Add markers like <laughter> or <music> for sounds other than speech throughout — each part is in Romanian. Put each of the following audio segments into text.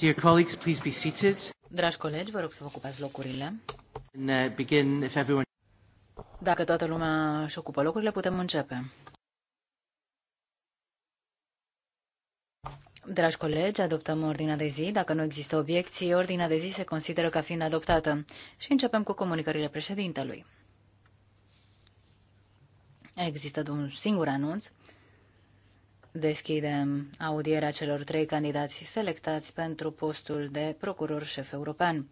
Dear colleagues, please be seated. Dragi colegi, vă rog să vă ocupați locurile. And, uh, begin if everyone... Dacă toată lumea își ocupă locurile, putem începe. Dragi colegi, adoptăm ordinea de zi. Dacă nu există obiecții, ordinea de zi se consideră ca fiind adoptată. Și începem cu comunicările președintelui. Există un singur anunț deschidem audierea celor trei candidați selectați pentru postul de procuror șef european.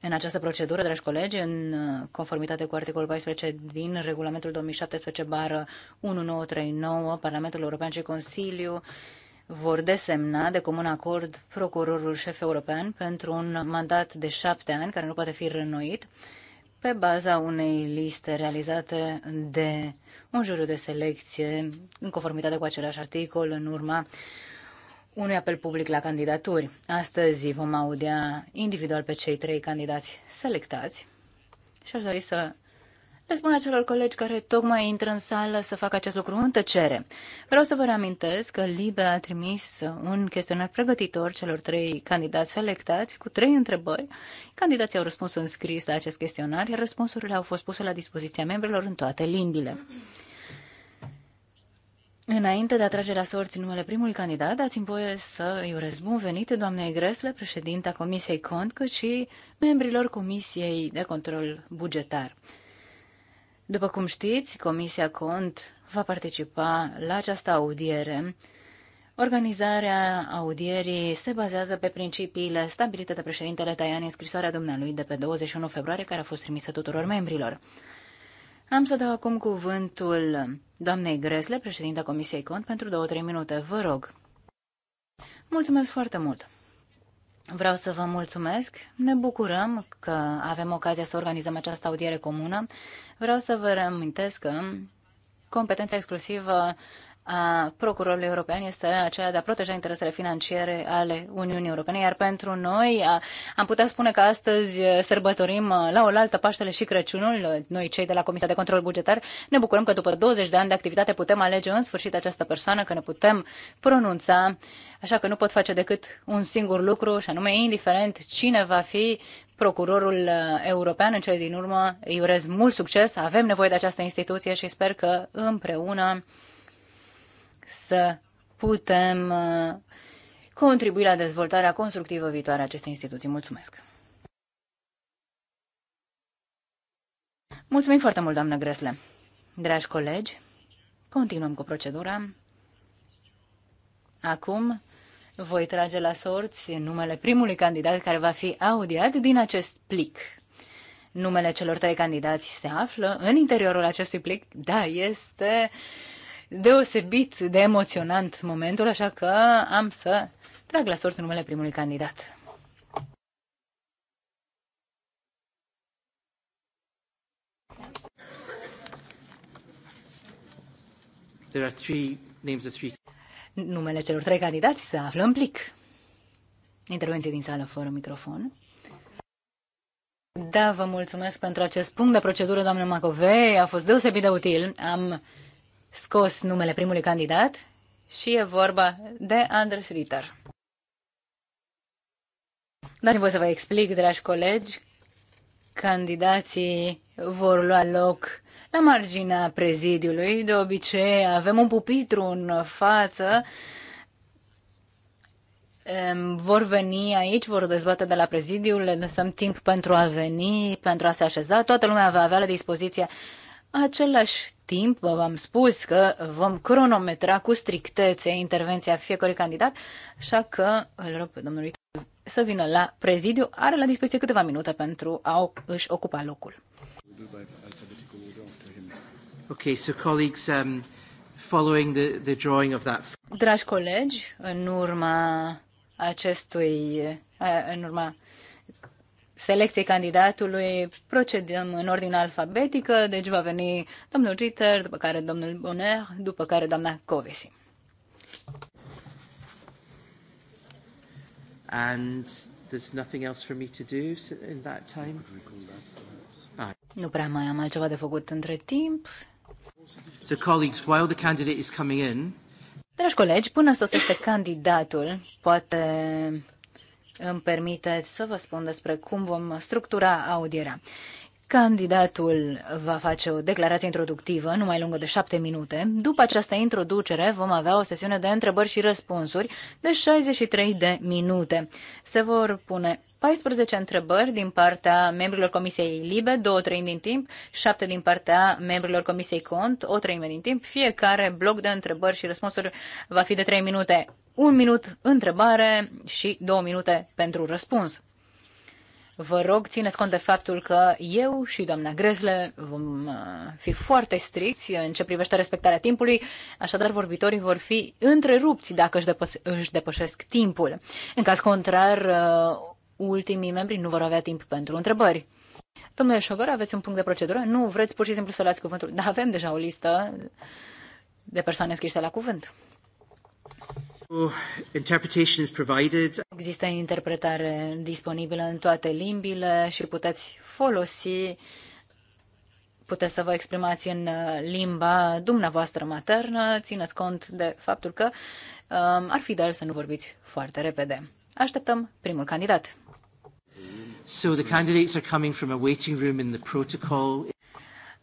În această procedură, dragi colegi, în conformitate cu articolul 14 din regulamentul 2017-1939, Parlamentul European și Consiliu vor desemna de comun acord procurorul șef european pentru un mandat de șapte ani, care nu poate fi reînnoit, pe baza unei liste realizate de un juriu de selecție în conformitate cu același articol în urma unui apel public la candidaturi. Astăzi vom audia individual pe cei trei candidați selectați și aș dori să le spun acelor colegi care tocmai intră în sală să facă acest lucru în tăcere. Vreau să vă reamintesc că Libe a trimis un chestionar pregătitor celor trei candidați selectați cu trei întrebări. Candidații au răspuns în scris la acest chestionar, iar răspunsurile au fost puse la dispoziția membrilor în toate limbile. Înainte de a trage la sorți numele primului candidat, dați-mi voie să îi urez bun venit doamnei Gresle, președinta Comisiei Cont, cât și membrilor Comisiei de Control Bugetar. După cum știți, Comisia Cont va participa la această audiere. Organizarea audierii se bazează pe principiile stabilite de președintele Taian în scrisoarea dumnealui de pe 21 februarie, care a fost trimisă tuturor membrilor. Am să dau acum cuvântul doamnei Gresle, președinta Comisiei Cont, pentru două-trei minute. Vă rog. Mulțumesc foarte mult! Vreau să vă mulțumesc. Ne bucurăm că avem ocazia să organizăm această audiere comună. Vreau să vă reamintesc că competența exclusivă a procurorului european este aceea de a proteja interesele financiare ale Uniunii Europene, iar pentru noi am putea spune că astăzi sărbătorim la oaltă Paștele și Crăciunul, noi cei de la Comisia de Control Bugetar, ne bucurăm că după 20 de ani de activitate putem alege în sfârșit această persoană, că ne putem pronunța, așa că nu pot face decât un singur lucru și anume, indiferent cine va fi procurorul european în cele din urmă, îi urez mult succes, avem nevoie de această instituție și sper că împreună să putem uh, contribui la dezvoltarea constructivă viitoare a acestei instituții. Mulțumesc! Mulțumim foarte mult, doamnă Gresle! Dragi colegi, continuăm cu procedura. Acum voi trage la sorți numele primului candidat care va fi audiat din acest plic. Numele celor trei candidați se află în interiorul acestui plic. Da, este uh, deosebit de emoționant momentul, așa că am să trag la sorți numele primului candidat. There are three names of three. Numele celor trei candidați se află în plic. Intervenție din sală fără microfon. Da, vă mulțumesc pentru acest punct de procedură, doamnă Macovei. A fost deosebit de util. Am scos numele primului candidat și e vorba de Anders Ritter. Dați-mi voi să vă explic, dragi colegi, candidații vor lua loc la marginea prezidiului. De obicei avem un pupitru în față. Vor veni aici, vor dezbate de la prezidiu, le lăsăm timp pentru a veni, pentru a se așeza. Toată lumea va avea la dispoziție același timp, v-am spus că vom cronometra cu strictețe intervenția fiecărui candidat, așa că îl rog pe domnului să vină la prezidiu. Are la dispoziție câteva minute pentru a își ocupa locul. Okay, so colleagues, um, following the, the drawing of that... Dragi colegi, în urma acestui, în urma selecție candidatului procedăm în ordine alfabetică, deci va veni domnul Ritter, după care domnul Bonner, după care doamna Covesi. And there's nothing else for me to do in that time. Nu prea mai am altceva de făcut între timp. So colleagues, while the candidate is coming in, Dragi colegi, până sosește candidatul, poate îmi permiteți să vă spun despre cum vom structura audierea. Candidatul va face o declarație introductivă, nu mai lungă de șapte minute. După această introducere vom avea o sesiune de întrebări și răspunsuri de 63 de minute. Se vor pune 14 întrebări din partea membrilor Comisiei Libe, două treimi din timp, șapte din partea membrilor Comisiei Cont, o treime din timp. Fiecare bloc de întrebări și răspunsuri va fi de trei minute un minut întrebare și două minute pentru răspuns. Vă rog, țineți cont de faptul că eu și doamna Grezle vom uh, fi foarte stricți în ce privește respectarea timpului, așadar vorbitorii vor fi întrerupți dacă își, depăs- își depășesc timpul. În caz contrar, uh, ultimii membri nu vor avea timp pentru întrebări. Domnule Șogor, aveți un punct de procedură? Nu vreți pur și simplu să luați cuvântul? Da, avem deja o listă de persoane scrise la cuvânt. Există interpretare disponibilă în toate limbile și puteți folosi, puteți să vă exprimați în uh, limba dumneavoastră maternă, țineți cont de faptul că um, ar fi de să nu vorbiți foarte repede. Așteptăm primul candidat. So the candidates are coming from a waiting room in the protocol.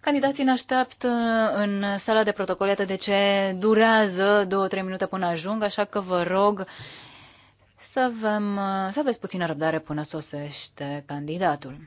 Candidații ne așteaptă în sala de protocol, iată de ce durează 2-3 minute până ajung, așa că vă rog să, avem, să aveți puțină răbdare până sosește candidatul.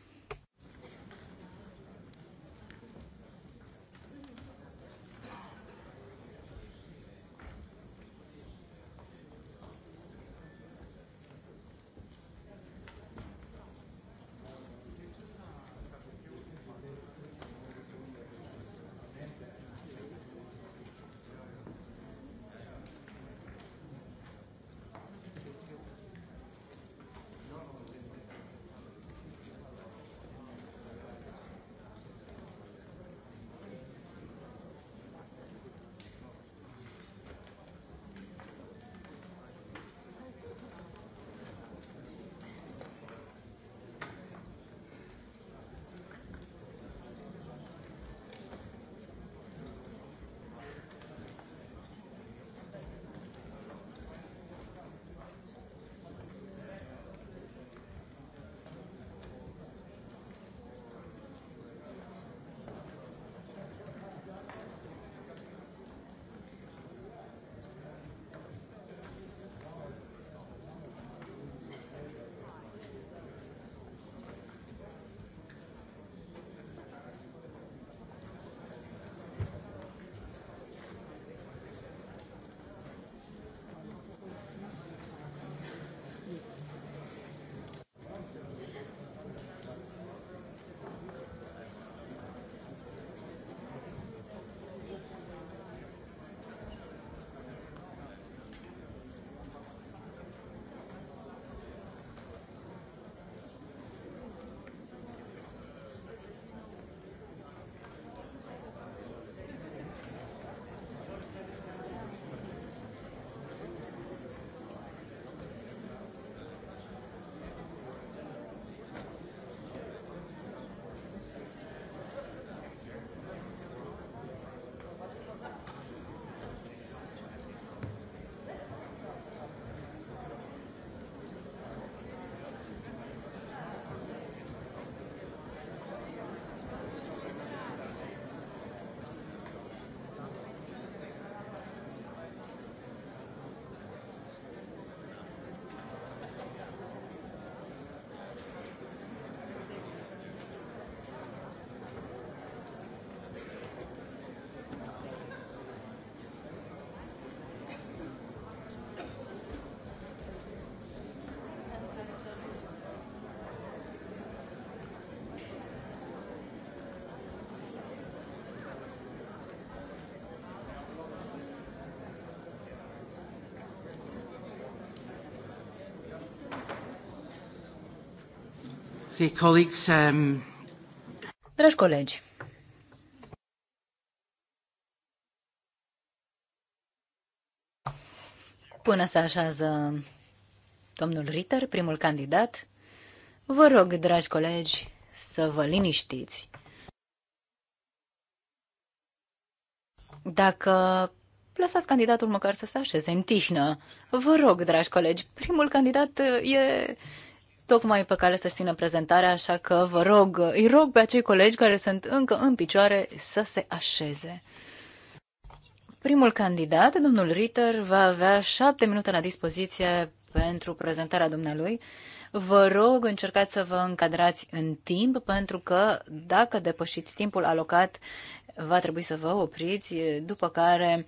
Um, dragi colegi, până se așează domnul Ritter, primul candidat, vă rog, dragi colegi, să vă liniștiți. Dacă lăsați candidatul măcar să se așeze în tihnă, vă rog, dragi colegi, primul candidat e tocmai pe care să-și țină prezentarea, așa că vă rog, îi rog pe acei colegi care sunt încă în picioare să se așeze. Primul candidat, domnul Ritter, va avea șapte minute la dispoziție pentru prezentarea dumnealui. Vă rog, încercați să vă încadrați în timp, pentru că dacă depășiți timpul alocat, va trebui să vă opriți, după care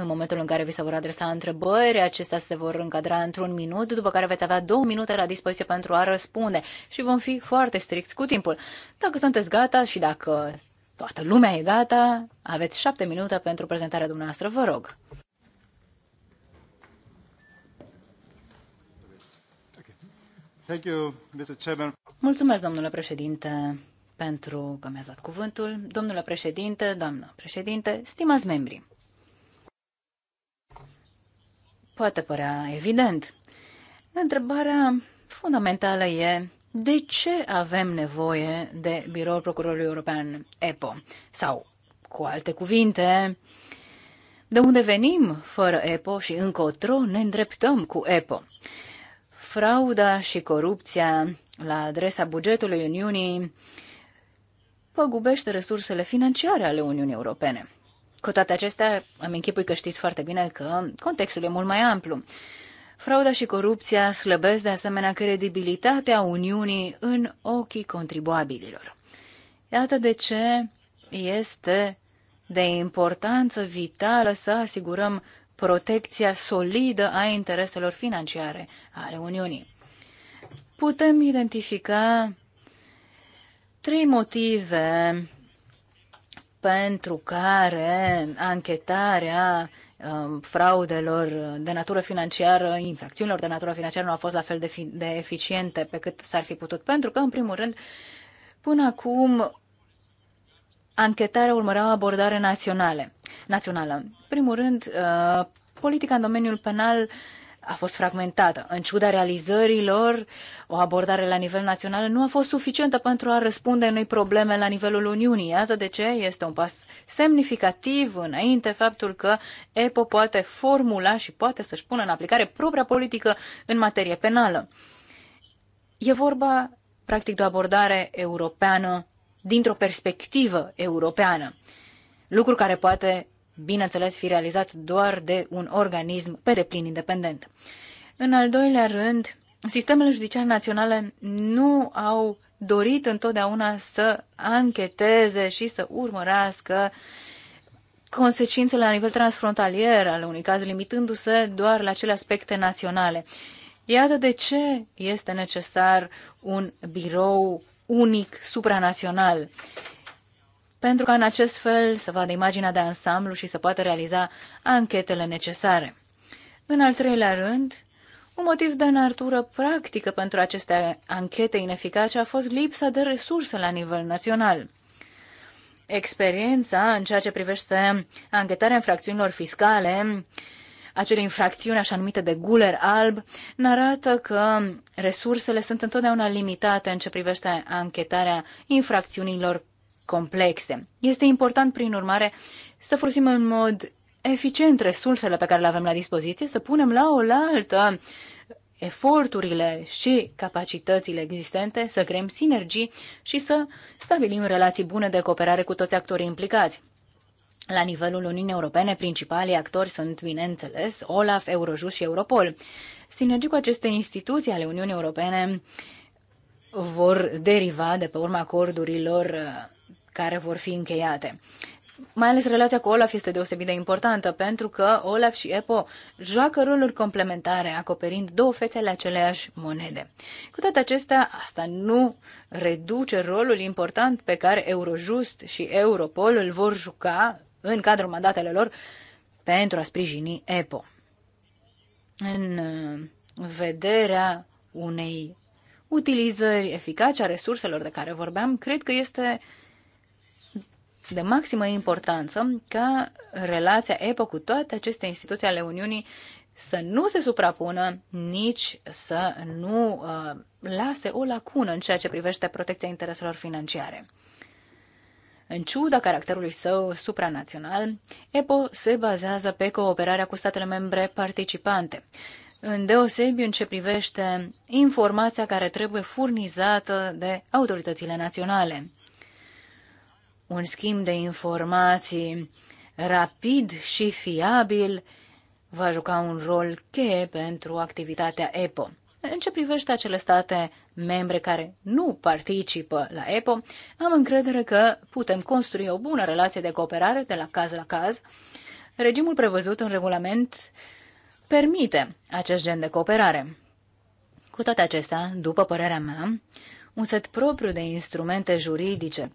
în momentul în care vi se vor adresa întrebări, acestea se vor încadra într-un minut, după care veți avea două minute la dispoziție pentru a răspunde și vom fi foarte stricți cu timpul. Dacă sunteți gata și dacă toată lumea e gata, aveți șapte minute pentru prezentarea dumneavoastră, vă rog. Thank you, Mr. Chairman. Mulțumesc, domnule președinte, pentru că mi-ați dat cuvântul. Domnule președinte, doamnă președinte, stimați membri, poate părea evident. Întrebarea fundamentală e de ce avem nevoie de Biroul Procurorului European EPO? Sau, cu alte cuvinte, de unde venim fără EPO și încotro ne îndreptăm cu EPO? Frauda și corupția la adresa bugetului Uniunii păgubește resursele financiare ale Uniunii Europene. Cu toate acestea, îmi închipui că știți foarte bine că contextul e mult mai amplu. Frauda și corupția slăbesc de asemenea credibilitatea Uniunii în ochii contribuabililor. Iată de ce este de importanță vitală să asigurăm protecția solidă a intereselor financiare ale Uniunii. Putem identifica trei motive pentru care anchetarea um, fraudelor de natură financiară, infracțiunilor de natură financiară nu a fost la fel de, de eficiente pe cât s-ar fi putut, pentru că, în primul rând, până acum anchetarea urmărea o abordare naționale, națională. În primul rând, uh, politica în domeniul penal uh, a fost fragmentată. În ciuda realizărilor, o abordare la nivel național nu a fost suficientă pentru a răspunde unei probleme la nivelul Uniunii. Iată de ce este un pas semnificativ înainte faptul că EPO poate formula și poate să-și pună în aplicare propria politică în materie penală. E vorba, practic, de o abordare europeană dintr-o perspectivă europeană lucru care poate bineînțeles, fi realizat doar de un organism pe deplin independent. În al doilea rând, sistemele judiciare naționale nu au dorit întotdeauna să ancheteze și să urmărească consecințele la nivel transfrontalier ale unui caz, limitându-se doar la cele aspecte naționale. Iată de ce este necesar un birou unic supranațional pentru ca în acest fel să vadă imaginea de ansamblu și să poată realiza anchetele necesare. În al treilea rând, un motiv de natură practică pentru aceste anchete ineficace a fost lipsa de resurse la nivel național. Experiența în ceea ce privește anchetarea infracțiunilor fiscale, acele infracțiuni așa numite de guler alb, ne arată că resursele sunt întotdeauna limitate în ce privește anchetarea infracțiunilor complexe. Este important, prin urmare, să folosim în mod eficient resursele pe care le avem la dispoziție, să punem la oaltă eforturile și capacitățile existente, să creăm sinergii și să stabilim relații bune de cooperare cu toți actorii implicați. La nivelul Uniunii Europene, principalii actori sunt, bineînțeles, OLAF, Eurojust și Europol. Sinergii cu aceste instituții ale Uniunii Europene vor deriva de pe urma acordurilor care vor fi încheiate. Mai ales relația cu Olaf este deosebit de importantă, pentru că Olaf și EPO joacă roluri complementare, acoperind două fețe ale aceleași monede. Cu toate acestea, asta nu reduce rolul important pe care Eurojust și Europol îl vor juca în cadrul mandatelor pentru a sprijini EPO. În uh, vederea unei utilizări eficace a resurselor de care vorbeam, cred că este uh, de maximă importanță ca relația EPO cu toate aceste instituții ale Uniunii să nu se suprapună, nici să nu uh, lase o lacună în ceea ce privește protecția intereselor financiare. În ciuda caracterului său supranațional, EPO se bazează pe cooperarea cu statele membre participante, în deosebi în ce privește informația care trebuie furnizată de autoritățile naționale un schimb de informații rapid și fiabil va juca un rol cheie pentru activitatea EPO. În ce privește acele state membre care nu participă la EPO, am încredere că putem construi o bună relație de cooperare de la caz la caz. Regimul prevăzut în regulament permite acest gen de cooperare. Cu toate acestea, după părerea mea, un set propriu de instrumente juridice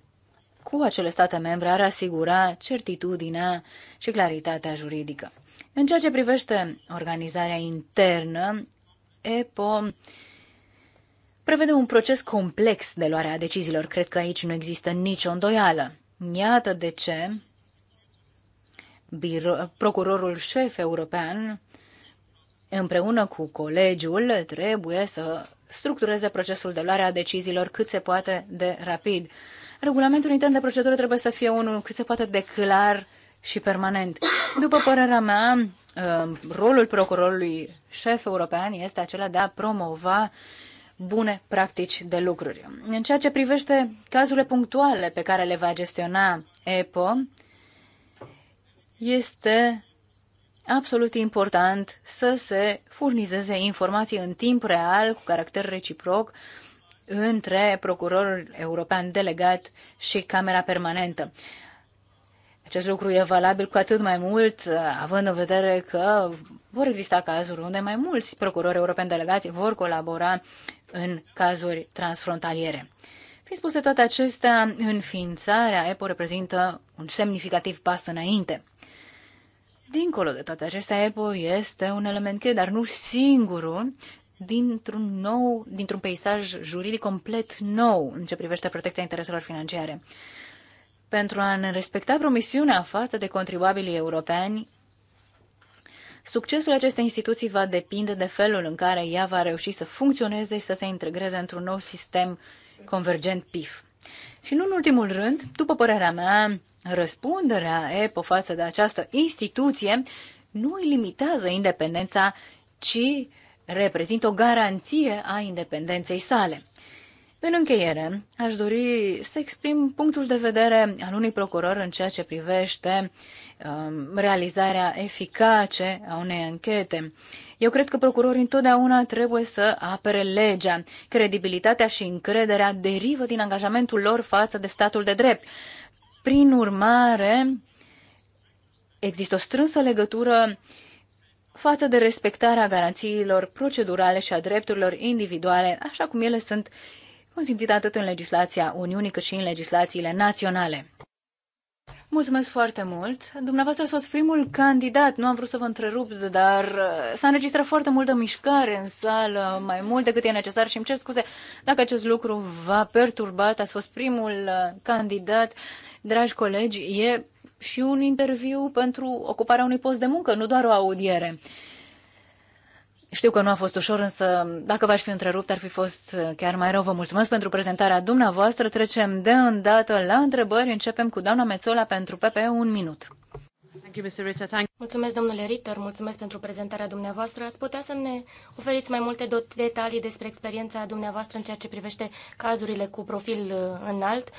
cu acele state membre ar asigura certitudinea și claritatea juridică. În ceea ce privește organizarea internă, EPO prevede un proces complex de luare a deciziilor. Cred că aici nu există nicio îndoială. Iată de ce procurorul șef european împreună cu colegiul trebuie să structureze procesul de luare a deciziilor cât se poate de rapid regulamentul intern de procedură trebuie să fie unul cât se poate de clar și permanent. După părerea mea, um, rolul procurorului șef european este acela de a promova bune practici de lucruri. În ceea ce privește cazurile punctuale pe care le va gestiona EPO, este absolut important să se furnizeze informații în timp real, cu caracter reciproc, între procurorul european delegat și Camera Permanentă. Acest lucru e valabil cu atât mai mult, având în vedere că vor exista cazuri unde mai mulți procurori europeni delegați vor colabora în cazuri transfrontaliere. Fiind spuse toate acestea, înființarea EPO reprezintă un semnificativ pas înainte. Dincolo de toate acestea, EPO este un element cheie, dar nu singurul, dintr-un nou, dintr-un peisaj juridic complet nou în ce privește protecția intereselor financiare. Pentru a ne respecta promisiunea față de contribuabilii europeni, Succesul acestei instituții va depinde de felul în care ea va reuși să funcționeze și să se integreze într-un nou sistem convergent PIF. Și nu în ultimul rând, după părerea mea, răspunderea EPO față de această instituție nu îi limitează independența, ci reprezintă o garanție a independenței sale. În încheiere, aș dori să exprim punctul de vedere al unui procuror în ceea ce privește um, realizarea eficace a unei anchete. Eu cred că procurorii întotdeauna trebuie să apere legea. Credibilitatea și încrederea derivă din angajamentul lor față de statul de drept. Prin urmare, există o strânsă legătură uh, față de respectarea garanțiilor procedurale și a drepturilor individuale, așa cum ele sunt consimțite atât în legislația Uniunii cât și în legislațiile naționale. Mulțumesc foarte mult. Dumneavoastră ați fost primul candidat, nu am vrut să vă întrerup, dar uh, s-a înregistrat foarte multă mișcare în sală, mai mult decât e necesar și îmi cer scuze dacă acest lucru v-a perturbat. Ați fost primul uh, candidat, dragi colegi, e și un interviu pentru ocuparea unui post de muncă, nu doar o audiere. Știu că nu a fost ușor, însă dacă v-aș fi întrerupt, ar fi fost uh, chiar mai rău. Vă mulțumesc pentru prezentarea dumneavoastră. Trecem de îndată la întrebări. Începem cu doamna Mețola pentru PP un minut. Mulțumesc, domnule Ritter, mulțumesc pentru prezentarea dumneavoastră. Ați putea să ne oferiți mai multe detalii despre experiența dumneavoastră în ceea ce privește cazurile cu profil uh, înalt,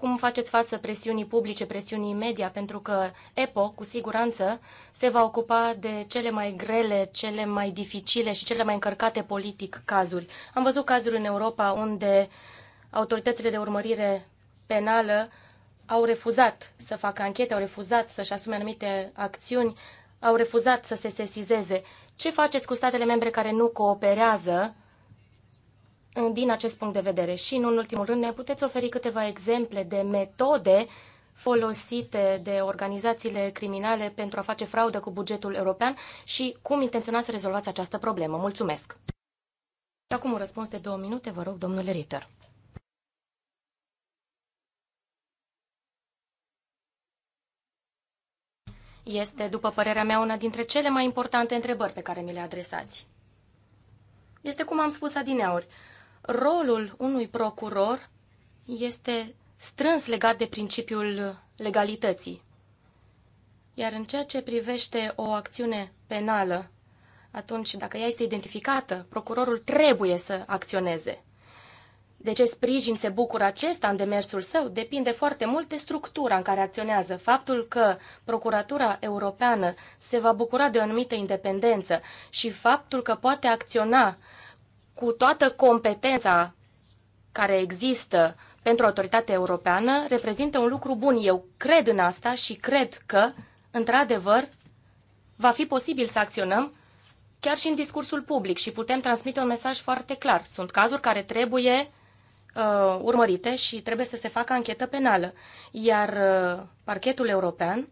cum faceți față presiunii publice, presiunii media? Pentru că EPO, cu siguranță, se va ocupa de cele mai grele, cele mai dificile și cele mai încărcate politic cazuri. Am văzut cazuri în Europa unde autoritățile de urmărire penală au refuzat să facă anchete, au refuzat să-și asume anumite acțiuni, au refuzat să se sesizeze. Ce faceți cu statele membre care nu cooperează din acest punct de vedere. Și, în ultimul rând, ne puteți oferi câteva exemple de metode folosite de organizațiile criminale pentru a face fraudă cu bugetul european și cum intenționați să rezolvați această problemă. Mulțumesc! Și acum un răspuns de două minute, vă rog, domnule Ritter. Este, după părerea mea, una dintre cele mai importante întrebări pe care mi le adresați. Este cum am spus adineauri rolul unui procuror este strâns legat de principiul legalității. Iar în ceea ce privește o acțiune penală, atunci dacă ea este identificată, procurorul trebuie să acționeze. De ce sprijin se bucură acesta în demersul său depinde foarte mult de structura în care acționează. Faptul că Procuratura Europeană se va bucura de o anumită independență și faptul că poate acționa cu toată competența care există pentru autoritatea europeană reprezintă un lucru bun. Eu cred în asta și cred că, într-adevăr, va fi posibil să acționăm chiar și în discursul public și putem transmite un mesaj foarte clar. Sunt cazuri care trebuie uh, urmărite și trebuie să se facă anchetă penală. Iar uh, parchetul european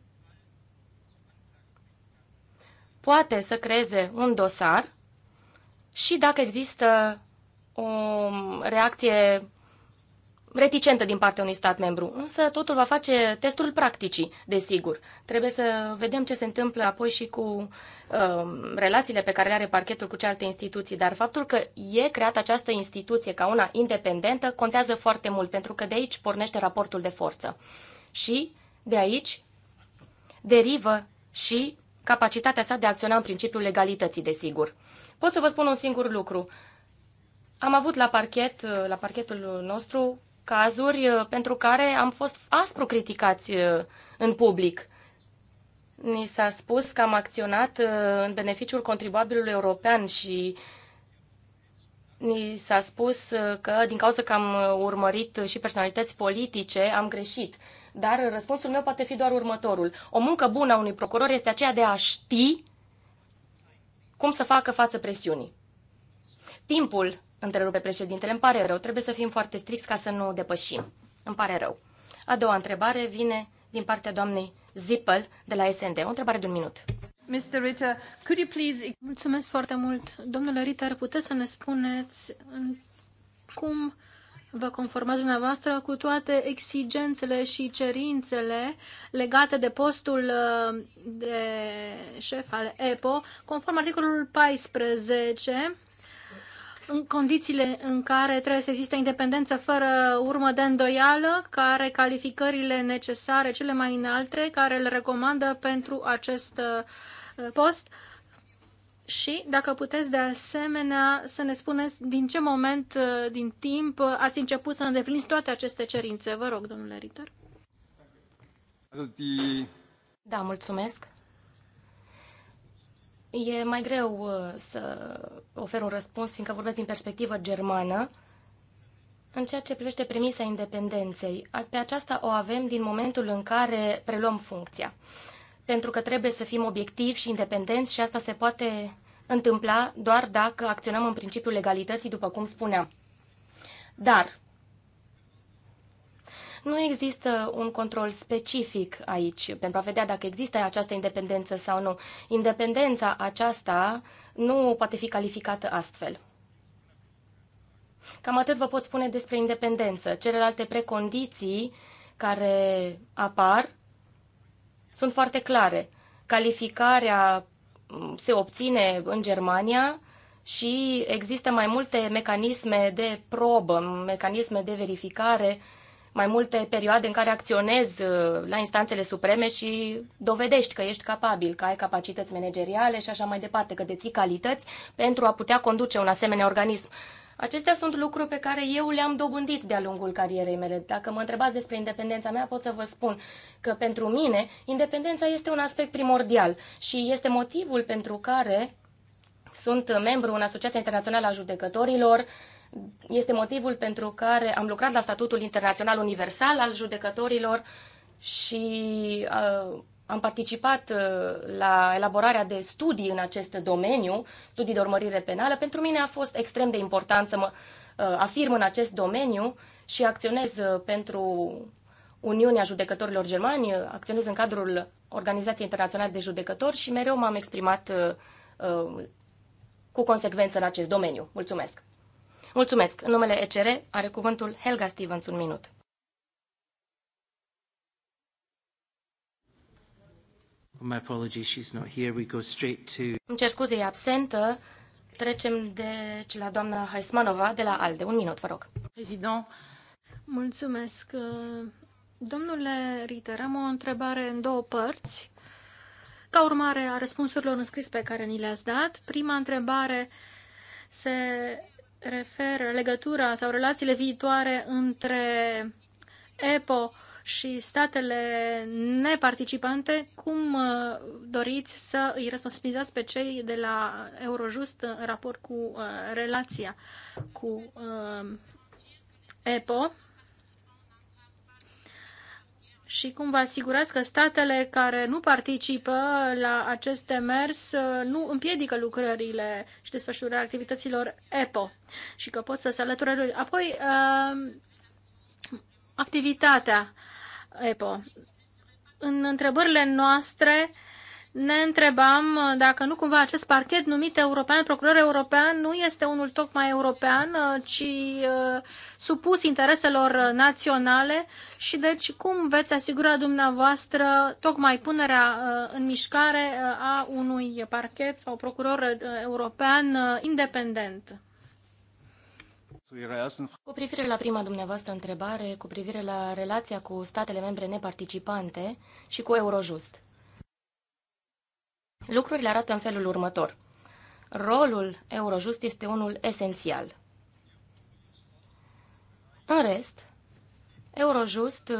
poate să creeze un dosar și dacă există o reacție reticentă din partea unui stat membru, însă totul va face testul practicii, desigur. Trebuie să vedem ce se întâmplă apoi și cu uh, relațiile pe care le are parchetul cu celelalte instituții, dar faptul că e creată această instituție ca una independentă contează foarte mult, pentru că de aici pornește raportul de forță. Și de aici derivă și capacitatea sa de a acționa în principiul legalității, desigur. Pot să vă spun un singur lucru. Am avut la parchet, la parchetul nostru, cazuri uh, pentru care am fost aspru criticați uh, în public. Ni s-a spus că am acționat uh, în beneficiul contribuabilului european și ni s-a spus că din cauza că am urmărit și personalități politice, am greșit. Dar răspunsul meu poate fi doar următorul. O muncă bună a unui procuror este aceea de a ști cum să facă față presiunii. Timpul, întrerupe președintele, îmi pare rău, trebuie să fim foarte stricți ca să nu depășim. Îmi pare rău. A doua întrebare vine din partea doamnei Zippel de la SND. O întrebare de un minut. Mr. Ritter, could you please... Mulțumesc foarte mult. Domnule Ritter, puteți să ne spuneți cum vă conformați dumneavoastră cu toate exigențele și cerințele legate de postul uh, de șef al EPO, conform articolul 14, în condițiile în care trebuie să existe independență fără urmă de îndoială, care calificările necesare cele mai înalte, care le recomandă pentru acest uh, post, și dacă puteți de asemenea să ne spuneți din ce moment, uh, din timp, uh, ați început să îndepliniți toate aceste cerințe. Vă rog, domnule Ritter. Da, mulțumesc. E mai greu uh, să ofer un răspuns, fiindcă vorbesc din perspectivă germană. În ceea ce privește premisa independenței, pe aceasta o avem din momentul în care preluăm funcția pentru că trebuie să fim obiectivi și independenți și asta se poate întâmpla doar dacă acționăm în principiul legalității, după cum spuneam. Dar nu există un control specific aici pentru a vedea dacă există această independență sau nu. Independența aceasta nu poate fi calificată astfel. Cam atât vă pot spune despre independență. Celelalte precondiții care apar sunt foarte clare. Calificarea mm, se obține în Germania și există mai multe mecanisme de probă, mecanisme de verificare, mai multe perioade în care acționezi uh, la instanțele supreme și dovedești că ești capabil, că ai capacități manageriale și așa mai departe, că deții calități pentru a putea conduce un asemenea organism. Acestea sunt lucruri pe care eu le-am dobândit de-a lungul carierei mele. Dacă mă întrebați despre independența mea, pot să vă spun că pentru mine independența este un aspect primordial și este motivul pentru care sunt membru în Asociația Internațională a Judecătorilor, este motivul pentru care am lucrat la Statutul Internațional Universal al Judecătorilor și uh, am participat uh, la elaborarea de studii în acest domeniu, studii de urmărire penală. Pentru mine a fost extrem de important să mă uh, afirm în acest domeniu și acționez uh, pentru Uniunea Judecătorilor Germani, acționez în cadrul Organizației Internaționale de Judecători și mereu m-am exprimat cu consecvență în acest domeniu. Mulțumesc! Mulțumesc! În numele ECR are cuvântul Helga Stevens un minut. My apologies, she's not here. We go straight to... Îmi cer scuze, e absentă. Trecem deci la doamna Haismanova de la ALDE. Un minut, vă rog. Prezident. Mulțumesc. Domnule Ritter, am o întrebare în două părți. Ca urmare a răspunsurilor înscris pe care ni le-ați dat, prima întrebare se referă legătura sau relațiile viitoare între EPO și statele neparticipante, cum uh, doriți să îi responsabilizați pe cei de la Eurojust în raport cu uh, relația cu uh, EPO? Și cum vă asigurați că statele care nu participă la acest demers nu împiedică lucrările și desfășurarea activităților EPO și că pot să se alăture lui. Apoi, activitatea EPO. În întrebările noastre ne întrebam dacă nu cumva acest parchet numit european, procuror european, nu este unul tocmai european, ci uh, supus intereselor naționale și deci cum veți asigura dumneavoastră tocmai punerea uh, în mișcare uh, a unui parchet sau procuror european independent? Cu privire la prima dumneavoastră întrebare, cu privire la relația cu statele membre neparticipante și cu Eurojust. Lucrurile arată în felul următor. Rolul Eurojust este unul esențial. În rest, Eurojust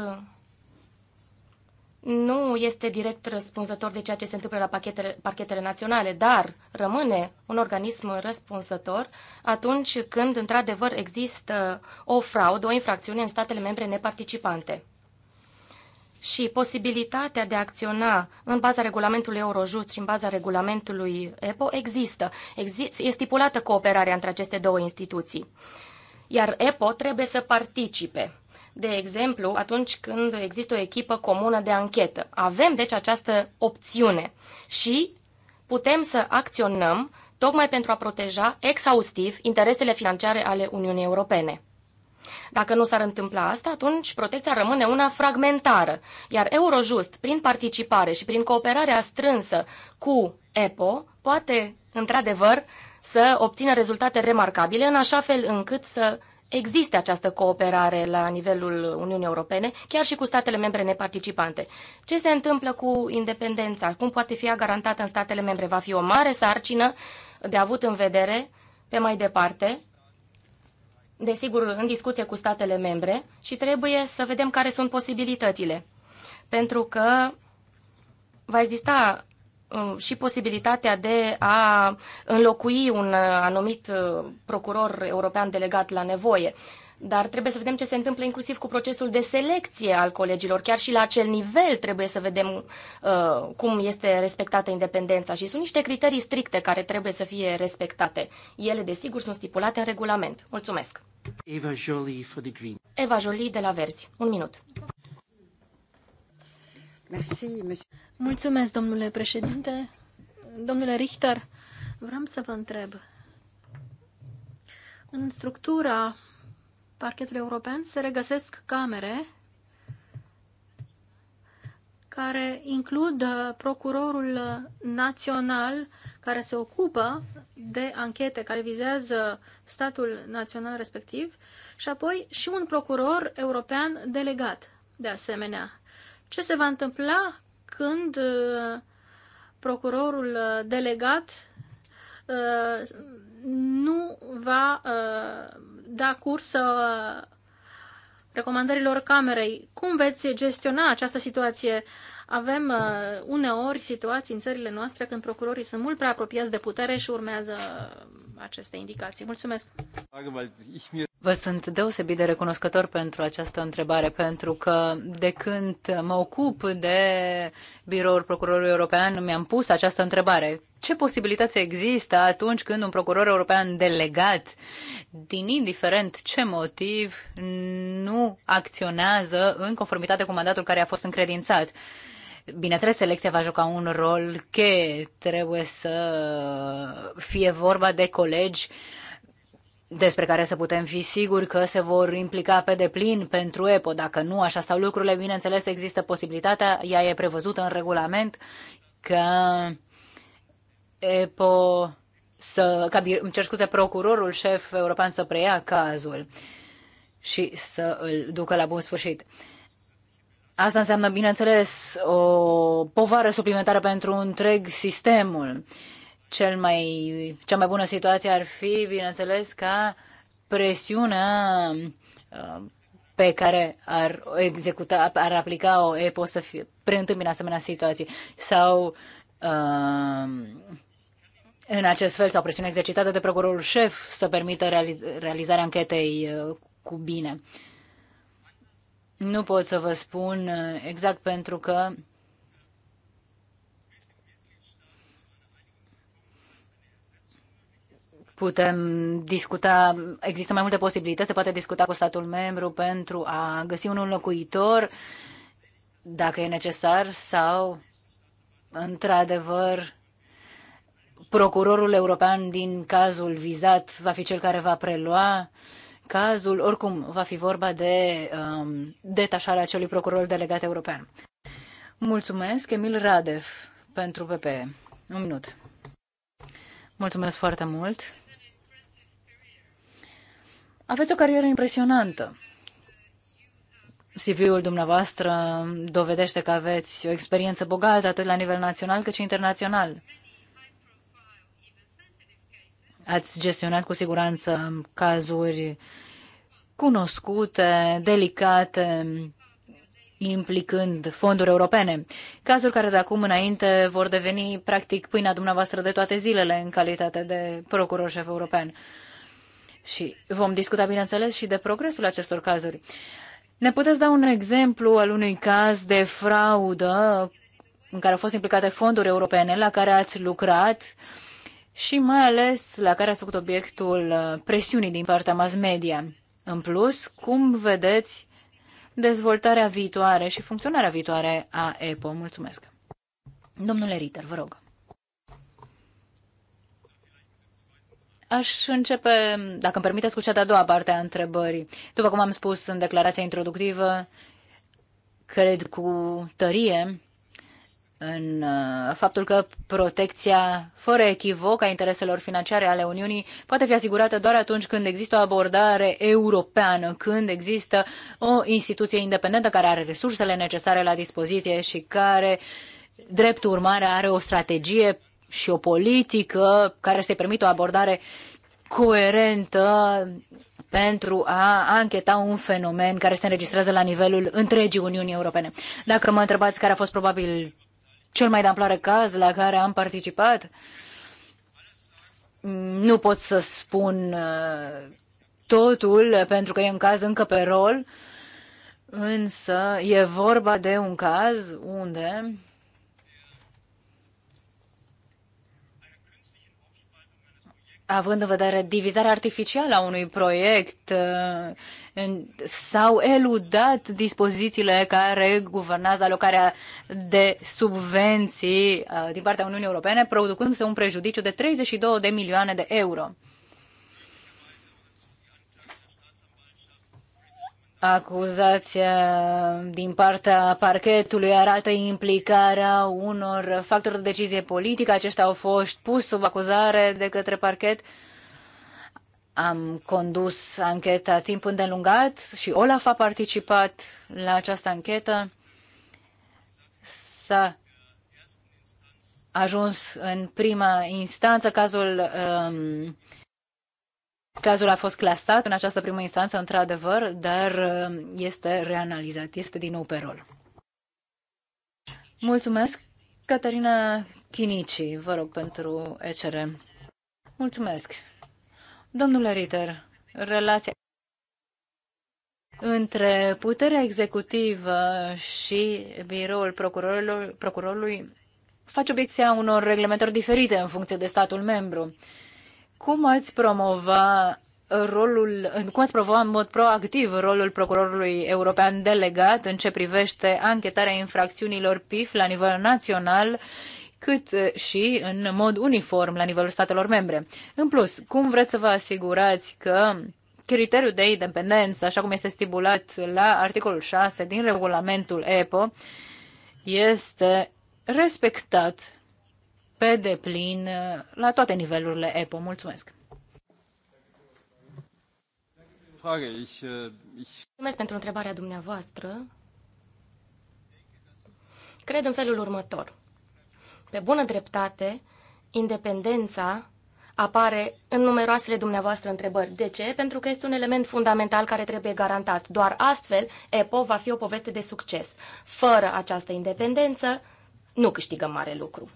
nu este direct răspunzător de ceea ce se întâmplă la pachetele, parchetele naționale, dar rămâne un organism răspunzător atunci când, într-adevăr, există o fraudă, o infracțiune în statele membre neparticipante. Și posibilitatea de a acționa în baza regulamentului Eurojust și în baza regulamentului EPO există. Exist, e stipulată cooperarea între aceste două instituții. Iar EPO trebuie să participe de exemplu, atunci când există o echipă comună de anchetă. Avem, deci, această opțiune și putem să acționăm tocmai pentru a proteja exhaustiv interesele financiare ale Uniunii Europene. Dacă nu s-ar întâmpla asta, atunci protecția rămâne una fragmentară, iar Eurojust, prin participare și prin cooperarea strânsă cu EPO, poate, într-adevăr, să obțină rezultate remarcabile, în așa fel încât să existe această cooperare la nivelul Uniunii Europene, chiar și cu statele membre neparticipante. Ce se întâmplă cu independența? Cum poate fi garantată în statele membre? Va fi o mare sarcină de avut în vedere pe mai departe, desigur, în discuție cu statele membre și trebuie să vedem care sunt posibilitățile. Pentru că va exista Uh, și posibilitatea de a înlocui un uh, anumit uh, procuror european delegat la nevoie. Dar trebuie să vedem ce se întâmplă inclusiv cu procesul de selecție al colegilor. Chiar și la acel nivel trebuie să vedem uh, cum este respectată independența. Și sunt niște criterii stricte care trebuie să fie respectate. Ele, desigur, sunt stipulate în regulament. Mulțumesc! Eva Jolie, for the Green. Eva Jolie de la Verzi. Un minut. Merci, monsieur. Mulțumesc, domnule președinte. Domnule Richter, vreau să vă întreb. În structura parchetului european se regăsesc camere care includ procurorul național care se ocupă de anchete care vizează statul național respectiv și apoi și un procuror european delegat de asemenea. Ce se va întâmpla când uh, procurorul uh, delegat uh, nu va da curs recomandărilor Camerei. Cum veți gestiona această situație? Avem uneori situații în țările noastre când procurorii sunt mult prea apropiați de putere și urmează aceste indicații. Mulțumesc! Vă sunt deosebit de recunoscător pentru această întrebare, pentru că de când mă ocup de biroul procurorului european, mi-am pus această întrebare. Ce posibilități există atunci când un procuror european delegat, din indiferent ce motiv, nu acționează în conformitate cu mandatul care a fost încredințat? Bineînțeles, selecția va juca un rol că Trebuie să fie vorba de colegi despre care să putem fi siguri că se vor implica pe deplin pentru EPO. Dacă nu așa stau lucrurile, bineînțeles, există posibilitatea, ea e prevăzută în regulament, că EPO să, ca, îmi cer scuze, procurorul șef european să preia cazul și să îl ducă la bun sfârșit. Asta înseamnă, bineînțeles, o povară suplimentară pentru întreg sistemul. Cel mai, cea mai bună situație ar fi, bineînțeles, ca presiunea uh, pe care ar executa, ar aplica o EPO să fie, preîntâmpine asemenea situații. Sau uh, în acest fel, sau presiune exercitată de procurorul șef să permită realizarea anchetei uh, cu bine. Nu pot să vă spun uh, exact pentru că putem discuta, există mai multe posibilități, se poate discuta cu statul membru pentru a găsi un locuitor, dacă e necesar sau într-adevăr procurorul european din cazul vizat va fi cel care va prelua uh, cazul, oricum, va fi vorba de um, detașarea acelui procuror delegat european. Mulțumesc, Emil Radev, pentru PPE. Un minut. Mulțumesc foarte mult. Aveți o carieră impresionantă. CV-ul dumneavoastră dovedește că aveți o experiență bogată atât la nivel național cât și internațional. Ați gestionat cu siguranță cazuri cunoscute, delicate, implicând fonduri europene. Cazuri care de acum înainte vor deveni practic pâinea dumneavoastră de toate zilele în calitate de procuror șef european. Și vom discuta, bineînțeles, și de progresul acestor cazuri. Ne puteți da un exemplu al unui caz de fraudă în care au fost implicate fonduri europene la care ați lucrat uh, și mai ales la care ați făcut obiectul uh, presiunii din partea mass media. În plus, cum vedeți dezvoltarea viitoare și funcționarea viitoare a EPO? Mulțumesc! Domnule Ritter, vă rog. Aș începe, dacă îmi permiteți, cu cea de-a doua parte a întrebării. După cum am spus în declarația introductivă, cred cu tărie în uh, faptul că protecția fără echivoc a intereselor financiare ale Uniunii poate fi asigurată doar atunci când există o abordare europeană, când există o instituție independentă care are resursele necesare la dispoziție și care, drept urmare, are o strategie și o politică care să-i permită o abordare coerentă pentru a ancheta un fenomen care se înregistrează la nivelul întregii Uniunii Europene. Dacă mă întrebați care a fost probabil cel mai de amploare caz la care am participat. Nu pot să spun uh, totul, pentru că e un caz încă pe rol, însă e vorba de un caz unde având în vedere divizarea artificială a unui proiect, uh, s-au eludat dispozițiile care guvernează alocarea de subvenții uh, din partea Uniunii Europene, producându-se un prejudiciu de 32 de milioane de euro. Acuzația din partea parchetului arată implicarea unor factori de decizie politică. Aceștia au fost pus sub acuzare de către parchet. Am condus ancheta timp îndelungat și Olaf a participat la această anchetă. S-a ajuns în prima instanță cazul um, Cazul a fost clasat în această primă instanță, într-adevăr, dar uh, este reanalizat, este din nou pe rol. Mulțumesc, Caterina Chinici, vă rog, pentru ECR. Mulțumesc. Domnule Ritter, relația între puterea executivă și biroul procurorului, procurorului face obiecția unor reglementări diferite în funcție de statul membru. Cum ați promova rolul, cum ați promova în mod proactiv rolul procurorului european delegat în ce privește anchetarea infracțiunilor PIF la nivel național cât și în mod uniform la nivelul statelor membre. În plus, cum vreți să vă asigurați că criteriul de independență, așa cum este stipulat la articolul 6 din regulamentul EPO, este respectat pe deplin uh, la toate nivelurile EPO. Mulțumesc! Uh, Mulțumesc pentru întrebarea dumneavoastră. Cred în felul următor. Pe bună dreptate, independența apare în numeroasele dumneavoastră întrebări. De ce? Pentru că este un element fundamental care trebuie garantat. Doar astfel, EPO va fi o poveste de succes. Fără această independență, nu câștigăm mare lucru.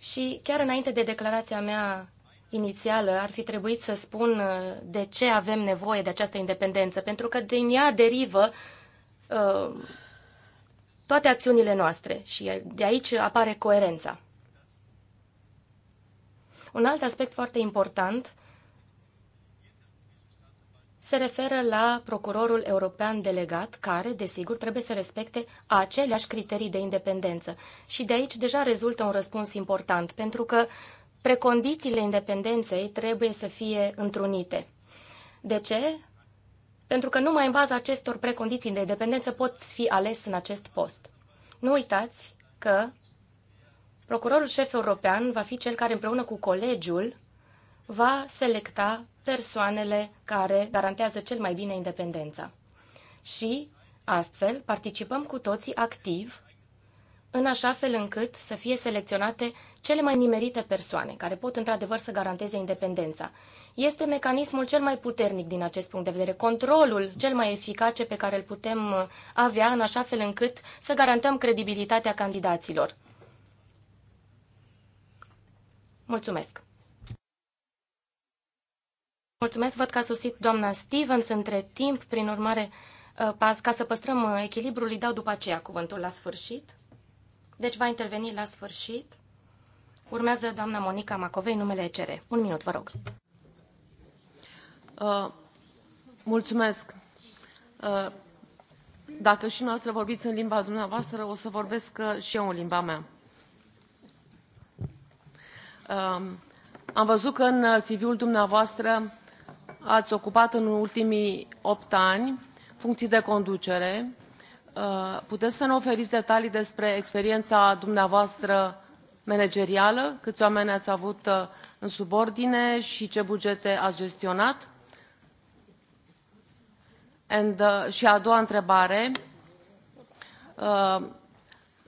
Și chiar înainte de declarația mea inițială ar fi trebuit să spun uh, de ce avem nevoie de această independență, pentru că din ea derivă uh, toate acțiunile noastre și de aici apare coerența. Un alt aspect foarte important se referă la procurorul european delegat, care, desigur, trebuie să respecte aceleași criterii de independență. Și de aici deja rezultă un răspuns important, pentru că precondițiile independenței trebuie să fie întrunite. De ce? Pentru că numai în baza acestor precondiții de independență pot fi ales în acest post. Nu uitați că procurorul șef european va fi cel care împreună cu colegiul va selecta persoanele care garantează cel mai bine independența. Și, astfel, participăm cu toții activ, în așa fel încât să fie selecționate cele mai nimerite persoane, care pot într-adevăr să garanteze independența. Este mecanismul cel mai puternic din acest punct de vedere, controlul cel mai eficace pe care îl putem uh, avea, în așa fel încât să garantăm credibilitatea candidaților. Mulțumesc! Mulțumesc, văd că a sosit doamna Stevens între timp, prin urmare, uh, ca să păstrăm uh, echilibrul, îi dau după aceea cuvântul la sfârșit. Deci va interveni la sfârșit. Urmează doamna Monica Macovei, numele ECR. Un minut, vă rog. Uh, mulțumesc. Uh, dacă și noastră vorbiți în limba dumneavoastră, o să vorbesc uh, și eu în limba mea. Uh, am văzut că în CV-ul dumneavoastră ați ocupat în ultimii opt ani funcții de conducere. Uh, puteți să ne oferiți detalii despre experiența dumneavoastră managerială? Câți oameni ați avut uh, în subordine și ce bugete ați gestionat? And, uh, și a doua întrebare, uh,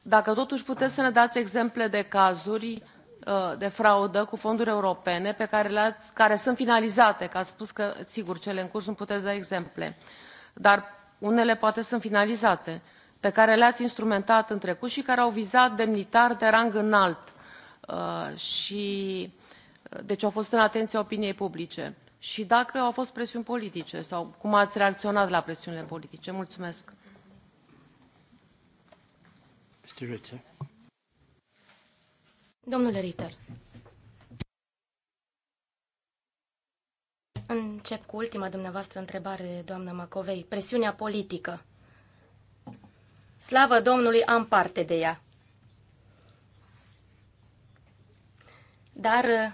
dacă totuși puteți să ne dați exemple de cazuri Uh, de fraudă cu fonduri europene pe care, care sunt finalizate, că ați spus că, sigur, cele în curs nu puteți da exemple, dar unele poate sunt finalizate, pe care le-ați instrumentat în trecut și care au vizat demnitari de rang înalt uh, și uh, deci au fost în atenția opiniei publice. Și dacă au fost presiuni politice sau cum ați reacționat la presiunile politice? Mulțumesc. Mr. Ritter. Domnule Ritter, încep cu ultima dumneavoastră întrebare, doamna Macovei. Presiunea politică. Slavă Domnului, am parte de ea. Dar uh,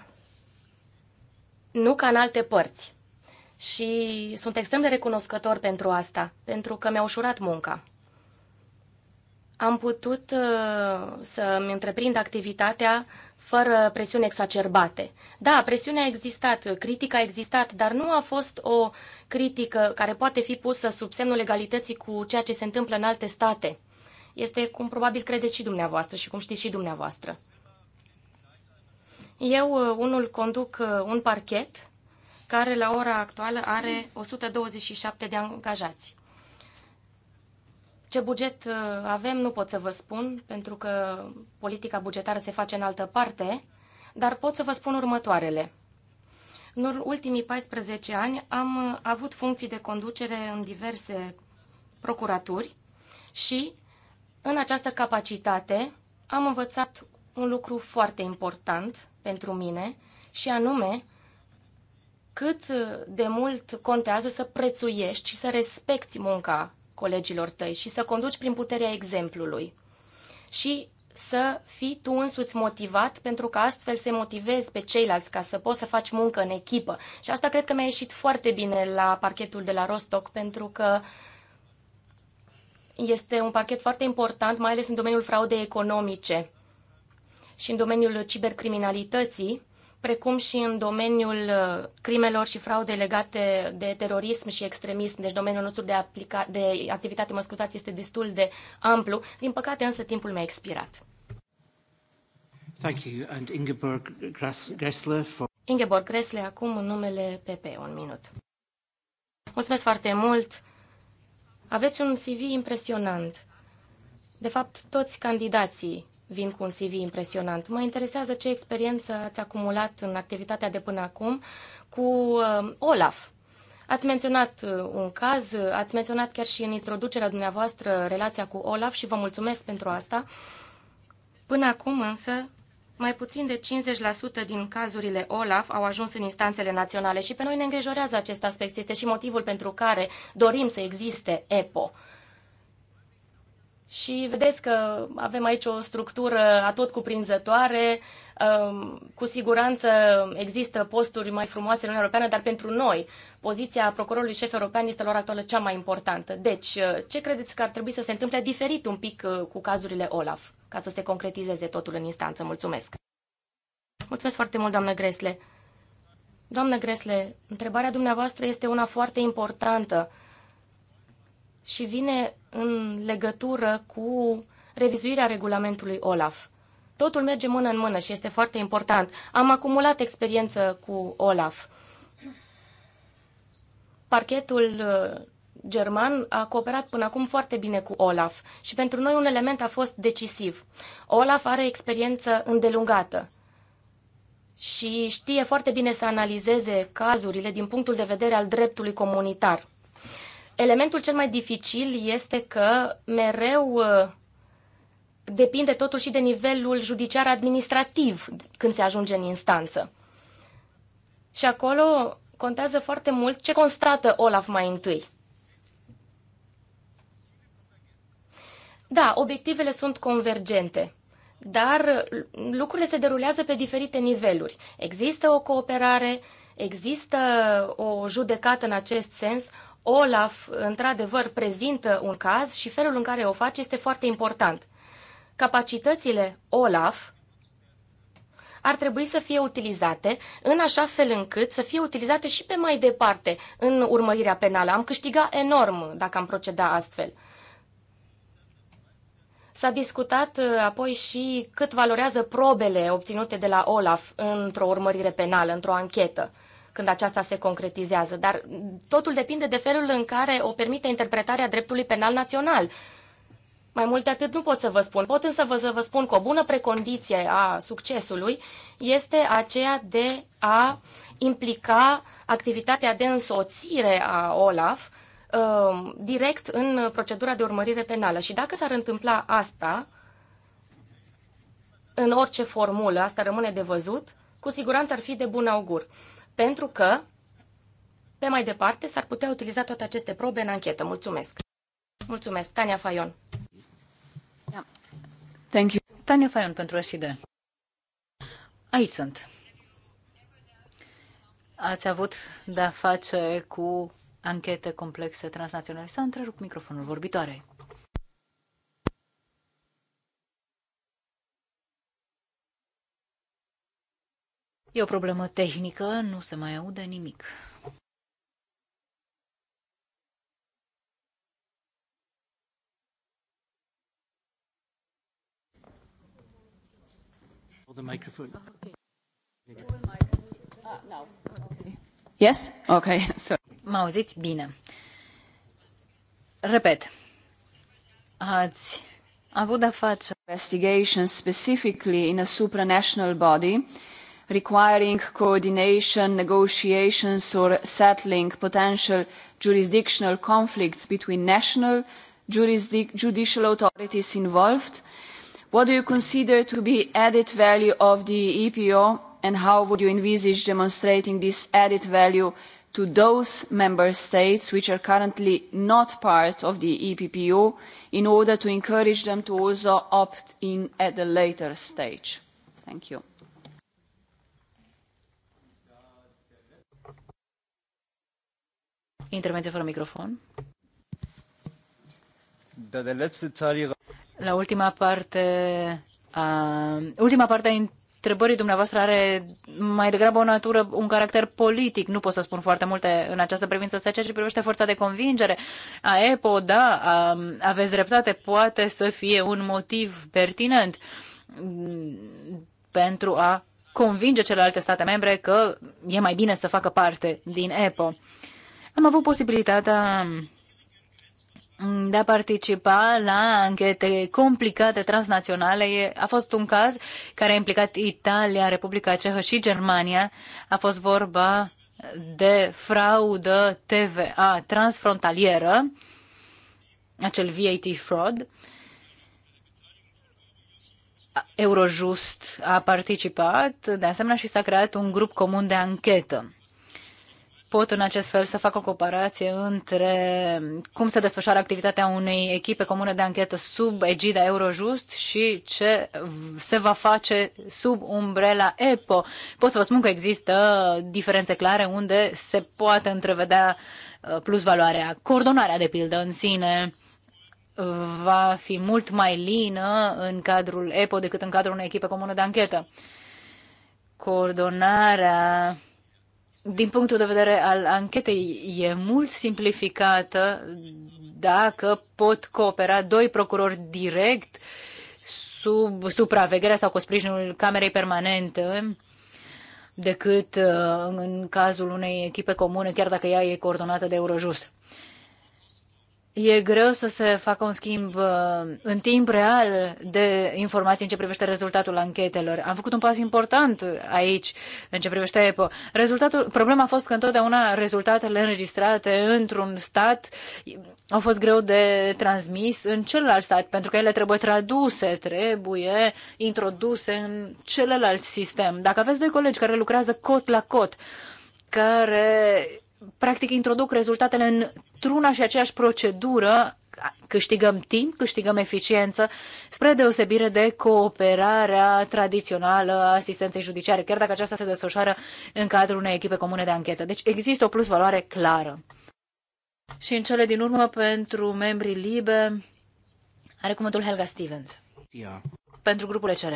nu ca în alte părți. Și sunt extrem de recunoscător pentru asta, pentru că mi-a ușurat munca am putut uh, să-mi întreprind activitatea fără presiuni exacerbate. Da, presiunea a existat, critica a existat, dar nu a fost o critică care poate fi pusă sub semnul legalității cu ceea ce se întâmplă în alte state. Este cum probabil credeți și dumneavoastră și cum știți și dumneavoastră. Eu, uh, unul, conduc uh, un parchet care la ora actuală are 127 de angajați. Ce buget uh, avem nu pot să vă spun, pentru că politica bugetară se face în altă parte, dar pot să vă spun următoarele. În ultimii 14 ani am uh, avut funcții de conducere în diverse procuraturi și în această capacitate am învățat un lucru foarte important pentru mine și anume cât de mult contează să prețuiești și să respecti munca colegilor tăi și să conduci prin puterea exemplului. Și să fii tu însuți motivat pentru că astfel se motivezi pe ceilalți ca să poți să faci muncă în echipă. Și asta cred că mi-a ieșit foarte bine la parchetul de la Rostock pentru că este un parchet foarte important, mai ales în domeniul fraudei economice și în domeniul cibercriminalității precum și în domeniul uh, crimelor și fraude legate de terorism și extremism, deci domeniul nostru de, aplica- de activitate, mă scuzați, este destul de amplu. Din păcate, însă, timpul mi-a expirat. Thank you. And Ingeborg Gressler for... Ingeborg Gressler, acum în numele PP, un minut. Mulțumesc foarte mult! Aveți un CV impresionant. De fapt, toți candidații vin cu un CV impresionant. Mă interesează ce experiență ați acumulat în activitatea de până acum cu uh, Olaf. Ați menționat uh, un caz, ați menționat chiar și în introducerea dumneavoastră relația cu Olaf și vă mulțumesc pentru asta. Până acum însă, mai puțin de 50% din cazurile OLAF au ajuns în instanțele naționale și pe noi ne îngrijorează acest aspect. Este și motivul pentru care dorim să existe EPO. Și vedeți că avem aici o structură atot cuprinzătoare. Um, cu siguranță există posturi mai frumoase în Uniunea Europeană, dar pentru noi poziția procurorului șef european este la ora actuală cea mai importantă. Deci, uh, ce credeți că ar trebui să se întâmple diferit un pic uh, cu cazurile Olaf, ca să se concretizeze totul în instanță? Mulțumesc! Mulțumesc foarte mult, doamnă Gresle! Doamnă Gresle, întrebarea dumneavoastră este una foarte importantă și vine în legătură cu revizuirea regulamentului OLAF. Totul merge mână în mână și este foarte important. Am acumulat experiență cu OLAF. Parchetul uh, german a cooperat până acum foarte bine cu Olaf și pentru noi un element a fost decisiv. Olaf are experiență îndelungată și știe foarte bine să analizeze cazurile din punctul de vedere al dreptului comunitar. Elementul cel mai dificil este că mereu uh, depinde totul și de nivelul judiciar administrativ când se ajunge în instanță. Și acolo contează foarte mult ce constată Olaf mai întâi. Da, obiectivele sunt convergente, dar lucrurile se derulează pe diferite niveluri. Există o cooperare, există o judecată în acest sens, Olaf, într-adevăr, prezintă un caz și felul în care o face este foarte important. Capacitățile Olaf ar trebui să fie utilizate în așa fel încât să fie utilizate și pe mai departe în urmărirea penală. Am câștigat enorm dacă am proceda astfel. S-a discutat uh, apoi și cât valorează probele obținute de la Olaf într-o urmărire penală, într-o anchetă când aceasta se concretizează, dar totul depinde de felul în care o permite interpretarea dreptului penal național. Mai mult de atât nu pot să vă spun. Pot însă vă, vă spun că o bună precondiție a succesului este aceea de a implica activitatea de însoțire a OLAF um, direct în procedura de urmărire penală. Și dacă s-ar întâmpla asta, în orice formulă, asta rămâne de văzut, cu siguranță ar fi de bun augur pentru că, pe mai departe, s-ar putea utiliza toate aceste probe în anchetă. Mulțumesc! Mulțumesc, Tania Fayon. Da. Thank you. Tania Fayon pentru SID. Aici sunt. Ați avut de-a face cu anchete complexe transnaționale. S-a întrerupt microfonul vorbitoarei. E o problemă tehnică, nu se mai aude nimic. The microphone. Ah, ah, okay. Yes? Okay, <laughs> sorry. Mă auziți bine. Repet. Ați avut de face investigation specifically in a supranational body requiring coordination, negotiations or settling potential jurisdictional conflicts between national judicial authorities involved? What do you consider to be added value of the EPO and how would you envisage demonstrating this added value to those member states which are currently not part of the EPPO in order to encourage them to also opt in at a later stage? Thank you. Intervenție fără microfon. Da, La ultima parte, a, ultima parte a întrebării dumneavoastră are mai degrabă o natură, un caracter politic. Nu pot să spun foarte multe în această privință. Să ceea ce privește forța de convingere a EPO, da, a, aveți dreptate, poate să fie un motiv pertinent pentru a convinge celelalte state membre că e mai bine să facă parte din EPO. Uh, am avut posibilitatea de a participa la anchete complicate transnaționale. A fost un caz care a implicat Italia, Republica Cehă și Germania. A fost vorba de fraudă TVA transfrontalieră, acel VAT fraud. Eurojust a participat, de asemenea și s-a creat un grup comun de anchetă pot în acest fel să fac o comparație între cum se desfășoară activitatea unei echipe comune de anchetă sub egida Eurojust și ce se va face sub umbrela EPO. Pot să vă spun că există diferențe clare unde se poate întrevedea uh, plus valoarea. Coordonarea, de pildă, în sine uh, va fi mult mai lină în cadrul EPO decât în cadrul unei echipe comune de anchetă. Coordonarea din punctul de vedere al anchetei, e mult simplificată dacă pot coopera doi procurori direct sub supravegherea sau cu sprijinul Camerei Permanente decât uh, în cazul unei echipe comune, chiar dacă ea e coordonată de Eurojust. E greu să se facă un schimb uh, în timp real de informații în ce privește rezultatul anchetelor. Am făcut un pas important aici în ce privește EPO. Rezultatul, problema a fost că întotdeauna rezultatele înregistrate într-un stat au fost greu de transmis în celălalt stat, pentru că ele trebuie traduse, trebuie introduse în celălalt sistem. Dacă aveți doi colegi care lucrează cot la cot, care practic introduc rezultatele într-una și aceeași procedură, câștigăm timp, câștigăm eficiență, spre deosebire de cooperarea tradițională a asistenței judiciare, chiar dacă aceasta se desfășoară în cadrul unei echipe comune de anchetă. Deci există o plus valoare clară. Și în cele din urmă, pentru membrii LIBE, are cuvântul Helga Stevens. Yeah. Pentru grupul ECR.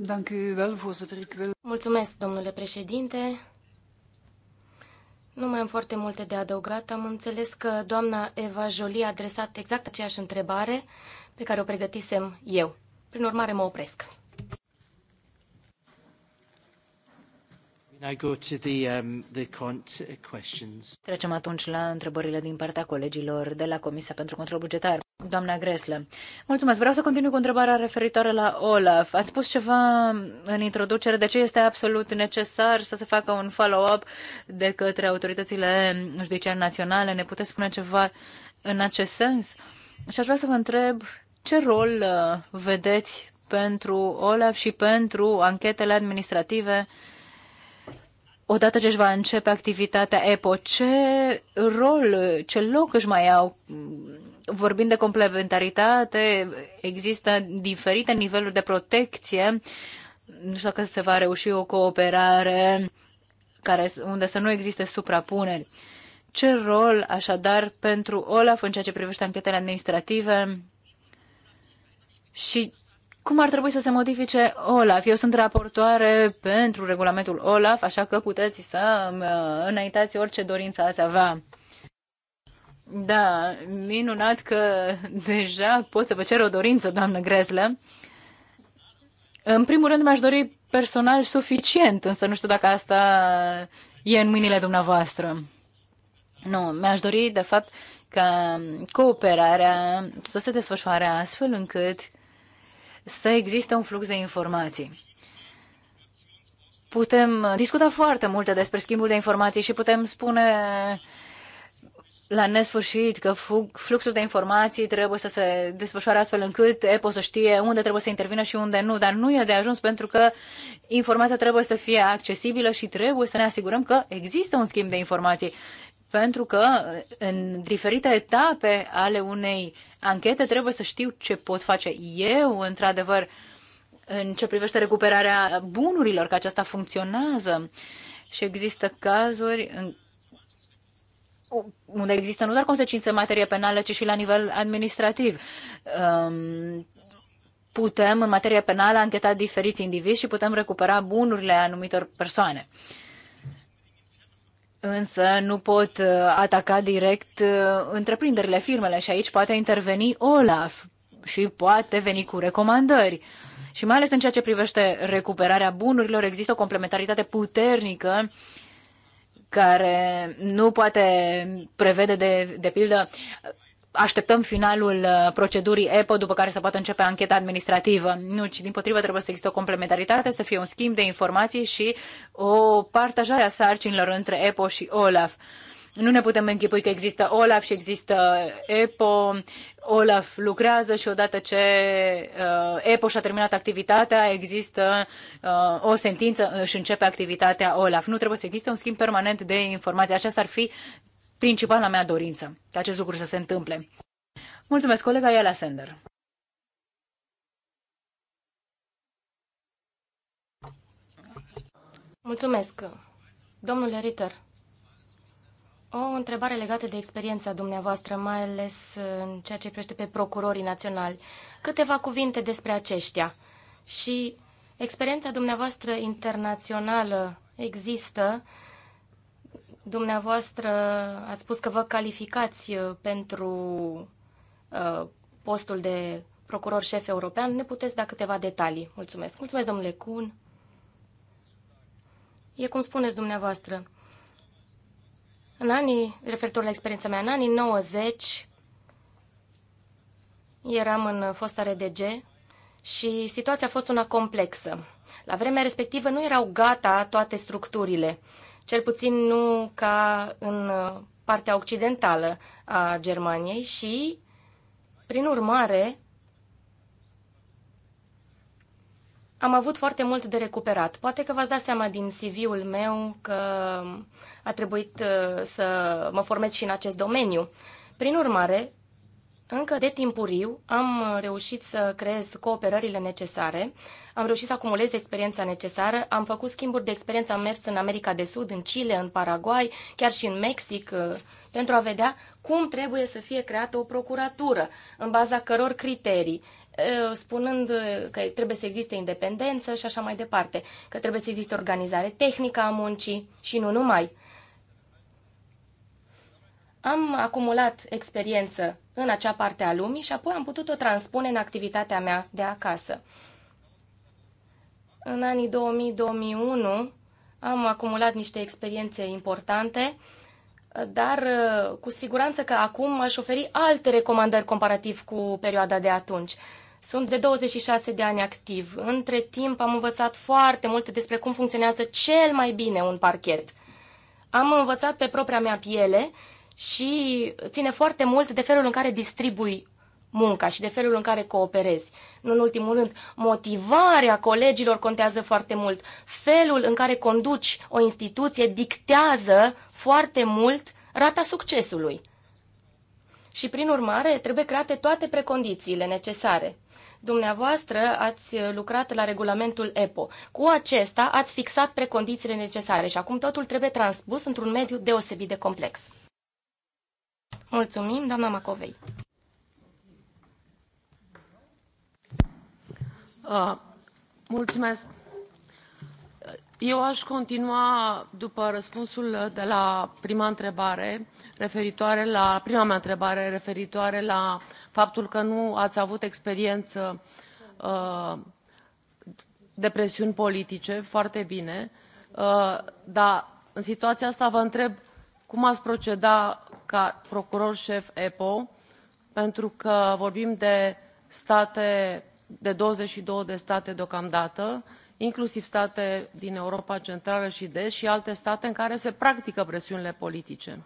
Dank u wel, voorzitter. Ik wil... Mulțumesc, domnule președinte. Nu mai am foarte multe de adăugat. Am înțeles că doamna Eva Jolie a adresat exact aceeași întrebare pe care o pregătisem eu. Prin urmare, mă opresc. Um, Trecem atunci la întrebările din partea colegilor de la Comisia pentru Control Bugetar. Doamna Gresle, mulțumesc. Vreau să continui cu întrebarea referitoare la OLAF. Ați spus ceva în introducere de ce este absolut necesar să se facă un follow-up de către autoritățile judiciare naționale. Ne puteți spune ceva în acest sens? Și aș vrea să vă întreb ce rol uh, vedeți pentru OLAF și pentru anchetele administrative odată ce își va începe activitatea EPO, ce rol, ce loc își mai au? Vorbind de complementaritate, există diferite niveluri de protecție. Nu știu dacă se va reuși o cooperare care, unde să nu existe suprapuneri. Ce rol, așadar, pentru OLAF în ceea ce privește anchetele administrative și cum ar trebui să se modifice OLAF. Eu sunt raportoare pentru regulamentul OLAF, așa că puteți să uh, înaintați orice dorință ați avea. Da, minunat că <laughs> deja pot să vă cer o dorință, doamnă Grezlă. În primul rând mi-aș dori personal suficient, însă nu știu dacă asta e în mâinile dumneavoastră. Nu, mi-aș dori, de fapt, ca cooperarea să se desfășoare astfel încât să existe un flux de informații. Putem discuta foarte multe despre schimbul de informații și putem spune la nesfârșit că fluxul de informații trebuie să se desfășoare astfel încât EPO să știe unde trebuie să intervină și unde nu, dar nu e de ajuns pentru că informația trebuie să fie accesibilă și trebuie să ne asigurăm că există un schimb de informații. Pentru că în diferite etape ale unei anchete, trebuie să știu ce pot face eu, într-adevăr, în ce privește recuperarea bunurilor, că aceasta funcționează. Și există cazuri în unde există nu doar consecințe în materie penală, ci și la nivel administrativ. Um, putem, în materie penală, ancheta diferiți indivizi și putem recupera bunurile anumitor persoane însă nu pot uh, ataca direct uh, întreprinderile, firmele și aici poate interveni OLAF și poate veni cu recomandări. Și mai ales în ceea ce privește recuperarea bunurilor, există o complementaritate puternică care nu poate prevede, de, de pildă, așteptăm finalul uh, procedurii EPO, după care să poată începe ancheta administrativă. Nu, ci din potrivă trebuie să existe o complementaritate, să fie un schimb de informații și o partajare a sarcinilor între EPO și OLAF. Nu ne putem închipui că există OLAF și există EPO. OLAF lucrează și odată ce uh, EPO și-a terminat activitatea, există uh, o sentință și începe activitatea OLAF. Nu trebuie să existe un schimb permanent de informații. Aceasta ar fi principala mea dorință, ca acest lucru să se întâmple. Mulțumesc, colega Iala Sender. Mulțumesc. Domnule Ritter, o întrebare legată de experiența dumneavoastră, mai ales în ceea ce privește pe procurorii naționali. Câteva cuvinte despre aceștia. Și experiența dumneavoastră internațională există Dumneavoastră ați spus că vă calificați uh, pentru uh, postul de procuror șef european. Ne puteți da câteva detalii. Mulțumesc. Mulțumesc, domnule Kuhn. E cum spuneți dumneavoastră. În anii, referitor la experiența mea, în anii 90 eram în fosta RDG și situația a fost una complexă. La vremea respectivă nu erau gata toate structurile cel puțin nu ca în uh, partea occidentală a Germaniei și, prin urmare, Am avut foarte mult de recuperat. Poate că v-ați dat seama din CV-ul meu că a trebuit uh, să mă formez și în acest domeniu. Prin urmare, încă de timpuriu am uh, reușit să creez cooperările necesare, am reușit să acumulez experiența necesară, am făcut schimburi de experiență, am mers în America de Sud, în Chile, în Paraguay, chiar și în Mexic, uh, pentru a vedea cum trebuie să fie creată o procuratură, în baza căror criterii, uh, spunând că trebuie să existe independență și așa mai departe, că trebuie să existe organizare tehnică a muncii și nu numai. Am acumulat experiență în acea parte a lumii și apoi am putut o transpune în activitatea mea de acasă. În anii 2000-2001 am acumulat niște experiențe importante, dar uh, cu siguranță că acum aș oferi alte recomandări comparativ cu perioada de atunci. Sunt de 26 de ani activ. Între timp am învățat foarte multe despre cum funcționează cel mai bine un parchet. Am învățat pe propria mea piele și ține foarte mult de felul în care distribui munca și de felul în care cooperezi. Nu în ultimul rând, motivarea colegilor contează foarte mult. Felul în care conduci o instituție dictează foarte mult rata succesului. Și prin urmare, trebuie create toate precondițiile necesare. Dumneavoastră ați lucrat la regulamentul EPO. Cu acesta ați fixat precondițiile necesare și acum totul trebuie transpus într-un mediu deosebit de complex. Mulțumim, doamna Macovei. Uh, mulțumesc. Eu aș continua după răspunsul de la prima întrebare referitoare la prima mea întrebare referitoare la faptul că nu ați avut experiență uh, de presiuni politice, foarte bine, uh, dar în situația asta vă întreb cum ați proceda ca procuror șef epo pentru că vorbim de state de douăzeci și doi de state deocamdată inclusiv state din europa centrală și de est și alte state în care se practică presiunile politice.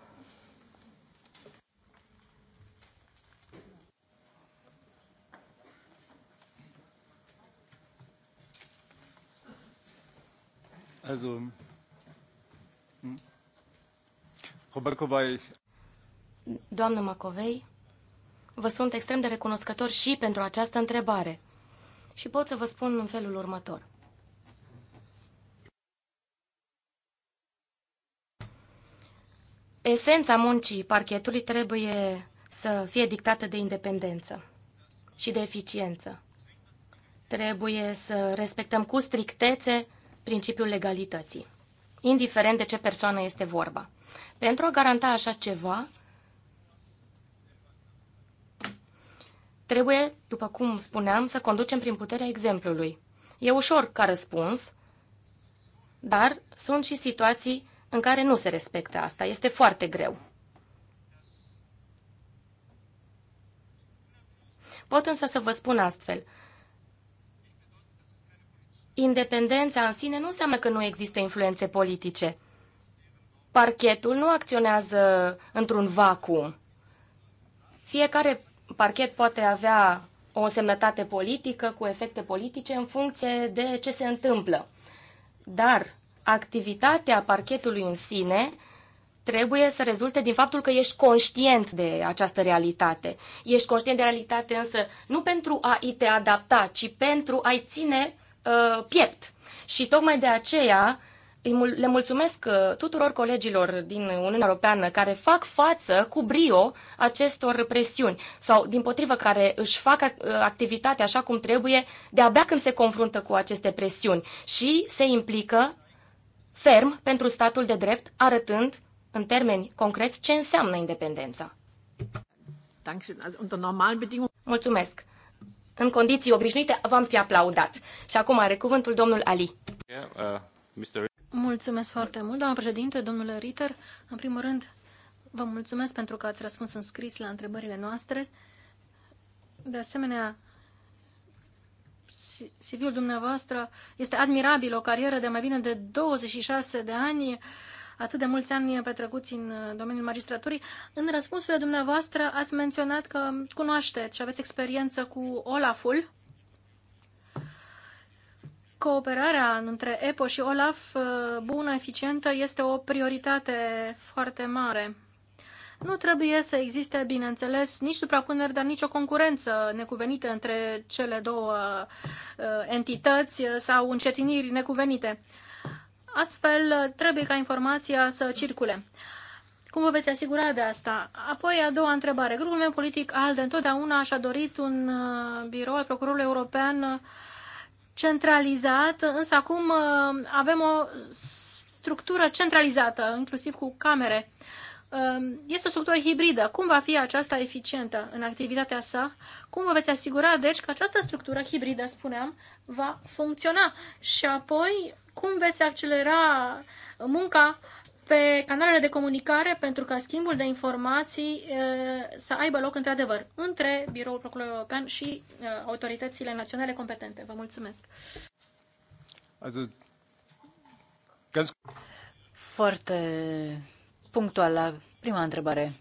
Hm? Doamnă Macovei, vă sunt extrem de recunoscător și pentru această întrebare. Și pot să vă spun în felul următor. Esența muncii parchetului trebuie să fie dictată de independență și de eficiență. Trebuie să respectăm cu strictețe principiul legalității, indiferent de ce persoană este vorba. Pentru a garanta așa ceva, trebuie, după cum spuneam, să conducem prin puterea exemplului. E ușor ca răspuns, dar sunt și situații în care nu se respectă asta. Este foarte greu. Pot însă să vă spun astfel. Independența în sine nu înseamnă că nu există influențe politice – parchetul nu acționează într-un vacuum. Fiecare parchet poate avea o semnătate politică cu efecte politice în funcție de ce se întâmplă. Dar activitatea parchetului în sine trebuie să rezulte din faptul că ești conștient de această realitate. Ești conștient de realitate însă nu pentru a-i te adapta, ci pentru a-i ține uh, piept. Și tocmai de aceea le mulțumesc uh, tuturor colegilor din Uniunea Europeană care fac față cu brio acestor presiuni sau, din potrivă, care își fac uh, activitatea așa cum trebuie de-abia când se confruntă cu aceste presiuni și se implică ferm pentru statul de drept, arătând în termeni concreți ce înseamnă independența. Mulțumesc! În condiții obișnuite v-am fi aplaudat. Și acum are cuvântul domnul Ali. Yeah, uh... Mr. Mulțumesc foarte mult, doamnă președinte, domnule Ritter. În primul rând, vă mulțumesc pentru că ați răspuns în scris la întrebările noastre. De asemenea, CV-ul dumneavoastră este admirabil, o carieră de mai bine de 26 de ani, atât de mulți ani petrecuți în uh, domeniul magistraturii. În răspunsurile dumneavoastră ați menționat că cunoașteți și aveți experiență cu Olaful Cooperarea între EPO și OLAF uh, bună, eficientă, este o prioritate foarte mare. Nu trebuie să existe, bineînțeles, nici suprapuneri, dar nici o concurență necuvenită între cele două uh, entități sau încetiniri necuvenite. Astfel, uh, trebuie ca informația să circule. Cum vă veți asigura de asta? Apoi, a doua întrebare. Grupul meu politic ALDE întotdeauna și-a dorit un birou al Procurorului European uh, centralizat, însă acum uh, avem o structură centralizată, inclusiv cu camere. Uh, este o structură hibridă. Cum va fi aceasta eficientă în activitatea sa? Cum vă veți asigura, deci, că această structură hibridă, spuneam, va funcționa? Și apoi, cum veți accelera munca uh, pe canalele de comunicare pentru ca schimbul de informații să aibă loc într-adevăr între Biroul Procurorului European și autoritățile naționale competente. Vă mulțumesc! Foarte punctual la prima întrebare.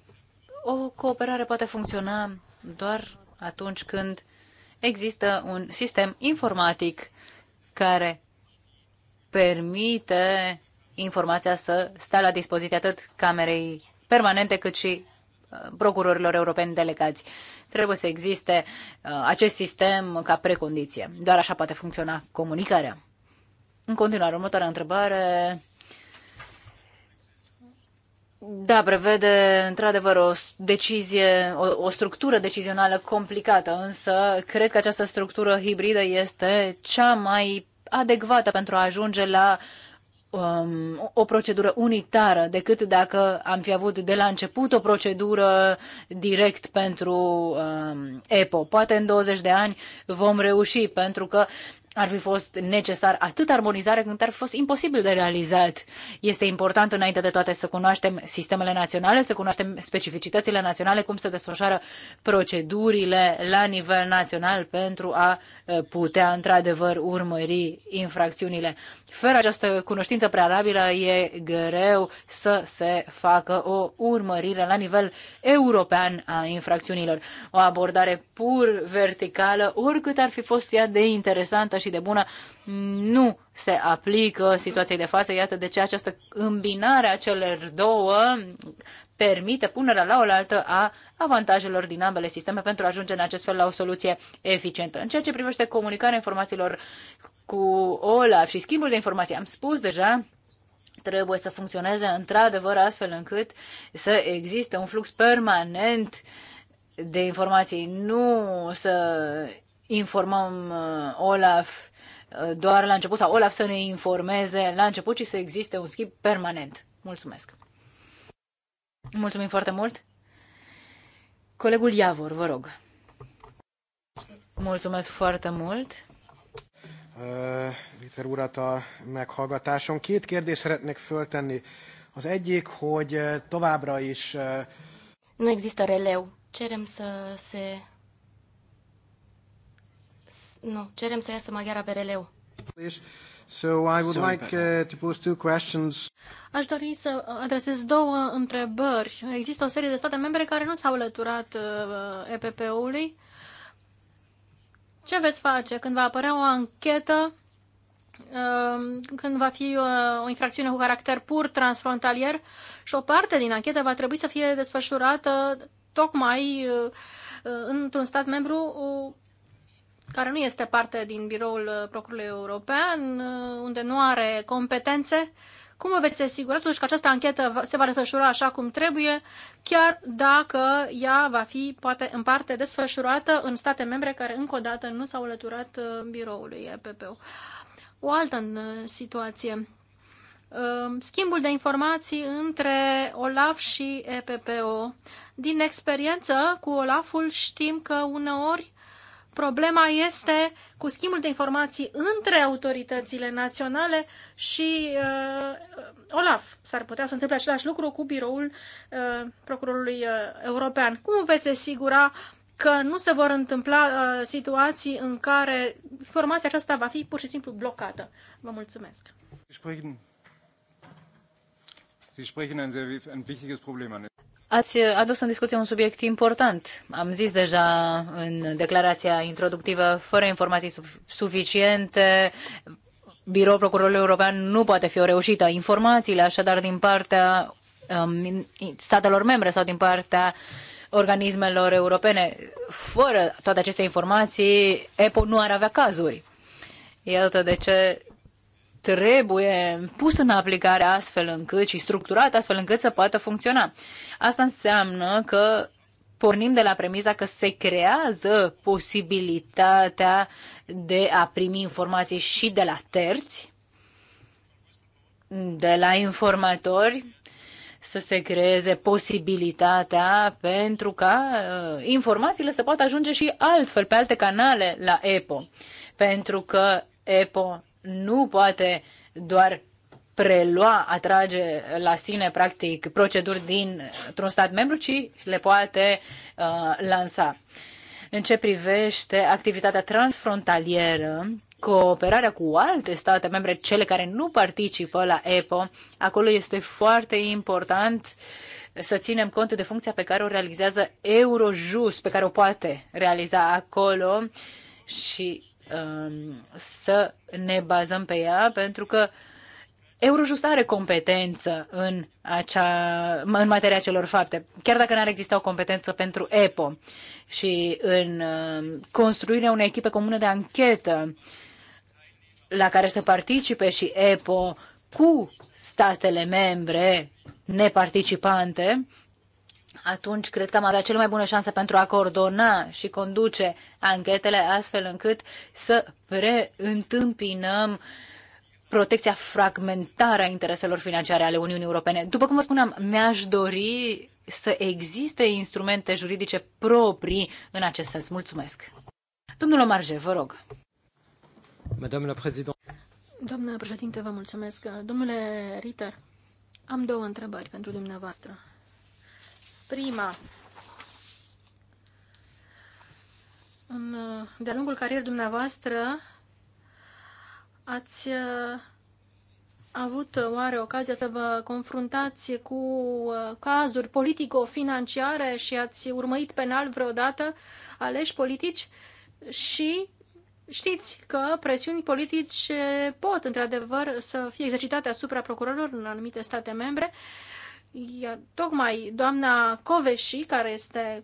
O cooperare poate funcționa doar atunci când există un sistem informatic care permite informația să stea la dispoziție atât Camerei Permanente cât și uh, procurorilor europeni delegați. Trebuie să existe uh, acest sistem ca precondiție. Doar așa poate funcționa comunicarea. În continuare, următoarea întrebare. Da, prevede într-adevăr o decizie, o, o structură decizională complicată, însă cred că această structură hibridă este cea mai adecvată pentru a ajunge la uh, um, o procedură unitară decât dacă am fi avut de la început o procedură direct pentru um, EPO. Poate în 20 de ani vom reuși, pentru că ar fi fost necesar atât armonizare cât ar fi fost imposibil de realizat. Este important înainte de toate să cunoaștem sistemele naționale, să cunoaștem specificitățile naționale, cum se desfășoară procedurile la nivel național pentru a putea într-adevăr urmări infracțiunile. Fără această cunoștință prealabilă e greu să se facă o urmărire la nivel european a infracțiunilor. O abordare pur verticală, oricât ar fi fost ea de interesantă și de bună nu se aplică situației de față. Iată de ce această îmbinare a celor două permite punerea la oaltă a avantajelor din ambele sisteme pentru a ajunge în acest fel la o soluție eficientă. În ceea ce privește comunicarea informațiilor cu OLAF și schimbul de informații, am spus deja trebuie să funcționeze într-adevăr astfel încât să existe un flux permanent de informații, nu să informăm uh, Olaf uh, doar la început sau Olaf să ne informeze la început ci să existe un schimb permanent. Mulțumesc! Mulțumim foarte mult! Colegul Iavor, vă rog. Mulțumesc foarte mult! Uh, Ritter urat a meghallgatáson. Két kérdést szeretnék föltenni. Az egyik, hogy továbbra is... Nu există releu. Cerem să se nu, cerem să iasă maghiara Bereleu. So I would like uh, to pose two questions. Aș dori să adresez două întrebări. Există o serie de state membre care nu s-au alăturat uh, EPP-ului. Ce veți face când va apărea o anchetă uh, când va fi uh, o infracțiune cu caracter pur transfrontalier și o parte din anchetă va trebui să fie desfășurată tocmai uh, într-un stat membru care nu este parte din biroul uh, Procurului European, uh, unde nu are competențe, cum vă veți asigura totuși că această anchetă se va desfășura așa cum trebuie, chiar dacă ea va fi, poate, în parte desfășurată în state membre care, încă o dată, nu s-au alăturat uh, biroului EPPO? O altă situație. Schimbul de informații între OLAF și EPPO. Din experiență cu OLAF-ul știm că uneori Problema este cu schimbul de informații între autoritățile naționale și uh, OLAF. S-ar putea să întâmple același lucru cu biroul uh, procurorului uh, european. Cum veți asigura că nu se vor întâmpla uh, situații în care informația aceasta va fi pur și simplu blocată? Vă mulțumesc! Sie sprechen ein sehr ein wichtiges Problem an. Ați adus în discuție un subiect important. Am zis deja în declarația introductivă, fără informații suficiente, Biroul Procurorului European nu poate fi o reușită. Informațiile, așadar, din partea um, statelor membre sau din partea organismelor europene, fără toate aceste informații, EPO nu ar avea cazuri. Iată de ce trebuie pus în aplicare astfel încât și structurat astfel încât să poată funcționa. Asta înseamnă că pornim de la premiza că se creează posibilitatea de a primi informații și de la terți, de la informatori, să se creeze posibilitatea pentru ca uh, informațiile să poată ajunge și altfel, pe alte canale la EPO. Pentru că EPO nu poate doar prelua, atrage la sine, practic, proceduri dintr-un stat membru, ci le poate uh, lansa. În ce privește activitatea transfrontalieră, cooperarea cu alte state membre, cele care nu participă la EPO, acolo este foarte important să ținem cont de funcția pe care o realizează Eurojust, pe care o poate realiza acolo și Um, să ne bazăm pe ea, pentru că Eurojust are competență în, acea, în materia celor fapte, chiar dacă n-ar exista o competență pentru EPO și în um, construirea unei echipe comune de anchetă la care să participe și EPO cu statele membre neparticipante, atunci cred că am avea cele mai bune șanse pentru a coordona și conduce anchetele astfel încât să preîntâmpinăm protecția fragmentară a intereselor financiare ale Uniunii Europene. După cum vă spuneam, mi-aș dori să existe instrumente juridice proprii în acest sens. Mulțumesc. Domnul Omarje, vă rog. Madame la președinte, vă mulțumesc. Domnule Ritter, am două întrebări pentru dumneavoastră. Prima, de-a lungul carierei dumneavoastră, ați uh, avut oare ocazia să vă confruntați cu uh, cazuri politico-financiare și ați urmărit penal vreodată aleși politici și știți că presiuni politice pot într-adevăr să fie exercitate asupra procurorilor în anumite state membre iar tocmai doamna Coveși, care este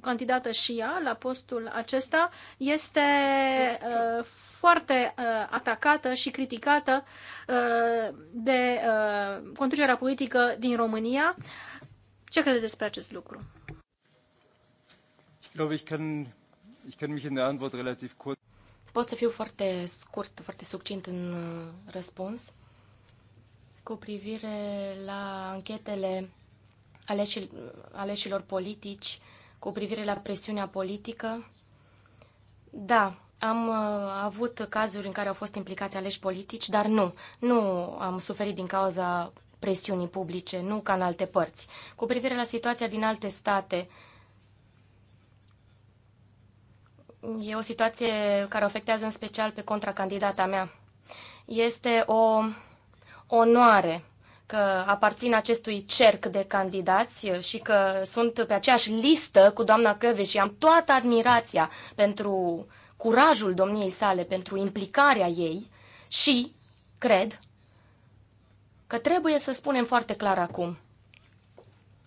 candidată și ea la postul acesta, este uh, foarte uh, atacată și criticată uh, de uh, conducerea politică din România. Ce credeți despre acest lucru? Pot să fiu foarte scurt, foarte succint în uh, răspuns cu privire la anchetele aleși, aleșilor politici, cu privire la presiunea politică. Da, am uh, avut cazuri în care au fost implicați aleși politici, dar nu, nu am suferit din cauza presiunii publice, nu ca în alte părți. Cu privire la situația din alte state, e o situație care afectează în special pe contracandidata mea. Este o onoare că aparțin acestui cerc de candidați și că sunt pe aceeași listă cu doamna Căve și am toată admirația pentru curajul domniei sale, pentru implicarea ei și cred că trebuie să spunem foarte clar acum,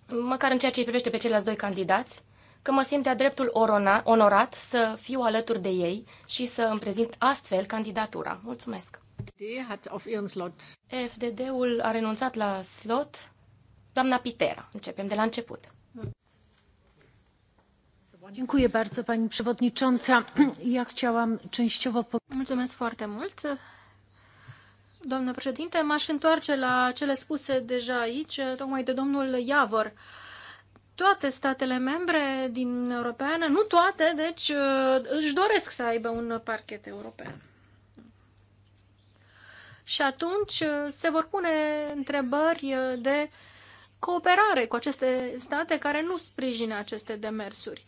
măcar în ceea ce îi privește pe ceilalți doi candidați, că mă simt de-a dreptul onorat să fiu alături de ei și să îmi prezint astfel candidatura. Mulțumesc! FDD-ul a renunțat la slot. Doamna Pitera, începem de la început. pani przewodnicząca! ja chciałam częściowo. mulțumesc foarte mult doamnă președinte m aș întoarce la cele spuse deja aici tocmai de domnul Iavor. Toate statele membre din Europeană, nu toate, deci își doresc să aibă un parchet european și atunci uh, se vor pune întrebări uh, de cooperare cu aceste state care nu sprijină aceste demersuri.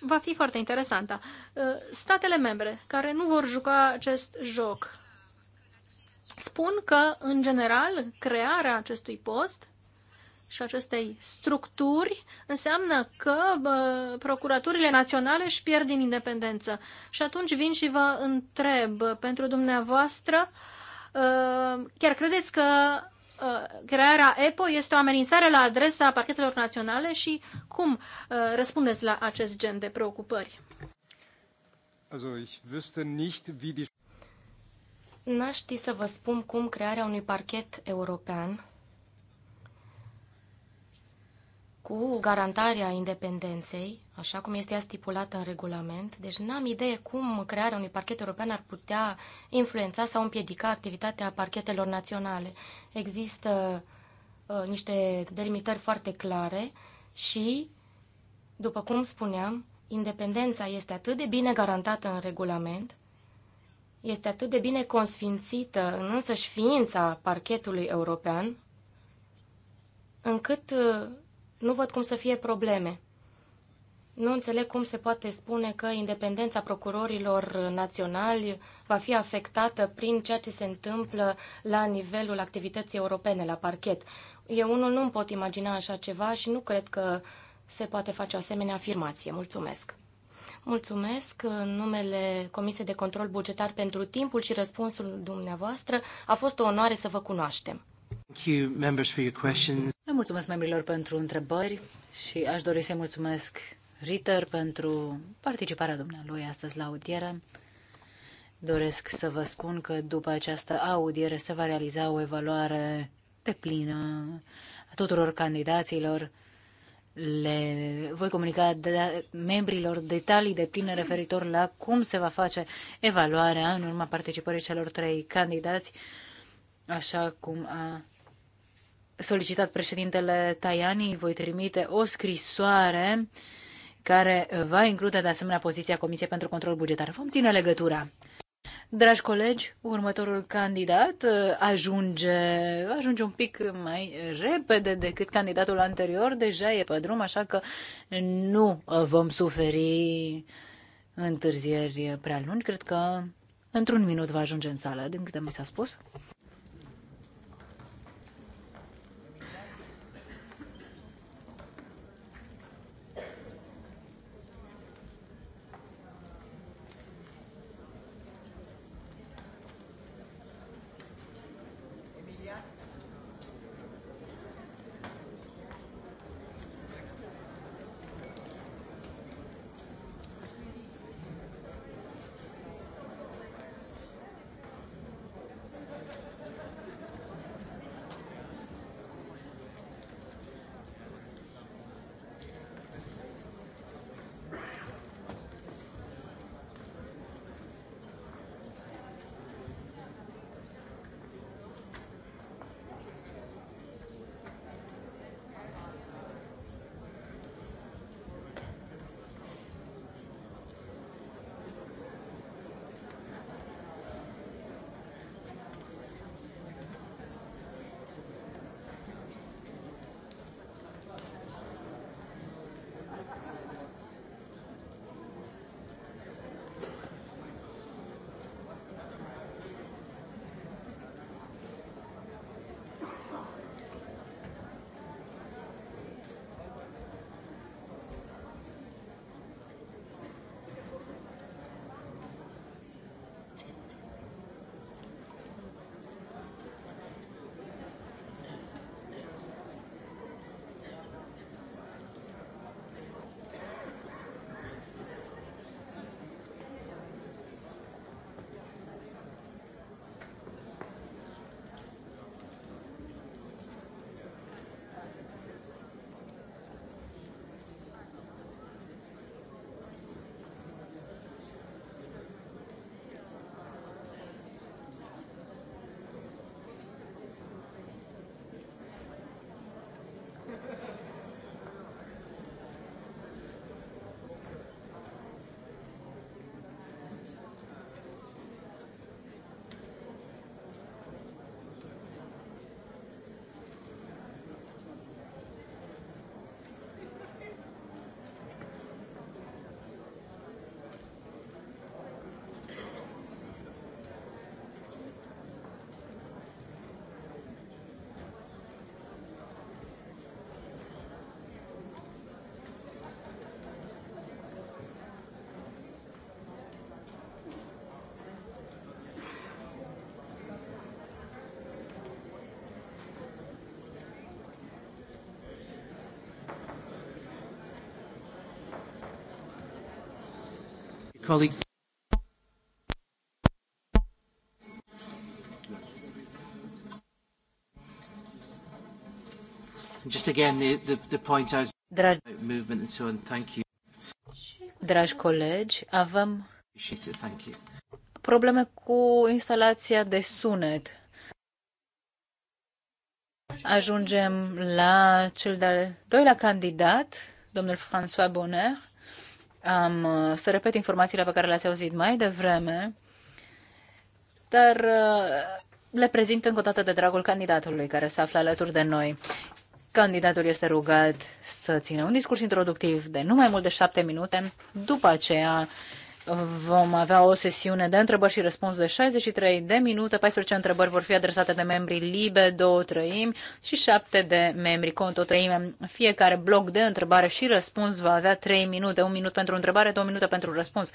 Va fi foarte interesantă. Uh, statele membre care nu vor juca acest joc spun că, în general, crearea acestui post și acestei structuri înseamnă că bă, procuraturile naționale își pierd din independență. Și atunci vin și vă întreb pentru dumneavoastră uh, Uh, chiar credeți că uh, crearea EPO este o amenințare la adresa parchetelor naționale și cum uh, răspundeți la acest gen de preocupări? Also, ich wüsste nicht, wie die... N-aș ști să vă spun cum crearea unui parchet european cu garantarea independenței, așa cum este ea stipulată în regulament. Deci n-am idee cum crearea unui parchet european ar putea influența sau împiedica activitatea parchetelor naționale. Există uh, niște delimitări foarte clare și, după cum spuneam, independența este atât de bine garantată în regulament, este atât de bine consfințită în însăși ființa parchetului european, încât uh, nu văd cum să fie probleme. Nu înțeleg cum se poate spune că independența procurorilor naționali va fi afectată prin ceea ce se întâmplă la nivelul activității europene, la parchet. Eu unul nu pot imagina așa ceva și nu cred că se poate face o asemenea afirmație. Mulțumesc! Mulțumesc în numele Comisiei de Control Bugetar pentru timpul și răspunsul dumneavoastră. A fost o onoare să vă cunoaștem. Le mulțumesc membrilor pentru întrebări și aș dori să-i mulțumesc Ritter pentru participarea dumnealui astăzi la audiere. Doresc să vă spun că după această audiere se va realiza o evaluare de plină a tuturor candidaților. Le voi comunica de da, membrilor detalii de pline referitor la cum se va face evaluarea în urma participării celor trei candidați, așa cum a solicitat președintele Tajani, voi trimite o scrisoare care va include de asemenea poziția Comisiei pentru Control Bugetar. Vom ține legătura. Dragi colegi, următorul candidat uh, ajunge, ajunge un pic mai repede decât candidatul anterior, deja e pe drum, așa că nu uh, vom suferi întârzieri prea lungi. Cred că într-un minut va ajunge în sală, din câte mi s-a spus. Colleagues. Just again, the, the, the point I was Dragi, movement and so on. Thank you. Dragi colegi, avem Thank you. probleme cu instalația de sunet. Ajungem la cel de-al doilea candidat, domnul François Bonner. Am uh, să repet informațiile pe care le-ați auzit mai devreme, dar uh, le prezint încă o dată de dragul candidatului care se află alături de noi. Candidatul este rugat să țină un discurs introductiv de nu mai mult de șapte minute, după aceea Vom avea o sesiune de întrebări și răspuns de 63 de minute, 14 întrebări vor fi adresate de membrii LIBE, două trăimi și 7 de membri conto trăime. Fiecare bloc de întrebare și răspuns va avea 3 minute, 1 minut pentru întrebare, 2 minute pentru răspuns.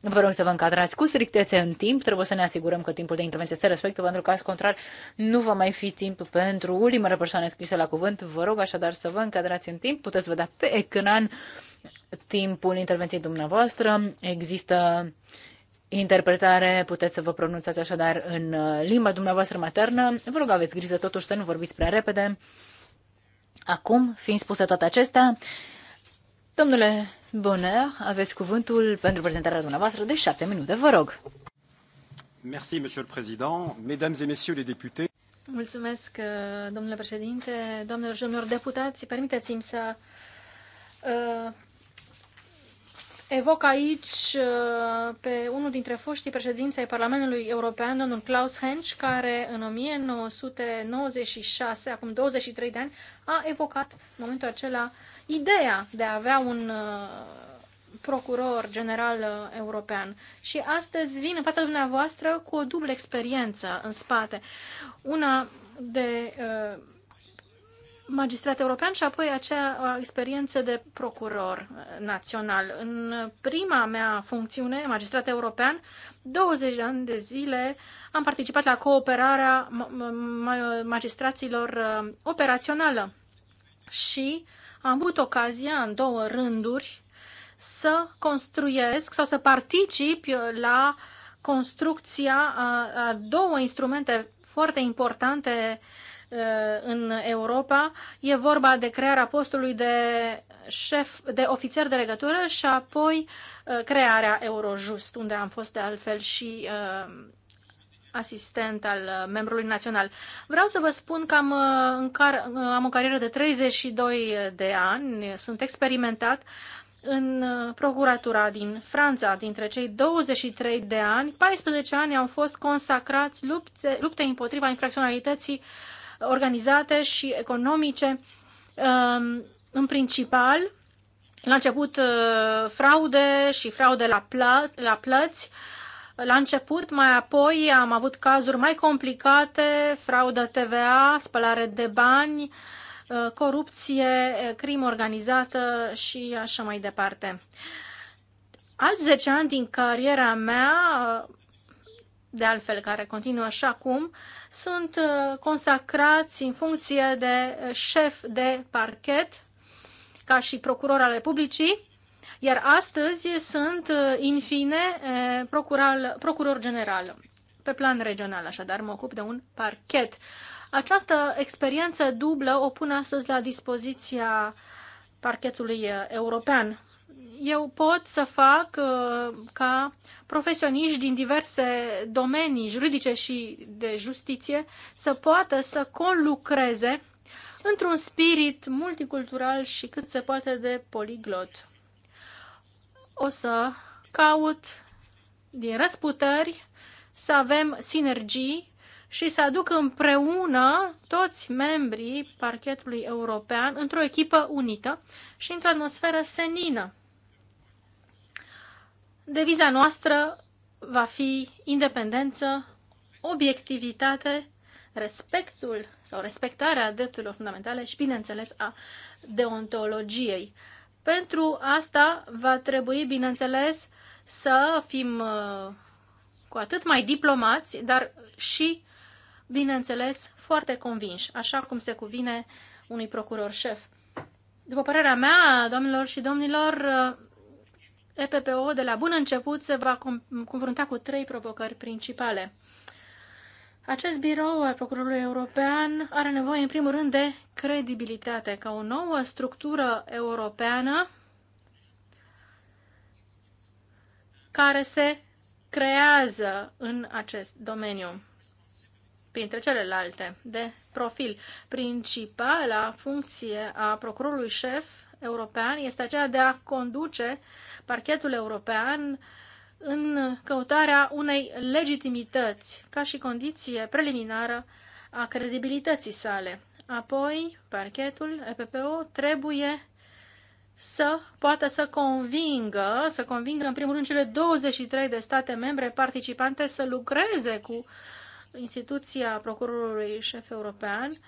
Vă rog să vă încadrați cu strictețe în timp, trebuie să ne asigurăm că timpul de intervenție se respectă, pentru că caz contrar nu va mai fi timp pentru ultimele persoane scrise la cuvânt. Vă rog așadar să vă încadrați în timp, puteți vedea pe ecran timpul intervenției dumneavoastră. Există interpretare, puteți să vă pronunțați așadar în uh, limba dumneavoastră maternă. Vă rog, aveți grijă totuși să nu vorbiți prea repede. Acum, fiind spuse toate acestea, domnule Bonner, aveți cuvântul pentru prezentarea dumneavoastră de șapte minute. Vă rog. Merci, monsieur le président, mesdames et messieurs les députés. Mulțumesc, uh, domnule președinte, doamnelor și domnilor deputați. Permiteți-mi să uh, evoc aici uh, pe unul dintre foștii președinți ai Parlamentului European, domnul Klaus Hensch, care în 1996, acum 23 de ani, a evocat în momentul acela ideea de a avea un uh, procuror general uh, european. Și astăzi vin în fața dumneavoastră cu o dublă experiență în spate. Una de uh, magistrat european și apoi acea experiență de procuror uh, național. În prima mea funcțiune, magistrat european, 20 de ani de zile am participat la cooperarea magistraților uh, operațională și am avut ocazia în două rânduri să construiesc sau să particip uh, la construcția a două instrumente foarte importante uh, Uh, în Europa. E vorba de crearea postului de șef, de ofițer de legătură și apoi uh, crearea Eurojust, unde am fost de altfel și uh, asistent al membrului național. Vreau să vă spun că am, în car, am o carieră de 32 de ani, sunt experimentat în procuratura din Franța. Dintre cei 23 de ani, 14 ani au fost consacrați lupte, lupte împotriva infracționalității uh, organizate și economice um, în principal. La început uh, fraude și fraude la, plă- la plăți. La început, mai apoi am avut cazuri mai complicate, fraudă TVA, spălare de bani, uh, corupție, uh, crimă organizată și așa mai departe. Alți 10 ani din cariera mea de altfel, care continuă și acum, sunt uh, consacrați în funcție de uh, șef de parchet, ca și procuror al Republicii, iar astăzi sunt, în uh, fine, procural, procuror general, pe plan regional, așadar mă ocup de un parchet. Această experiență dublă o pun astăzi la dispoziția parchetului european eu pot să fac uh, ca profesioniști din diverse domenii juridice și de justiție să poată să conlucreze într-un spirit multicultural și cât se poate de poliglot. O să caut din răsputări să avem sinergii și să aduc împreună toți membrii parchetului european într-o echipă unită și într-o atmosferă senină Deviza noastră va fi independență, obiectivitate, respectul sau respectarea drepturilor fundamentale și, bineînțeles, a deontologiei. Pentru asta va trebui, bineînțeles, să fim uh, cu atât mai diplomați, dar și, bineînțeles, foarte convinși, așa cum se cuvine unui procuror șef. După părerea mea, domnilor și domnilor, uh, EPPO de la bun început se va confrunta cu trei provocări principale. Acest birou al Procurorului European are nevoie, în primul rând, de credibilitate ca o nouă structură europeană care se creează în acest domeniu, printre celelalte de profil. Principala funcție a procurorului șef european este aceea de a conduce parchetul european în căutarea unei legitimități ca și condiție preliminară a credibilității sale. Apoi, parchetul EPPO trebuie să poată să convingă, să convingă în primul rând cele 23 de state membre participante să lucreze cu instituția procurorului șef european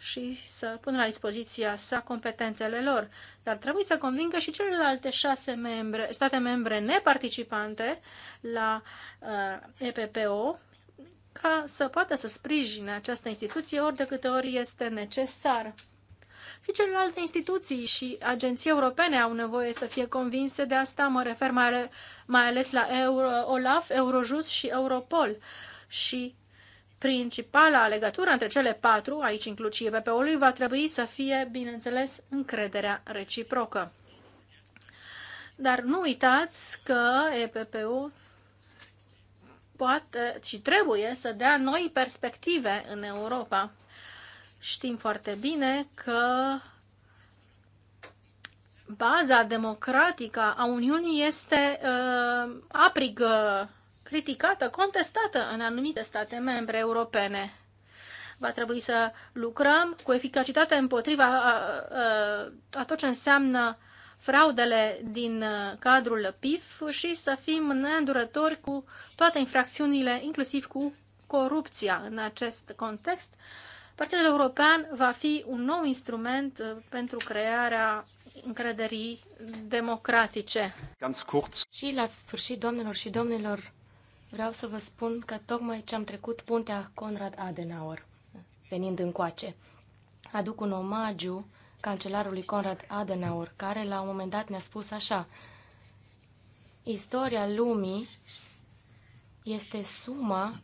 și să pună la dispoziția sa competențele lor, dar trebuie să convingă și celelalte șase membre, state membre neparticipante la uh, EPPO ca să poată să sprijine această instituție ori de câte ori este necesar. Și celelalte instituții și agenții europene au nevoie să fie convinse de asta, mă refer mai, mai ales la Euro, OLAF, Eurojust și Europol. Și principala legătură între cele patru, aici includ și EPP-ului, va trebui să fie, bineînțeles, încrederea reciprocă. Dar nu uitați că EPP-ul poate și trebuie să dea noi perspective în Europa. Știm foarte bine că baza democratică a Uniunii este uh, aprigă criticată, contestată în anumite state membre europene. Va trebui să lucrăm cu eficacitate împotriva a, a, a tot ce înseamnă fraudele din cadrul PIF și să fim neîndurători cu toate infracțiunile, inclusiv cu corupția în acest context. Partidul European va fi un nou instrument pentru crearea încrederii democratice. Ganz kurz. Și la sfârșit, doamnelor și domnilor, vreau să vă spun că tocmai ce am trecut puntea Conrad Adenauer, venind încoace. Aduc un omagiu cancelarului Conrad Adenauer, care la un moment dat ne-a spus așa, Istoria lumii este suma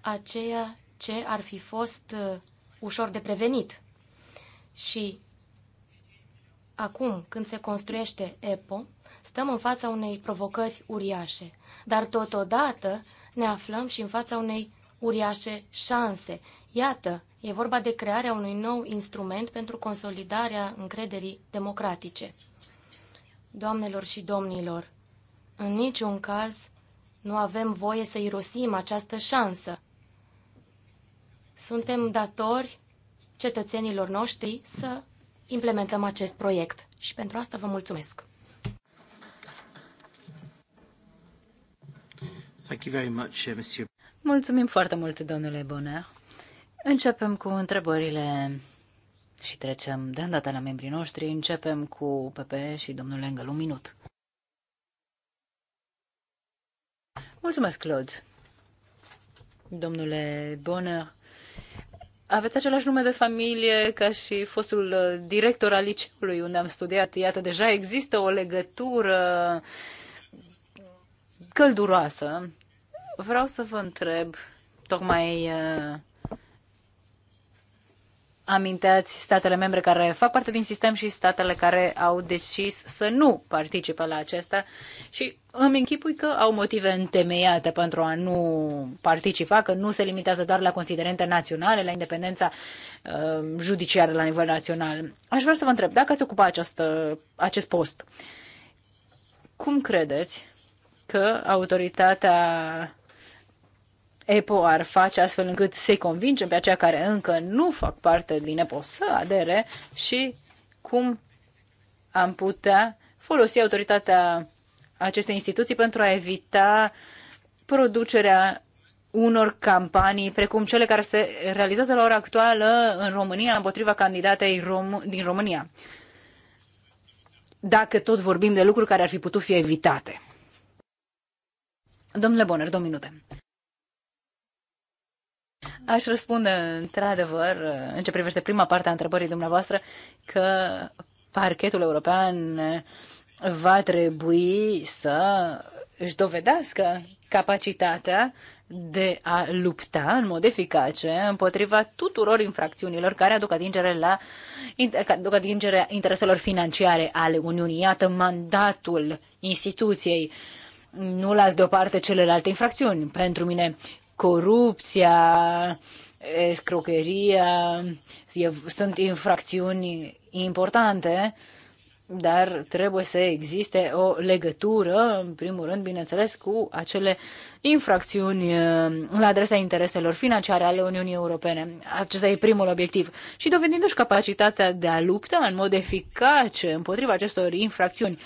a ceea ce ar fi fost uh, ușor de prevenit. Și acum, când se construiește EPO, Stăm în fața unei provocări uriașe, dar totodată ne aflăm și în fața unei uriașe șanse. Iată, e vorba de crearea unui nou instrument pentru consolidarea încrederii democratice. Doamnelor și domnilor, în niciun caz nu avem voie să irosim această șansă. Suntem datori cetățenilor noștri să implementăm acest proiect și pentru asta vă mulțumesc. Uh, Mulțumim foarte mult, domnule Bonner. Începem cu întrebările și trecem de îndată la membrii noștri. Începem cu PP și domnul Engel, un minut. Mulțumesc, Claude. Domnule Bonner, aveți același nume de familie ca și fostul uh, director al liceului unde am studiat. Iată, deja există o legătură uh, călduroasă. Vreau să vă întreb, tocmai uh, aminteați statele membre care fac parte din sistem și statele care au decis să nu participe la acesta și îmi închipui că au motive întemeiate pentru a nu participa, că nu se limitează doar la considerente naționale, la independența uh, judiciară la nivel național. Aș vrea să vă întreb, dacă ați ocupa această, acest post, cum credeți că autoritatea EPO ar face astfel încât să-i convingem pe aceia care încă nu fac parte din EPO să adere și cum am putea folosi autoritatea acestei instituții pentru a evita producerea unor campanii precum cele care se realizează la ora actuală în România împotriva candidatei rom- din România. Dacă tot vorbim de lucruri care ar fi putut fi evitate. Domnule Bonner, două minute. Aș răspunde, într-adevăr, în ce privește prima parte a întrebării dumneavoastră, că parchetul european va trebui să își dovedească capacitatea de a lupta în mod eficace împotriva tuturor infracțiunilor care aduc atingere la care aduc atingere intereselor financiare ale Uniunii. Iată mandatul instituției uh, nu las deoparte celelalte infracțiuni. Pentru mine, corupția, escrocheria, sunt infracțiuni importante dar trebuie să existe o legătură, în primul rând, bineînțeles, cu acele infracțiuni uh, la adresa intereselor financiare ale Uniunii Europene. Acesta e primul obiectiv. Și dovedindu-și capacitatea de a lupta în mod eficace împotriva acestor infracțiuni,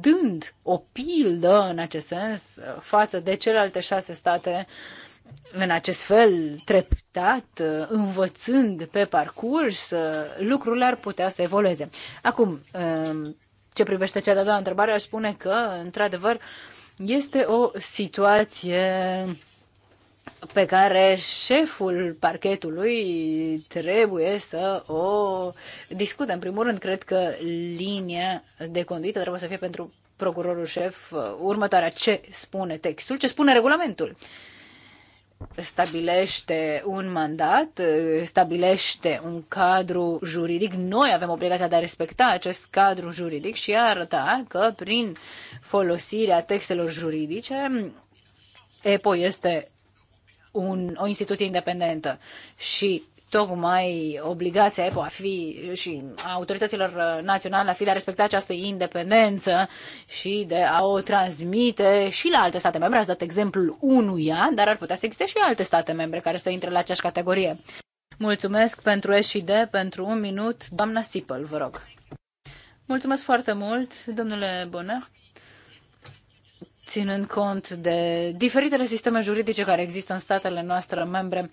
dând o pildă în acest sens uh, față de celelalte șase state în acest fel, treptat, învățând pe parcurs, lucrurile ar putea să evolueze. Acum, um, ce privește cea de-a doua întrebare, aș spune că, într-adevăr, este o situație pe care șeful parchetului trebuie să o discute. În primul rând, cred că linia de conduită trebuie să fie pentru procurorul șef următoarea. Ce spune textul? Ce spune regulamentul? Uh, stabilește un mandat, stabilește un cadru juridic. Noi avem obligația de a respecta acest cadru juridic și a arăta că prin folosirea textelor juridice EPO este un, o instituție independentă și tocmai obligația EPO a fi și a autorităților naționale a fi de a respecta această independență și de a o transmite și la alte state membre. Ați dat exemplul unuia, dar ar putea să existe și alte state membre care să intre la aceeași categorie. Mulțumesc pentru S pentru un minut. Doamna Sipăl, vă rog. Mulțumesc foarte mult, domnule Boner ținând cont de diferitele sisteme juridice care există în statele noastre membre,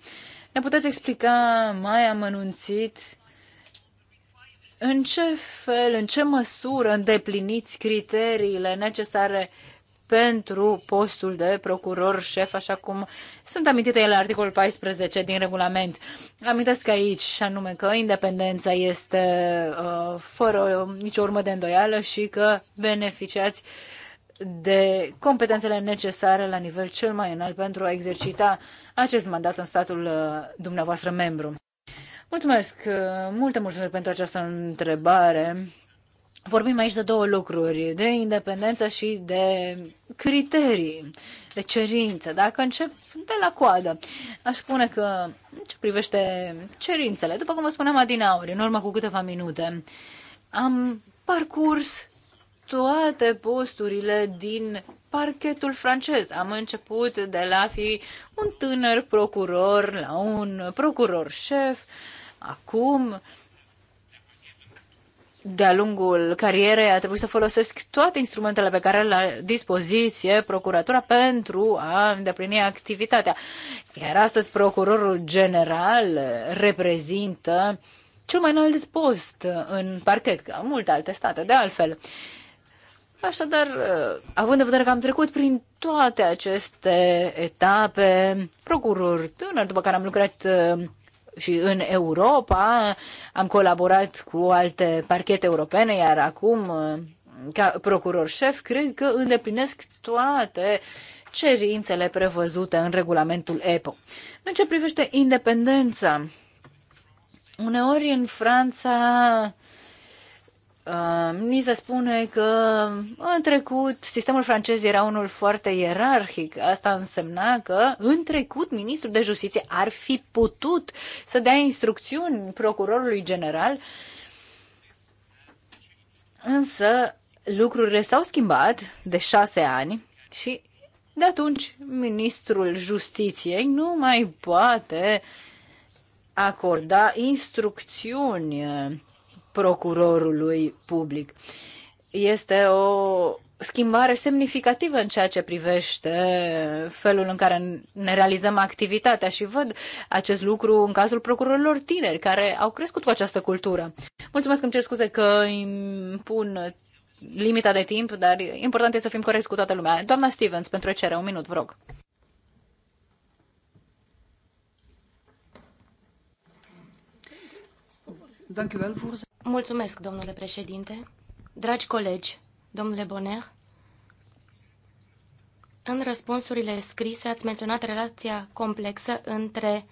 ne puteți explica mai amănunțit în ce fel, în ce măsură îndepliniți criteriile necesare pentru postul de procuror șef, așa cum sunt amintite ele articolul 14 din regulament. Amintesc aici, anume că independența este uh, fără nicio urmă de îndoială și că beneficiați uh, de competențele necesare la nivel cel mai înalt pentru a exercita acest mandat în statul uh, dumneavoastră membru. Mulțumesc, uh, multe mulțumesc pentru această întrebare. Vorbim aici de două lucruri, de independență și de criterii, de cerințe. Dacă încep de la coadă, aș spune că ce privește cerințele, după cum vă spuneam adinauri, în urmă cu câteva minute, am parcurs toate posturile din parchetul francez. Am început de la fi un tânăr procuror la un procuror șef. Acum, de-a lungul carierei, a trebuit să folosesc toate instrumentele pe care la dispoziție procuratura pentru a îndeplini activitatea. Iar astăzi procurorul general reprezintă cel mai înalt post în parchet, ca multe alte state, de altfel. Uh, Așadar, uh, având în vedere că am trecut prin toate aceste etape, procuror tânăr, după care am lucrat uh, și în Europa, am colaborat cu alte parchete europene, iar acum, uh, ca procuror șef, cred că îndeplinesc toate cerințele prevăzute în regulamentul EPO. În ce privește independența, uneori în Franța ni se spune că în trecut sistemul francez era unul foarte ierarhic. Asta însemna că în trecut ministrul de justiție ar fi putut să dea instrucțiuni procurorului general, însă lucrurile s-au schimbat de șase ani și de atunci ministrul justiției nu mai poate acorda instrucțiuni procurorului public. Este o schimbare semnificativă în ceea ce privește felul în care ne realizăm activitatea și văd acest lucru în cazul procurorilor tineri care au crescut cu această cultură. Mulțumesc, îmi cer scuze că îmi pun limita de timp, dar important este să fim corecți cu toată lumea. Doamna Stevens, pentru cere un minut, vă rog. Dank u wel, voorzitter. Mulțumesc, domnule președinte. Dragi colegi, domnule Boner, în răspunsurile scrise ați menționat relația complexă între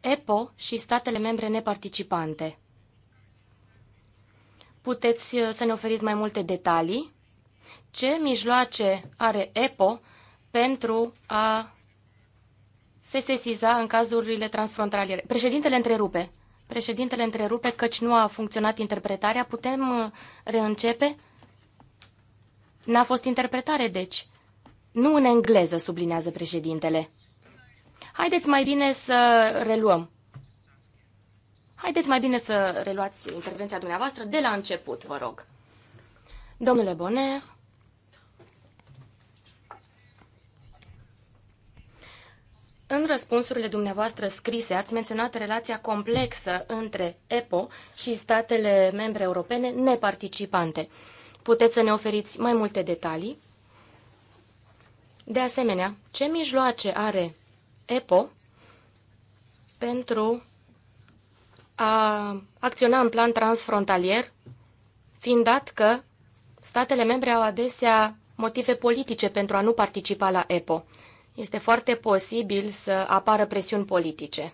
EPO și statele membre neparticipante. Puteți uh, să ne oferiți mai multe detalii? Ce mijloace are EPO pentru a se sesiza în cazurile transfrontaliere? Președintele întrerupe. Președintele întrerupe căci nu a funcționat interpretarea. Putem uh, reîncepe? N-a fost interpretare, deci. Nu în engleză, sublinează președintele. Haideți mai bine să reluăm. Haideți mai bine să reluați intervenția dumneavoastră de la început, vă rog. Domnule Bonner, În răspunsurile dumneavoastră scrise ați menționat relația complexă între EPO și statele membre europene neparticipante. Puteți să ne oferiți mai multe detalii? De asemenea, ce mijloace are EPO pentru a acționa în plan transfrontalier, fiind dat că statele membre au adesea motive politice pentru a nu participa la EPO este foarte posibil să apară presiuni politice,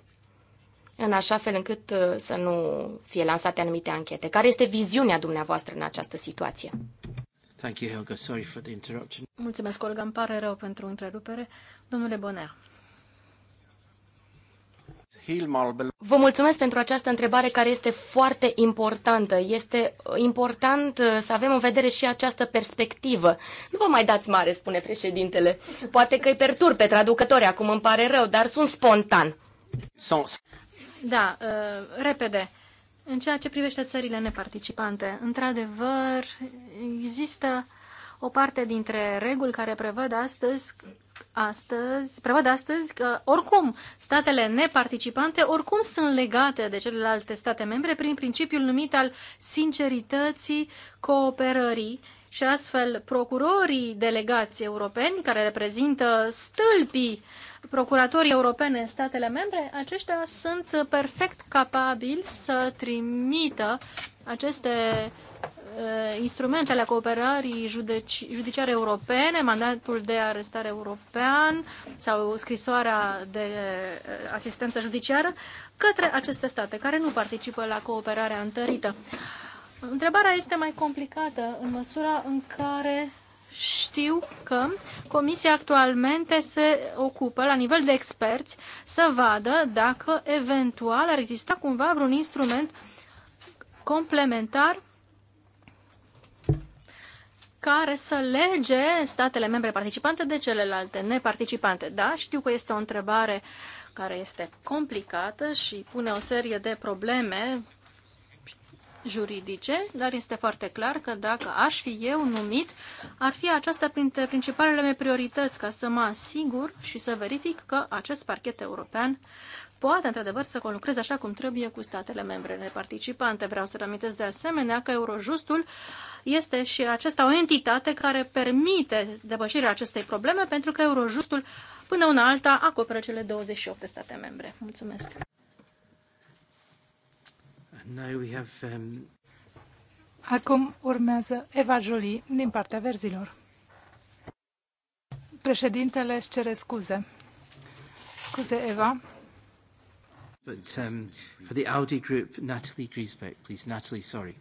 în așa fel încât uh, să nu fie lansate anumite anchete. Care este viziunea dumneavoastră în această situație? Thank you, Helga. Sorry for the interruption. Mulțumesc, Olga. Îmi pare rău pentru întrerupere. Domnule Boner. Vă mulțumesc pentru această întrebare care este foarte importantă. Este uh, important uh, să avem în vedere și această perspectivă. Nu vă mai dați mare, spune președintele. Poate că îi perturb pe traducători, acum îmi pare rău, dar sunt spontan. Da, uh, repede. În ceea ce privește țările neparticipante, într-adevăr, există o parte dintre reguli care prevăd astăzi astăzi, prevăd astăzi că oricum statele neparticipante oricum sunt legate de celelalte state membre prin principiul numit al sincerității cooperării și astfel procurorii delegații europeni care reprezintă stâlpii procuratorii europene în statele membre, aceștia sunt perfect capabili să trimită aceste Uh, instrumentele cooperării judeci, judiciare europene, mandatul de arestare european sau scrisoarea de uh, asistență judiciară către aceste state care nu participă la cooperarea întărită. Întrebarea este mai complicată în măsura în care știu că Comisia actualmente se ocupă la nivel de experți să vadă dacă eventual ar exista cumva vreun instrument complementar care să lege statele membre participante de celelalte neparticipante. Da, știu că este o întrebare care este complicată și pune o serie de probleme juridice, dar este foarte clar că dacă aș fi eu numit, ar fi aceasta printre principalele mele priorități ca să mă asigur și să verific că acest parchet european poate, într-adevăr, să conlucreze așa cum trebuie cu statele membre participante. Vreau să reamintesc de asemenea că Eurojustul este și acesta o entitate care permite depășirea acestei probleme, pentru că Eurojustul, până una alta, acoperă cele 28 de state membre. Mulțumesc! Um, Acum urmează Eva Jolie din partea verzilor. Președintele își cere scuze. Scuze, Eva. But um, for the Audi Group, Natalie Griesbeck, please. Natalie, sorry.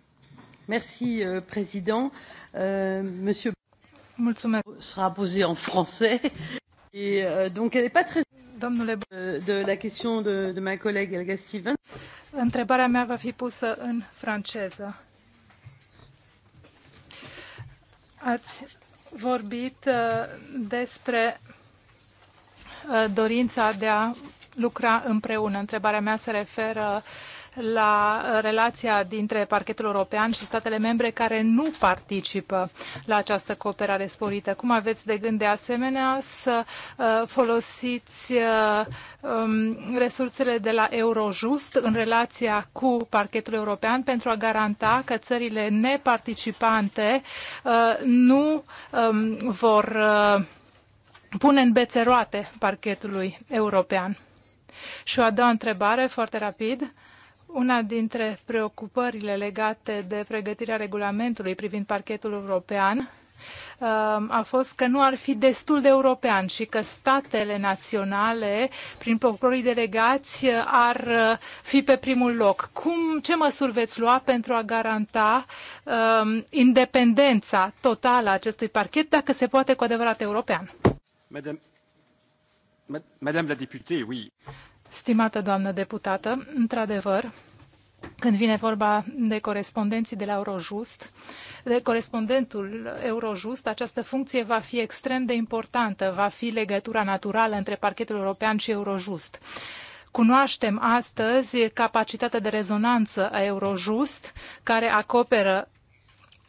Merci, euh, Président. Euh, Monsieur Mulțumesc. sera posé en français. Et euh, donc, elle n'est pas très... Domnule... Euh, de la question de, de ma collègue Elga Steven. Întrebarea mea va fi pusă în franceză. Ați vorbit uh, despre uh, dorința de a lucra împreună. Întrebarea mea se referă la relația dintre parchetul european și statele membre care nu participă la această cooperare sporită. Cum aveți de gând de asemenea să uh, folosiți uh, um, resursele de la Eurojust în relația cu parchetul european pentru a garanta că țările neparticipante uh, nu um, vor pune în bețe roate parchetului european? Și o a doua întrebare, foarte rapid. Una dintre preocupările legate de pregătirea regulamentului privind parchetul european um, a fost că nu ar fi destul de european și că statele naționale, prin procurorii delegați, ar uh, fi pe primul loc. Cum, ce măsuri veți lua pentru a garanta um, independența totală a acestui parchet, dacă se poate cu adevărat european? Madame, Madame la députée, oui. Stimată doamnă deputată, într-adevăr, când vine vorba de corespondenții de la Eurojust, de corespondentul Eurojust, această funcție va fi extrem de importantă, va fi legătura naturală între parchetul european și Eurojust. Cunoaștem astăzi capacitatea de rezonanță a Eurojust, care acoperă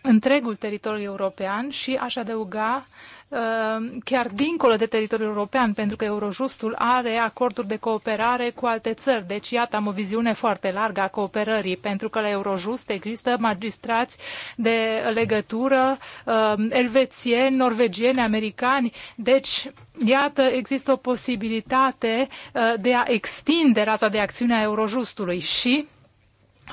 întregul teritoriu european și aș adăuga Ehm, chiar dincolo de teritoriul european, pentru că Eurojustul are acorduri de cooperare cu alte țări. Deci, iată, am o viziune foarte largă a cooperării, pentru că la Eurojust există magistrați de legătură, ehm, elvețieni, norvegieni, americani. Deci, iată, există o posibilitate eh, de a extinde raza de acțiune a Eurojustului și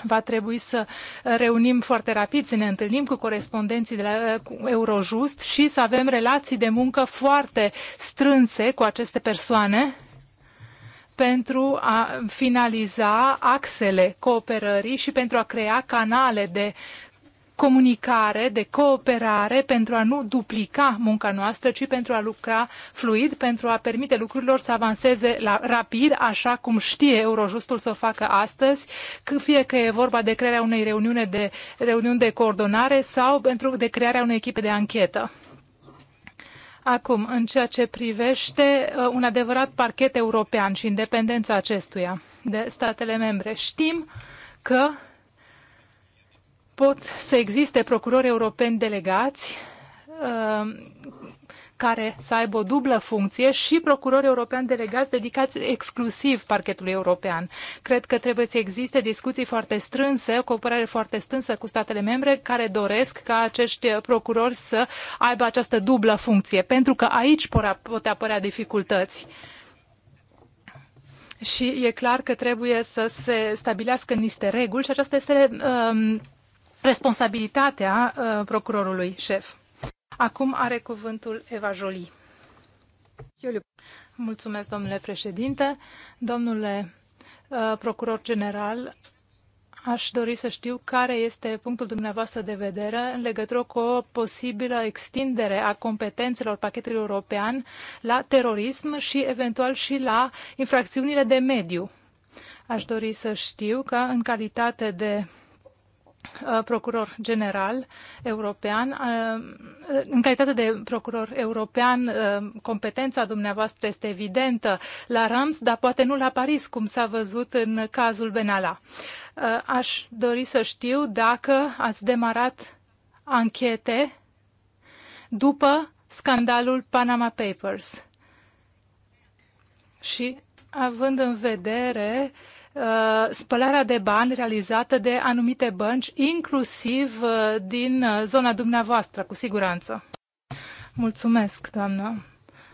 va trebui să uh, reunim foarte rapid, să ne întâlnim cu corespondenții de la uh, Eurojust și să avem relații de muncă foarte strânse cu aceste persoane pentru a finaliza axele cooperării și pentru a crea canale de comunicare, de cooperare pentru a nu duplica munca noastră, ci pentru a lucra fluid, pentru a permite lucrurilor să avanseze la, rapid, așa cum știe Eurojustul să o facă astăzi, că fie că e vorba de crearea unei reuniune de, reuniuni de coordonare sau pentru de crearea unei echipe de anchetă. Acum, în ceea ce privește uh, un adevărat parchet european și independența acestuia de statele membre, știm că pot să existe procurori europeni delegați uh, care să aibă o dublă funcție și procurori european delegați dedicați exclusiv parchetului european. Cred că trebuie să existe discuții foarte strânse, o cooperare foarte strânsă cu statele membre care doresc ca acești procurori să aibă această dublă funcție, pentru că aici pot apărea dificultăți. Și e clar că trebuie să se stabilească niște reguli și aceasta este um, responsabilitatea uh, procurorului șef. Acum are cuvântul Eva Joli. Mulțumesc, domnule președinte. Domnule uh, procuror general, Aș dori să știu care este punctul dumneavoastră de vedere în legătură cu o posibilă extindere a competențelor pachetului european la terorism și eventual și la infracțiunile de mediu. Aș dori să știu că în calitate de Uh, procuror general european. Uh, uh, în calitate de procuror european, competența dumneavoastră este evidentă la Rams, dar poate nu la Paris, cum s-a văzut în cazul Benalla. Aș dori să știu dacă ați demarat anchete după scandalul Panama Papers. Și având în vedere uh, Uh, spălarea de bani realizată de anumite bănci, inclusiv uh, din uh, zona dumneavoastră, cu siguranță. Mulțumesc, doamnă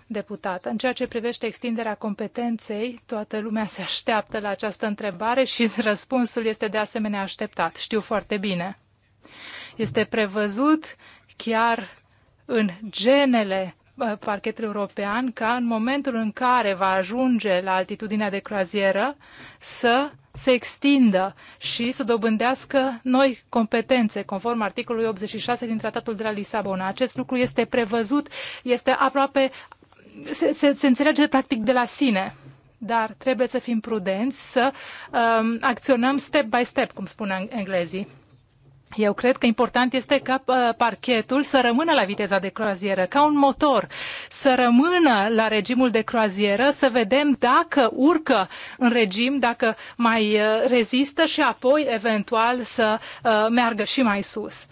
deputată. În ceea ce privește extinderea competenței, toată lumea se așteaptă la această întrebare și <laughs> răspunsul este de asemenea așteptat. Știu foarte bine. Este prevăzut chiar în genele parchetul european ca în momentul în care va ajunge la altitudinea de croazieră să se extindă și să dobândească noi competențe, conform articolului 86 din Tratatul de la Lisabona. Acest lucru este prevăzut, este aproape, se, se, se înțelege practic de la sine dar trebuie să fim prudenți, să um, acționăm step by step, cum spun englezii. Eu cred că important este ca uh, parchetul să rămână la viteza de croazieră, ca un motor, să rămână la regimul de croazieră, să vedem dacă urcă în regim, dacă mai uh, rezistă și apoi eventual să uh, meargă și mai sus.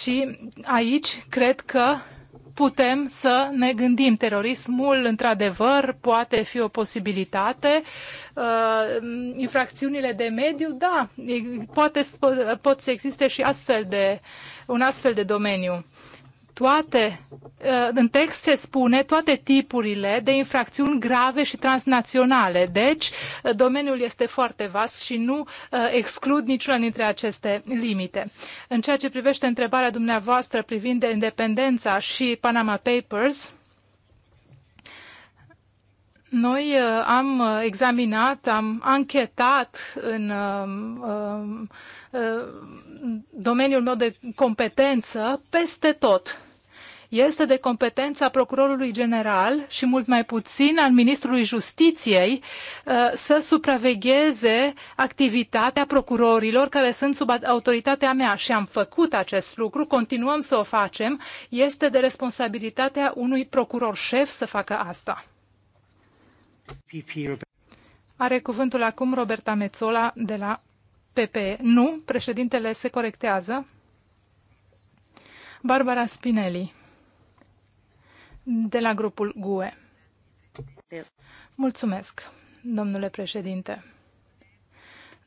Și aici cred că putem să ne gândim. Terorismul, într-adevăr, poate fi o posibilitate. Uh, infracțiunile de mediu, da, poate, pot să existe și astfel de, un astfel de domeniu toate, uh, în text se spune toate tipurile de infracțiuni grave și transnaționale. Deci, uh, domeniul este foarte vast și nu uh, exclud niciuna dintre aceste limite. În ceea ce privește întrebarea dumneavoastră privind de independența și Panama Papers, noi am examinat, am anchetat în um, um, domeniul meu de competență peste tot este de competența procurorului general și mult mai puțin al ministrului justiției uh, să supravegheze activitatea procurorilor care sunt sub autoritatea mea și am făcut acest lucru, continuăm să o facem, este de responsabilitatea unui procuror șef să facă asta. Are cuvântul acum Roberta Mezzola de la PPE. Nu, președintele se corectează. Barbara Spinelli de la grupul GUE. Mulțumesc, domnule președinte.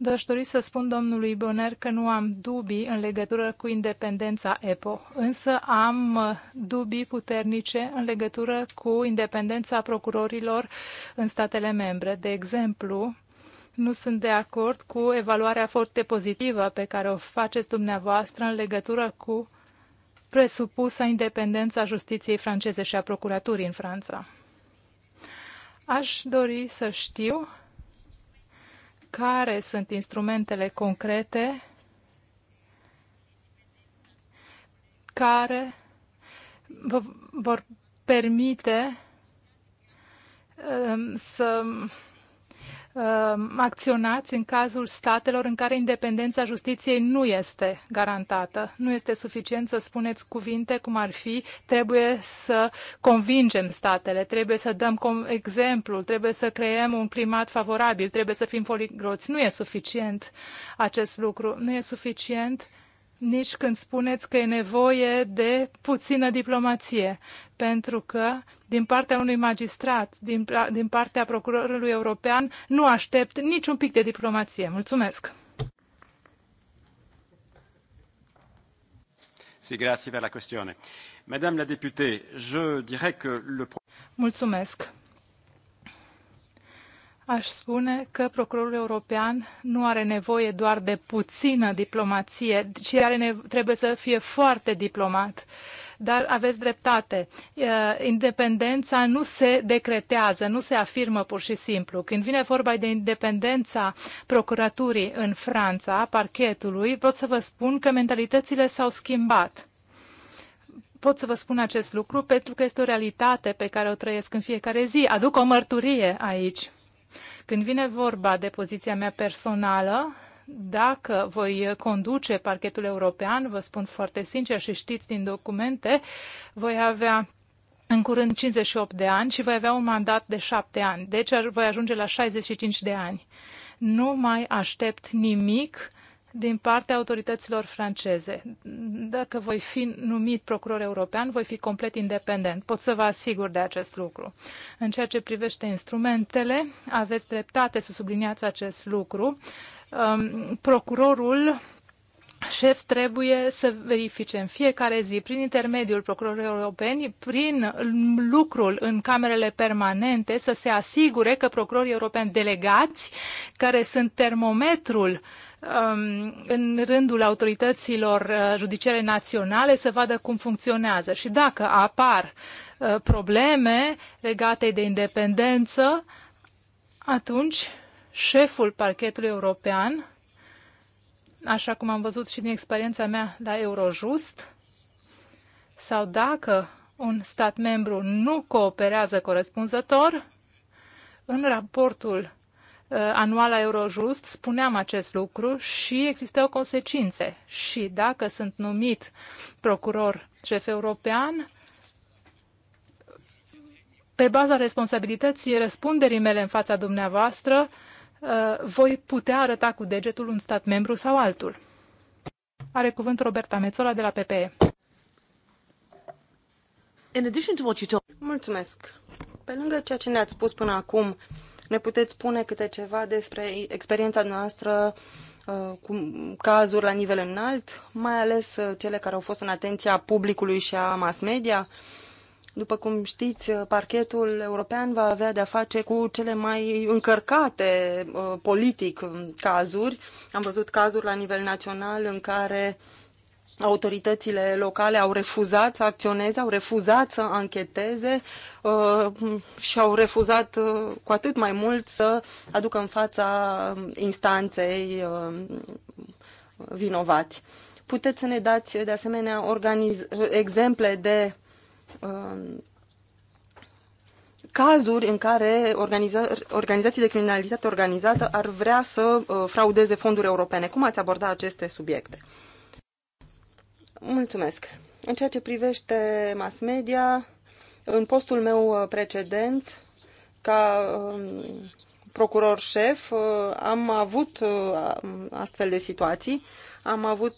Aș dori să spun domnului Boner că nu am dubii în legătură cu independența EPO, însă am uh, dubii puternice în legătură cu independența procurorilor în statele membre. De exemplu, nu sunt de acord cu evaluarea foarte pozitivă pe care o faceți dumneavoastră în legătură cu presupusa independența justiției franceze și a procuraturii în Franța. Aș dori să știu care sunt instrumentele concrete care vor permite um, să Um, acționați în cazul statelor în care independența justiției nu este garantată. Nu este suficient să spuneți cuvinte cum ar fi trebuie să convingem statele, trebuie să dăm exemplul, trebuie să creăm un climat favorabil, trebuie să fim poligroți. Nu e suficient acest lucru. Nu e suficient nici când spuneți că e nevoie de puțină diplomație, pentru că din partea unui magistrat, din, din partea procurorului european, nu aștept niciun pic de diplomație. Mulțumesc! Mulțumesc aș spune că procurorul european nu are nevoie doar de puțină diplomație, ci are trebuie să fie foarte diplomat. Dar aveți dreptate. Independența nu se decretează, nu se afirmă pur și simplu. Când vine vorba de independența procuraturii în Franța, parchetului, pot să vă spun că mentalitățile s-au schimbat pot să vă spun acest lucru pentru că este o realitate pe care o trăiesc în fiecare zi. Aduc o mărturie aici. Când vine vorba de poziția mea personală, dacă voi conduce parchetul european, vă spun foarte sincer și știți din documente, voi avea în curând 58 de ani și voi avea un mandat de 7 ani, deci voi ajunge la 65 de ani. Nu mai aștept nimic din partea autorităților franceze. Dacă voi fi numit procuror european, voi fi complet independent. Pot să vă asigur de acest lucru. În ceea ce privește instrumentele, aveți dreptate să subliniați acest lucru. Um, procurorul șef trebuie să verifice în fiecare zi, prin intermediul procurorilor europeni, prin lucrul în camerele permanente, să se asigure că procurorii europeni delegați, care sunt termometrul uh, Um, în rândul autorităților uh, judiciare naționale să vadă cum funcționează. Și dacă apar uh, probleme legate de independență, atunci șeful parchetului european, așa cum am văzut și din experiența mea la Eurojust, sau dacă un stat membru nu cooperează corespunzător, în raportul Uh, anual a Eurojust spuneam acest lucru și existau consecințe. Și dacă sunt numit procuror șef european, pe baza responsabilității răspunderii mele în fața dumneavoastră, uh, voi putea arăta cu degetul un stat membru sau altul. Are cuvânt Roberta Mețola de la PPE. In addition to what you Mulțumesc. Pe lângă ceea ce ne-ați spus până acum ne puteți spune câte ceva despre experiența noastră uh, cu cazuri la nivel înalt, mai ales uh, cele care au fost în atenția publicului și a mass media? După cum știți, uh, parchetul european va avea de-a face cu cele mai încărcate politic um, cazuri. Am văzut cazuri la nivel național în care autoritățile locale au refuzat să acționeze, au refuzat să ancheteze uh, și au refuzat uh, cu atât mai mult să aducă în fața um, instanței um, vinovați. Puteți să ne dați de asemenea exemple de um, cazuri în care organiza organizații de criminalitate organizată ar vrea să uh, fraudeze fonduri europene. Cum ați aborda aceste subiecte? Mulțumesc. În ceea ce privește mass media, în postul meu uh, precedent, ca um, procuror șef, uh, am avut uh, astfel de situații. Am avut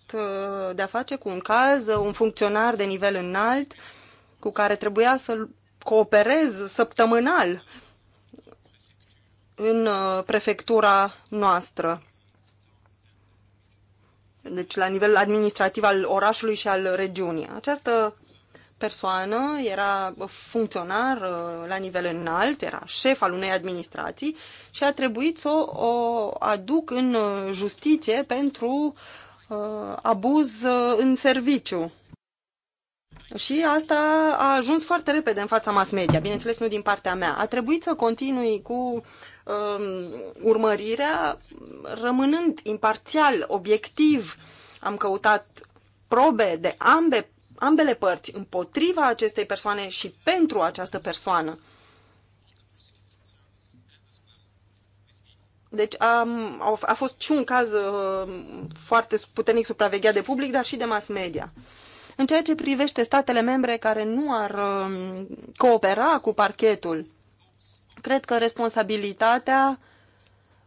de-a face cu un caz, un funcționar de nivel înalt cu care trebuia să cooperez săptămânal în prefectura noastră deci la nivel administrativ al orașului și al regiunii. Această persoană era funcționar uh, la nivel înalt, era șef al unei administrații și a trebuit să o, aduc în uh, justiție pentru uh, abuz în serviciu. Și asta a ajuns foarte repede în fața mass media, bineînțeles nu din partea mea. A trebuit să continui cu um, urmărirea, rămânând imparțial, obiectiv. Am căutat probe de ambe, ambele părți împotriva acestei persoane și pentru această persoană. Deci a, a fost și un caz uh, foarte puternic supravegheat de public, dar și de mass media. În ceea ce privește statele membre care nu ar um, coopera cu parchetul, cred că responsabilitatea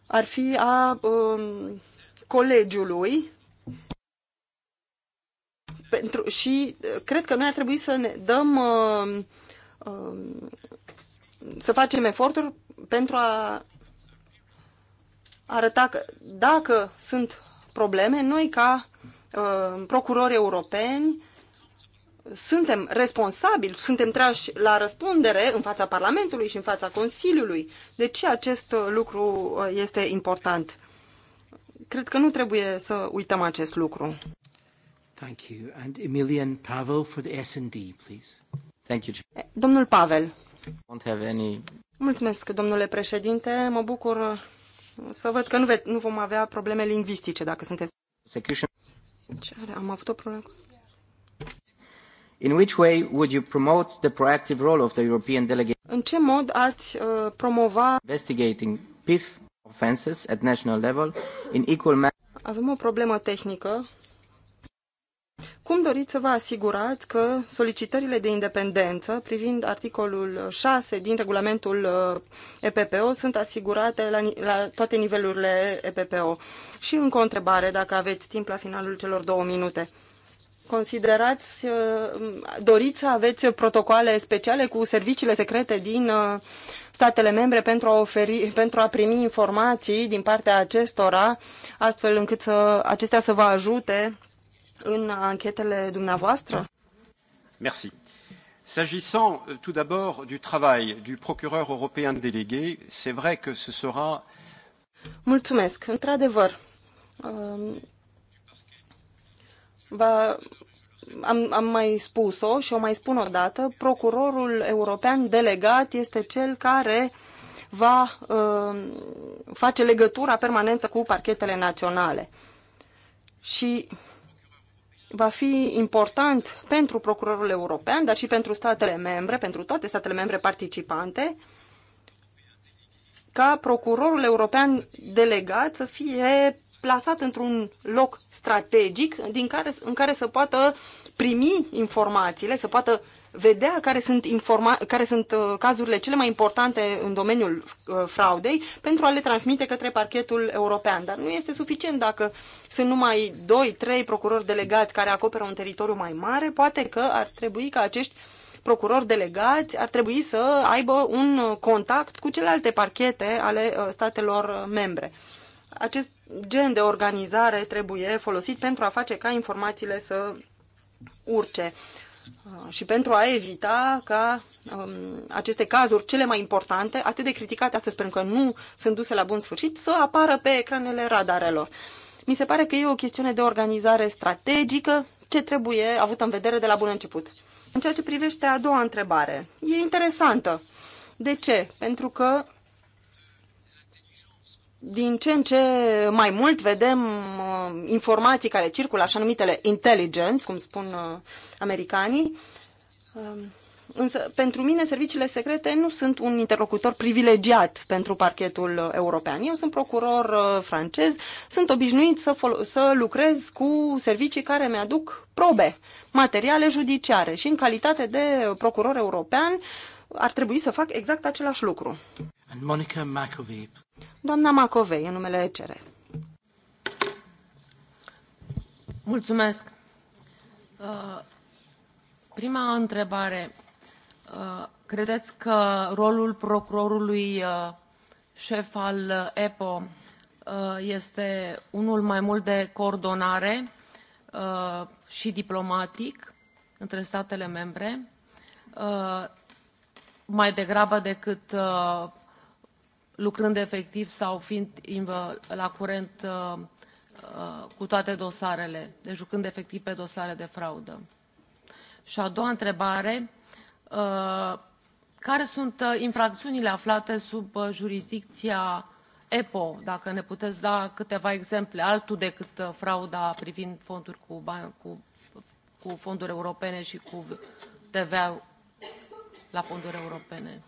ar fi a um, colegiului pentru, și uh, cred că noi ar trebui să ne dăm um, um, să facem eforturi pentru a arăta că dacă sunt probleme, noi ca uh, procurori europeni suntem responsabili, suntem trași la răspundere în fața Parlamentului și în fața Consiliului. De ce acest lucru uh, este important? Cred că nu trebuie să uităm acest lucru. Thank you. And Emilian Pavel for the S&D, please. Thank you. Eh, domnul Pavel. Don't have any... Mulțumesc, domnule președinte. Mă bucur uh, să văd că nu, nu vom avea probleme lingvistice dacă sunteți... Am avut o problemă cu In which way would you promote the proactive role of the European delegation? În ce mod ați uh, promova investigating PIF offenses at national level in equal manner? Avem o problemă tehnică. Cum doriți să vă asigurați că solicitările de independență privind articolul 6 din regulamentul uh, EPPO sunt asigurate la, la toate nivelurile EPPO? Și încă o întrebare, dacă aveți timp la finalul celor două minute considerați, uh, doriți să aveți protocoale speciale cu serviciile secrete din uh, statele membre pentru a, oferi, pentru a primi informații din partea acestora, astfel încât să, acestea să vă ajute în anchetele dumneavoastră? Merci. S'agissant euh, tout d'abord du travail du procureur européen délégué, c'est vrai que ce sera. Mulțumesc. Într-adevăr, um, va, am, am mai spus-o și o mai spun o dată, procurorul european delegat este cel care va uh, face legătura permanentă cu parchetele naționale. Și va fi important pentru procurorul european, dar și pentru statele membre, pentru toate statele membre participante, ca procurorul european delegat să fie plasat într-un loc strategic din care, în care să poată primi informațiile, să poată vedea care sunt, informa- care sunt uh, cazurile cele mai importante în domeniul uh, fraudei pentru a le transmite către parchetul european. Dar nu este suficient dacă sunt numai 2-3 procurori delegați care acoperă un teritoriu mai mare, poate că ar trebui ca acești procurori delegați ar trebui să aibă un uh, contact cu celelalte parchete ale uh, statelor uh, membre acest gen de organizare trebuie folosit pentru a face ca informațiile să urce uh, și pentru a evita ca um, aceste cazuri cele mai importante, atât de criticate astăzi pentru că nu sunt duse la bun sfârșit, să apară pe ecranele radarelor. Mi se pare că e o chestiune de organizare strategică ce trebuie avut în vedere de la bun început. În ceea ce privește a doua întrebare, e interesantă. De ce? Pentru că din ce în ce mai mult vedem uh, informații care circulă, așa numitele intelligence, cum spun uh, americanii. Uh, însă, pentru mine, serviciile secrete nu sunt un interlocutor privilegiat pentru parchetul uh, european. Eu sunt procuror uh, francez, sunt obișnuit să, să lucrez cu servicii care mi-aduc probe, materiale judiciare și, în calitate de procuror european, ar trebui să fac exact același lucru. And Monica McAvey. Doamna Macovei, în numele ECR. Mulțumesc. Uh, prima întrebare. Uh, credeți că rolul procurorului uh, șef al uh, EPO uh, este unul mai mult de coordonare uh, și diplomatic între statele membre, mai degrabă decât lucrând efectiv sau fiind la curent uh, uh, cu toate dosarele, deci lucrând efectiv pe dosare de fraudă. Și a doua întrebare, uh, care sunt infracțiunile aflate sub jurisdicția EPO, dacă ne puteți da câteva exemple, altul decât frauda privind fonduri cu, bani, cu, cu fonduri europene și cu TVA la fonduri europene?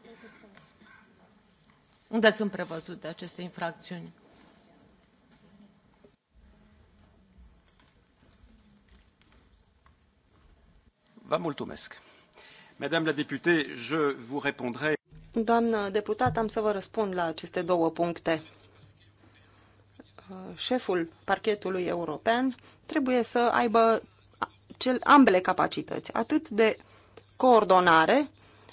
unde sunt prevăzute aceste infracțiuni? Vă mulțumesc. Madame la députée, je vous répondrai. Doamnă deputat, am să vă răspund la aceste două puncte. Uh, șeful parchetului european trebuie să aibă cel, ambele capacități, atât de coordonare,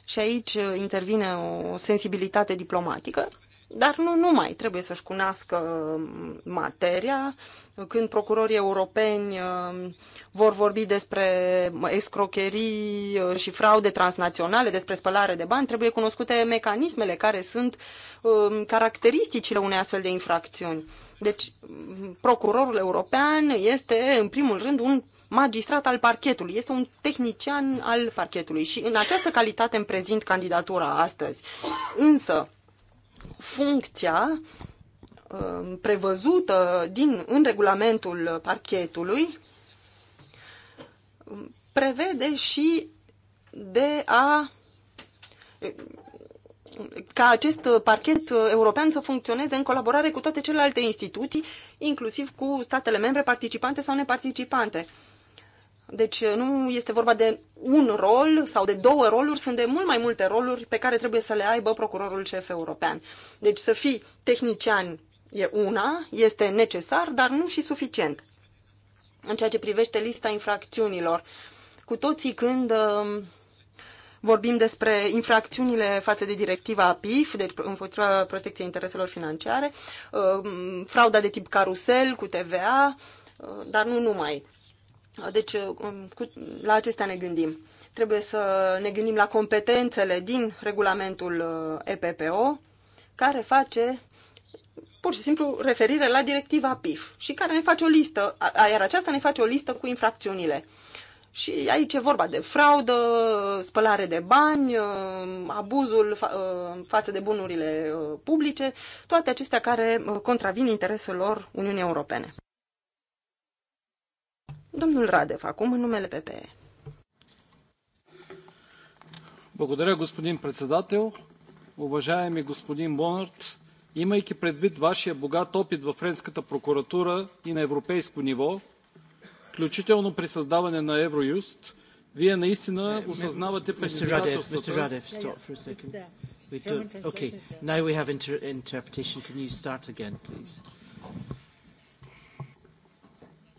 și aici uh, intervine o sensibilitate diplomatică dar nu numai, trebuie să-și cunoască um, materia. Când procurorii europeni um, vor vorbi despre escrocherii uh, și fraude transnaționale, despre spălare de bani, trebuie cunoscute mecanismele care sunt um, caracteristicile unei astfel de infracțiuni. Deci, procurorul european este, în primul rând, un magistrat al parchetului, este un tehnician al parchetului și în această calitate îmi prezint candidatura astăzi. Însă, funcția um, prevăzută din, în regulamentul parchetului um, prevede și de a ca acest parchet european să funcționeze în colaborare cu toate celelalte instituții, inclusiv cu statele membre participante sau neparticipante. Deci uh, nu este vorba de un rol sau de două roluri, sunt de mult mai multe roluri pe care trebuie să le aibă procurorul șef european. Deci să fii tehnician e una, este necesar, dar nu și suficient. În ceea ce privește lista infracțiunilor, cu toții când um, vorbim despre infracțiunile față de directiva PIF, deci împotriva protecției intereselor financiare, um, frauda de tip carusel cu TVA, uh, dar nu numai deci, um, la acestea ne gândim. Trebuie să ne gândim la competențele din regulamentul uh, EPPO, care face pur și simplu referire la directiva PIF și care ne face o listă, iar aceasta ne face o listă cu infracțiunile. Și aici e vorba de fraudă, spălare de bani, uh, abuzul uh, față de bunurile publice, toate acestea care contravin intereselor Uniunii Europene. Domnul Radev, acum în numele PPE. Благодаря, господин председател. Уважаеми господин Бонарт, имайки предвид вашия богат опит в френската прокуратура и на европейско ниво, включително при създаване на Евроюст, вие наистина осъзнавате предизвикателствата. Okay, now we have inter interpretation. Can you start again, please?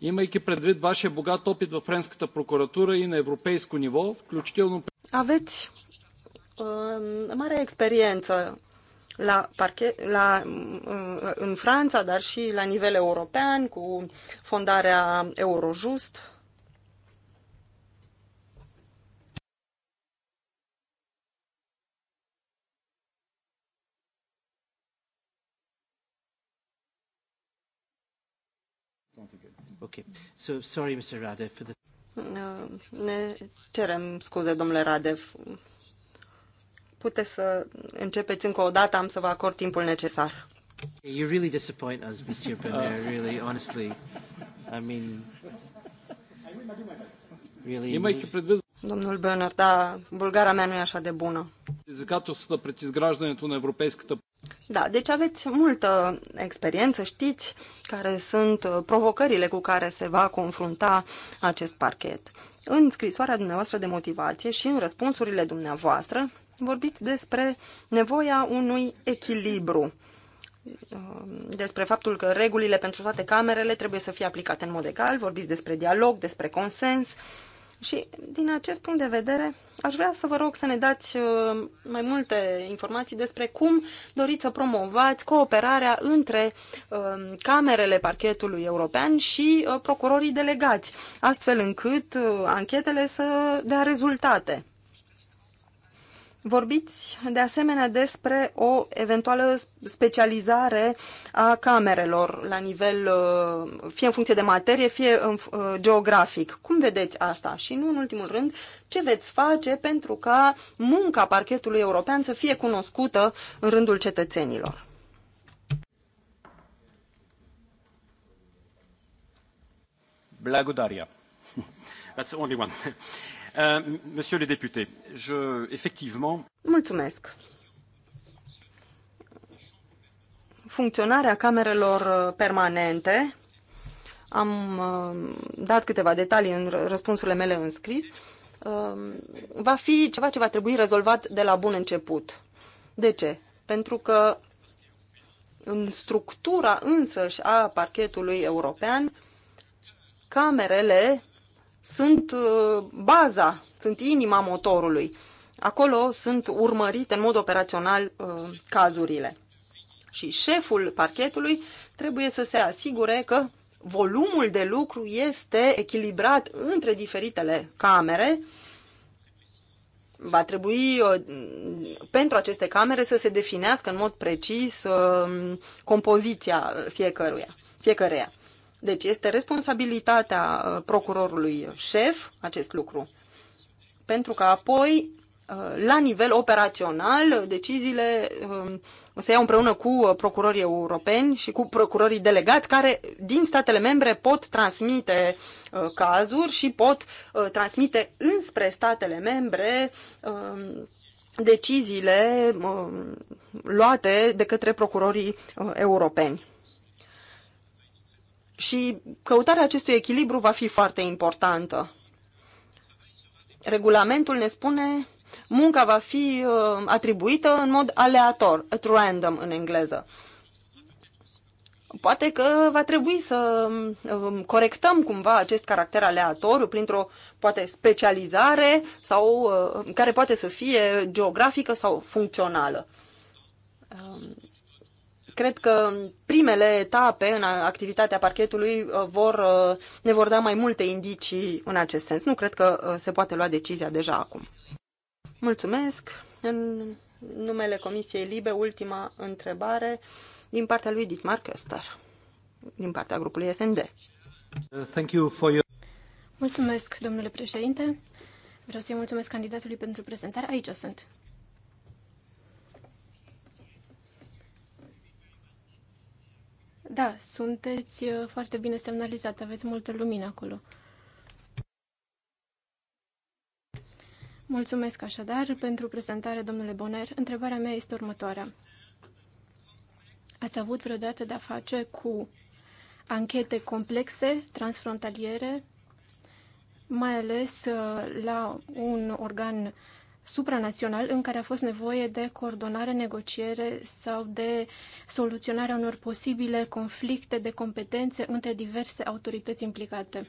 имайки предвид вашия богат опит в френската прокуратура и на европейско ниво, включително... Aveți uh, mare experiență la parche, la, uh, în Franța, dar și la nivel european, cu fondarea Eurojust. Okay. So, sorry, Mr. Radev, for the... Uh, ne cerem scuze, domnule Radev. Puteți să începeți încă o dată, am să vă acord timpul necesar. You really disappoint us, Mr. Premier, really, honestly. I mean... Really... Domnul Bernard, da, bulgara mea nu e așa de bună. să пред изграждането на europeiscă da, deci aveți multă experiență, știți care sunt uh, provocările cu care se va confrunta acest parchet. În scrisoarea dumneavoastră de motivație și în răspunsurile dumneavoastră vorbiți despre nevoia unui echilibru, uh, despre faptul că regulile pentru toate camerele trebuie să fie aplicate în mod egal, vorbiți despre dialog, despre consens, și din acest punct de vedere, aș vrea să vă rog să ne dați uh, mai multe informații despre cum doriți să promovați cooperarea între uh, camerele parchetului european și uh, procurorii delegați, astfel încât anchetele să dea rezultate. Vorbiți de asemenea despre o eventuală specializare a camerelor la nivel, uh, fie în funcție de materie, fie în, uh, geografic. Cum vedeți asta? Și nu în ultimul rând, ce veți face pentru ca munca parchetului european să fie cunoscută în rândul cetățenilor? Blagodaria. <laughs> That's the only one. Euh, monsieur le député, je, effectivement... Mulțumesc. Funcționarea camerelor uh, permanente, am uh, dat câteva detalii în răspunsurile mele în scris, uh, va fi ceva ce va trebui rezolvat de la bun început. De ce? Pentru că în structura însăși a parchetului european, camerele sunt uh, baza, sunt inima motorului. Acolo sunt urmărite în mod operațional uh, cazurile. Și șeful parchetului trebuie să se asigure că volumul de lucru este echilibrat între diferitele camere. Va trebui uh, pentru aceste camere să se definească în mod precis compoziția fiecăruia, fiecăreia. Deci este responsabilitatea uh, procurorului șef acest lucru. Pentru că apoi, uh, la nivel operațional, deciziile um, se iau împreună cu uh, procurorii europeni și cu procurorii delegați care din statele membre pot transmite cazuri și pot transmite înspre statele membre um, deciziile um, luate de către procurorii europeni. Și căutarea acestui echilibru va fi foarte importantă. Regulamentul ne spune munca va fi uh, atribuită în mod aleator, at random în engleză. Poate că va trebui să um, corectăm cumva acest caracter aleatoriu printr-o poate specializare sau uh, care poate să fie geografică sau funcțională. Um, cred că primele etape în activitatea parchetului uh, vor, uh, ne vor da mai multe indicii în acest sens. Nu cred că uh, se poate lua decizia deja acum. Mulțumesc. În numele Comisiei Libe, ultima întrebare din partea lui Dietmar Köster, din partea grupului SND. Thank you for your... Mulțumesc, domnule președinte. Vreau să-i mulțumesc candidatului pentru prezentare. Aici sunt. Da, sunteți uh, foarte bine semnalizat, aveți multă lumină acolo. Mulțumesc așadar pentru prezentare, domnule Boner. Întrebarea mea este următoarea. Ați avut vreodată de-a face cu anchete complexe, transfrontaliere, mai ales uh, la un organ supranațional în care a fost nevoie de coordonare, negociere sau de soluționarea unor posibile conflicte de competențe între diverse autorități implicate.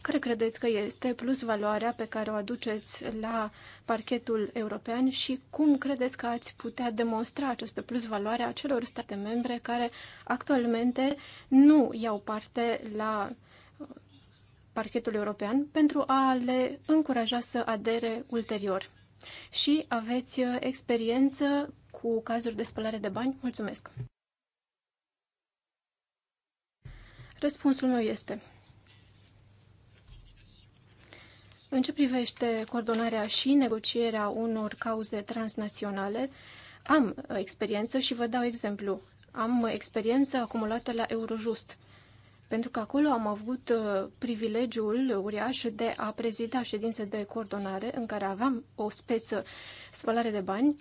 Care credeți că este plus valoarea pe care o aduceți la parchetul european și cum credeți că ați putea demonstra această plus valoare a celor state membre care actualmente nu iau parte la uh, parchetul european pentru a le încuraja să adere ulterior. Și aveți uh, experiență cu cazuri de spălare de bani? Mulțumesc! Răspunsul meu este în ce privește coordonarea și negocierea unor cauze transnaționale, am uh, experiență și vă dau exemplu. Am uh, experiență acumulată la Eurojust pentru că acolo am avut uh, privilegiul uriaș de a prezida ședințe de coordonare în care aveam o speță spălare de bani.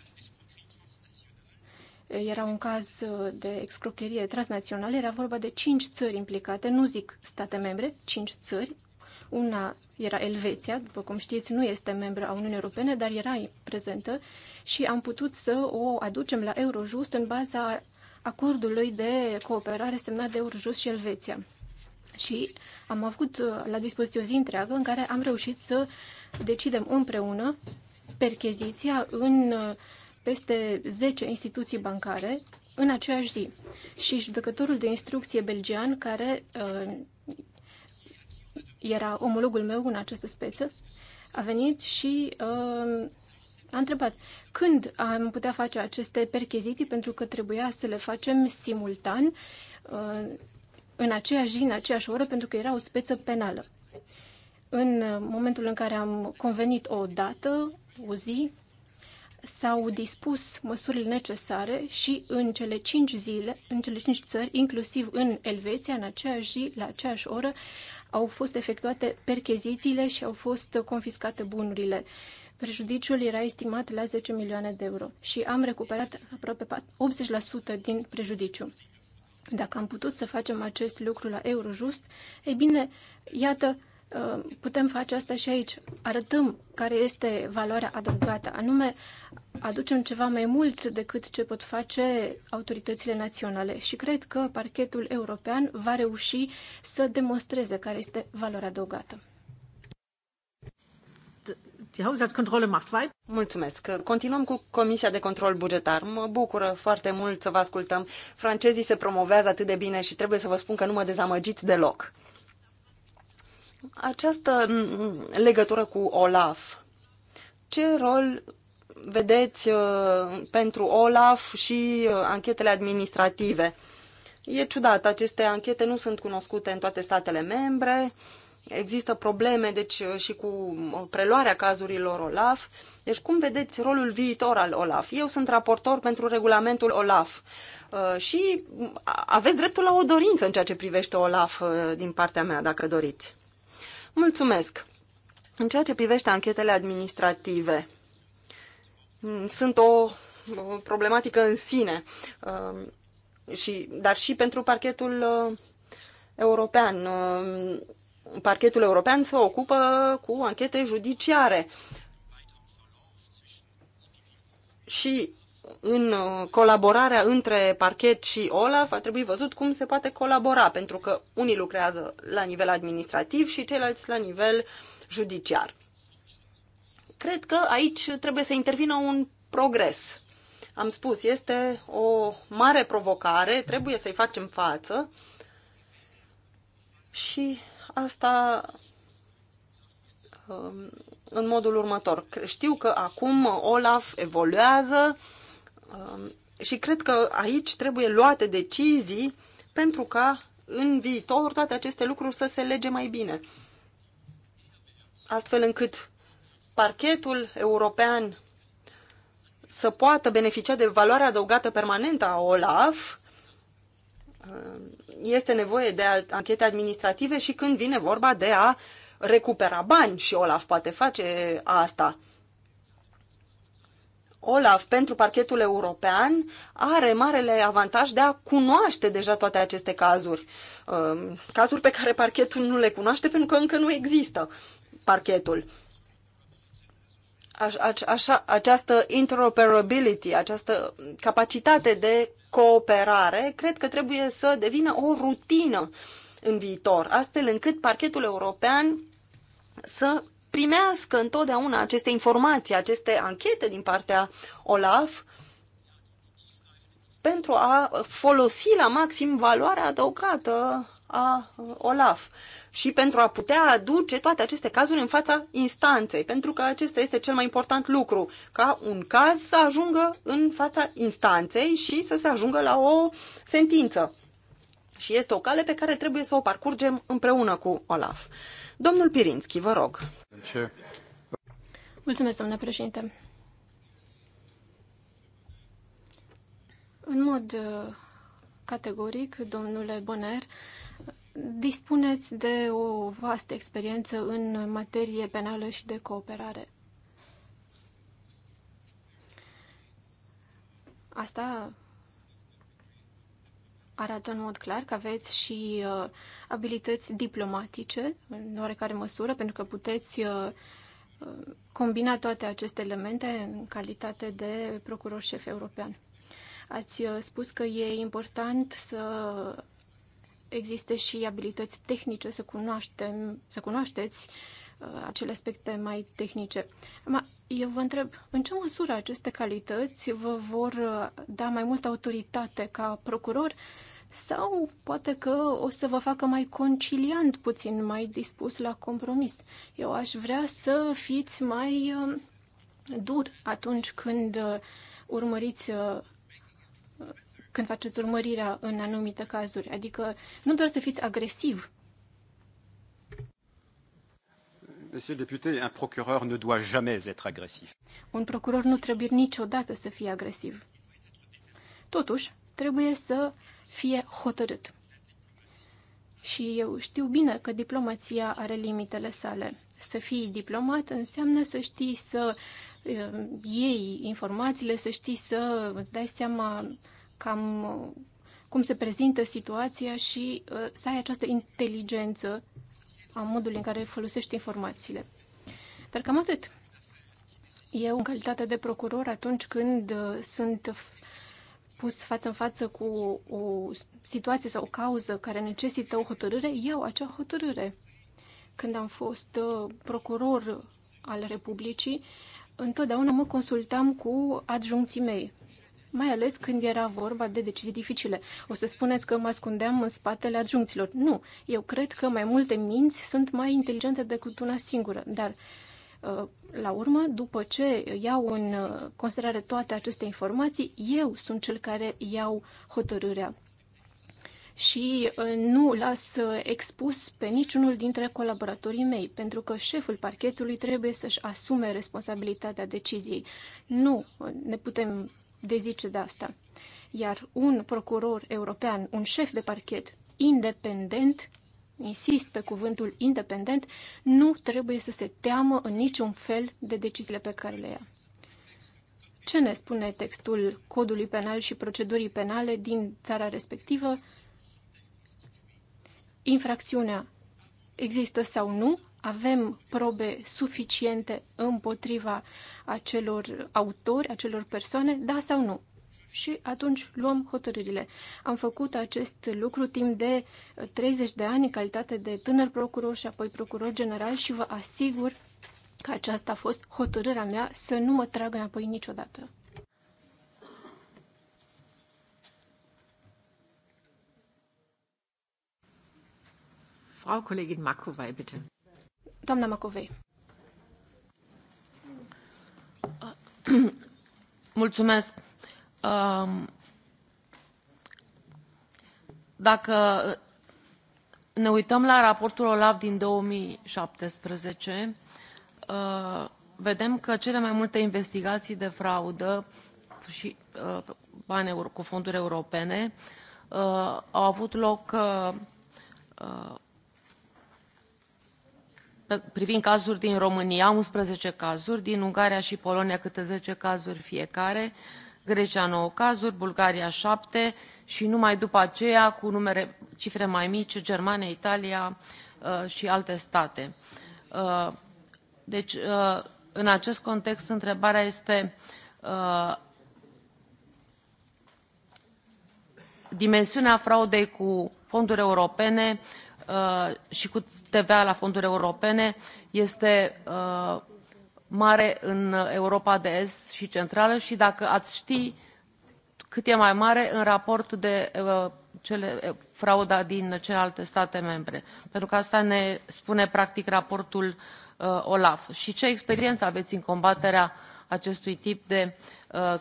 Era un caz uh, de excrocherie transnațională, era vorba de cinci țări implicate, nu zic state membre, cinci țări. Una era Elveția, după cum știți, nu este membră a Uniunii Europene, dar era prezentă și am putut să o aducem la Eurojust în baza acordului de cooperare semnat de Eurojust și Elveția și am avut uh, la dispoziție o zi întreagă în care am reușit să decidem împreună percheziția în uh, peste 10 instituții bancare în aceeași zi. Și judecătorul de instrucție belgian, care uh, era omologul meu în această speță, a venit și uh, a întrebat când am putea face aceste percheziții, pentru că trebuia să le facem simultan. Uh, în aceeași zi, în aceeași oră, pentru că era o speță penală. În momentul în care am convenit o dată, o zi, s-au dispus măsurile necesare și în cele cinci zile, în cele cinci țări, inclusiv în Elveția, în aceeași zi, la aceeași oră, au fost efectuate perchezițiile și au fost confiscate bunurile. Prejudiciul era estimat la 10 milioane de euro și am recuperat aproape 80% din prejudiciu. Dacă am putut să facem acest lucru la Eurojust, ei bine, iată, uh, putem face asta și aici. Arătăm care este valoarea adăugată, anume aducem ceva mai mult decât ce pot face autoritățile naționale și cred că parchetul european va reuși să demonstreze care este valoarea adăugată. Die Haushaltskontrolle macht weiter. Mulțumesc. Continuăm cu Comisia de Control Bugetar. Mă bucură foarte mult să vă ascultăm. Francezii se promovează atât de bine și trebuie să vă spun că nu mă dezamăgiți deloc. Această legătură cu OLAF, ce rol vedeți uh, pentru OLAF și uh, anchetele administrative? E ciudat, aceste anchete nu sunt cunoscute în toate statele membre. Uh, Există probleme deci, și cu uh, preluarea cazurilor OLAF. Deci cum vedeți rolul viitor al OLAF? Eu sunt raportor pentru regulamentul OLAF uh, și uh, aveți dreptul la o dorință în ceea ce privește OLAF din partea mea, dacă doriți. Mulțumesc! În ceea ce privește anchetele administrative, mm, sunt o problematică în sine, și, dar și pentru parchetul european parchetul european se ocupă cu anchete judiciare. Și în uh, colaborarea între parchet și OLAF a trebuit văzut cum se poate colabora, pentru că unii lucrează la nivel administrativ și ceilalți la nivel judiciar. Cred că aici trebuie să intervină un progres. Am spus, este o mare provocare, trebuie să-i facem față și asta um, în modul următor. Știu că acum Olaf evoluează um, și cred că aici trebuie luate decizii pentru ca în viitor toate aceste lucruri să se lege mai bine. Astfel încât parchetul european să poată beneficia de valoarea adăugată permanentă a OLAF este nevoie de anchete administrative și când vine vorba de a recupera bani și Olaf poate face asta. Olaf pentru parchetul european are marele avantaj de a cunoaște deja toate aceste cazuri. Um, cazuri pe care parchetul nu le cunoaște pentru că încă nu există parchetul. Așa, această interoperability, această capacitate de cooperare, cred că trebuie să devină o rutină în viitor, astfel încât parchetul european să primească întotdeauna aceste informații, aceste anchete din partea OLAF pentru a folosi la maxim valoarea adăugată a OLAF și pentru a putea aduce toate aceste cazuri în fața instanței, pentru că acesta este cel mai important lucru, ca un caz să ajungă în fața instanței și să se ajungă la o sentință. Și este o cale pe care trebuie să o parcurgem împreună cu OLAF. Domnul Pirinski, vă rog. Mulțumesc, domnule președinte. În mod uh, categoric, domnule Boner, Dispuneți de o vastă experiență în materie penală și de cooperare. Asta arată în mod clar că aveți și uh, abilități diplomatice, în oarecare măsură, pentru că puteți uh, uh combina toate aceste elemente în calitate de procuror șef european. Ați uh, spus că e important să existe și abilități tehnice să, cunoaștem, să cunoașteți uh, acele aspecte mai tehnice. Ma, eu vă întreb, în ce măsură aceste calități vă vor uh, da mai multă autoritate ca procuror sau poate că o să vă facă mai conciliant puțin, mai dispus la compromis? Eu aș vrea să fiți mai uh, dur atunci când uh, urmăriți uh, când faceți urmărirea în anumite cazuri. Adică nu doar să fiți agresiv. Monsieur le député, un procureur ne doit jamais être agresiv. Un procuror nu trebuie niciodată să fie agresiv. Totuși, trebuie să fie hotărât. Și eu știu bine că diplomația are limitele sale. Să fii diplomat înseamnă să știi să eh, iei informațiile, să știi să îți dai seama cam uh, cum se prezintă situația și uh, să ai această inteligență a modului în care folosești informațiile. Dar cam atât. Eu, în calitate de procuror, atunci când uh, sunt pus față în față cu o situație sau o cauză care necesită o hotărâre, iau acea hotărâre. Când am fost procuror al Republicii, întotdeauna mă consultam cu adjuncții mei mai ales când era vorba de decizii dificile. O să spuneți că mă ascundeam în spatele adjuncților. Nu, eu cred că mai multe minți sunt mai inteligente decât una singură, dar uh, la urmă, după ce iau în uh, considerare toate aceste informații, eu sunt cel care iau hotărârea și uh, nu las expus pe niciunul dintre colaboratorii mei, pentru că șeful parchetului trebuie să-și asume responsabilitatea deciziei. Nu ne putem dezice de asta. Iar un procuror european, un șef de parchet independent, insist pe cuvântul independent, nu trebuie să se teamă în niciun fel de deciziile pe care le ia. Ce ne spune textul codului penal și procedurii penale din țara respectivă? Infracțiunea există sau nu, avem probe suficiente împotriva acelor autori, acelor persoane, da sau nu. Și atunci luăm hotărârile. Am făcut acest lucru timp de 30 de ani în calitate de tânăr procuror și apoi procuror general și vă asigur că aceasta a fost hotărârea mea să nu mă trag înapoi niciodată. Frau Kollegin Makovai, bitte. Doamna Macovei. <clears throat> Mulțumesc. Um, dacă ne uităm la raportul OLAF din 2017, uh, vedem că cele mai multe investigații de fraudă și uh, bani cu fonduri europene uh, au avut loc privind cazuri din România, 11 cazuri, din Ungaria și Polonia câte 10 cazuri fiecare, Grecia 9 cazuri, Bulgaria 7 și numai după aceea cu numere, cifre mai mici, Germania, Italia uh, și alte state. Uh, deci, uh, în acest context, întrebarea este dimensiunea fraudei cu fonduri europene și cu TVA la fonduri europene este uh, mare în Europa de Est și Centrală și dacă ați ști cât e mai mare în raport de uh, cele, uh, frauda din celelalte state membre. Pentru că asta ne spune practic raportul uh, OLAF. Și ce experiență aveți în combaterea acestui tip de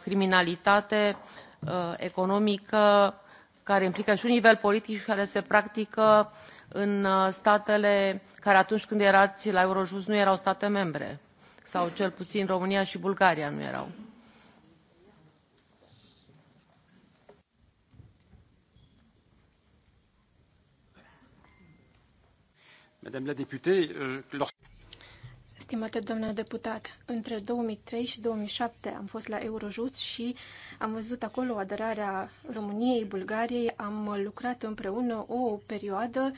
criminalitate economică care implică și un nivel politic și care se practică uh, în uh, statele care atunci când erați la eurojust nu erau state membre sau cel puțin românia și bulgaria nu erau. Euh, Stimate doamnă deputat, între 2003 și 2007 am fost la Eurojust și am văzut acolo aderarea României, Bulgariei, am lucrat împreună o perioadă,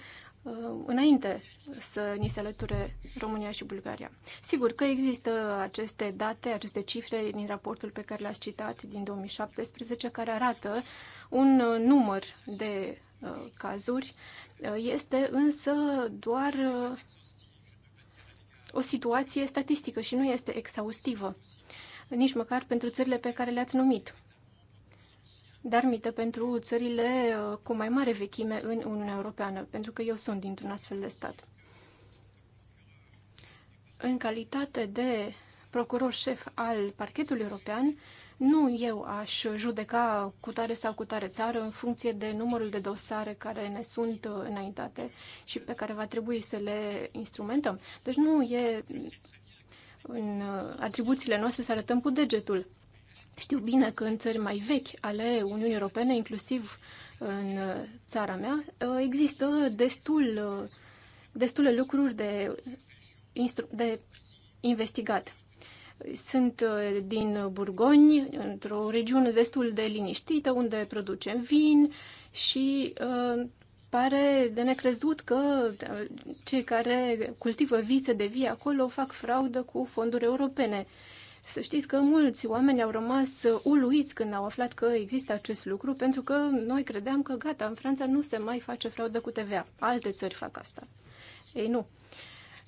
Uh, înainte să ni se alăture România și Bulgaria. Sigur că există aceste date, aceste cifre din raportul pe care l-ați citat din 2017, care arată un uh, număr de uh, cazuri. Este însă doar o situație statistică și nu este exhaustivă, nici măcar pentru țările pe care le-ați numit. Dar mită pentru țările uh, cu mai mare vechime în Uniunea Europeană, pentru că eu sunt dintr-un astfel de stat. În calitate de procuror șef al parchetului european, nu eu aș judeca cu tare sau cu tare țară în funcție de numărul de dosare care ne sunt uh, înaintate și pe care va trebui să le instrumentăm. Deci nu e în uh, atribuțiile noastre să arătăm cu degetul. Știu bine că în țări mai vechi ale Uniunii Europene, inclusiv în uh, țara mea, uh, există destul, uh, destule lucruri de, de investigat. Sunt din Burgoni, într-o regiune destul de liniștită, unde producem vin și pare de necrezut că cei care cultivă vițe de vie acolo fac fraudă cu fonduri europene. Să știți că mulți oameni au rămas uluiți când au aflat că există acest lucru, pentru că noi credeam că gata, în Franța nu se mai face fraudă cu TVA. Alte țări fac asta. Ei nu.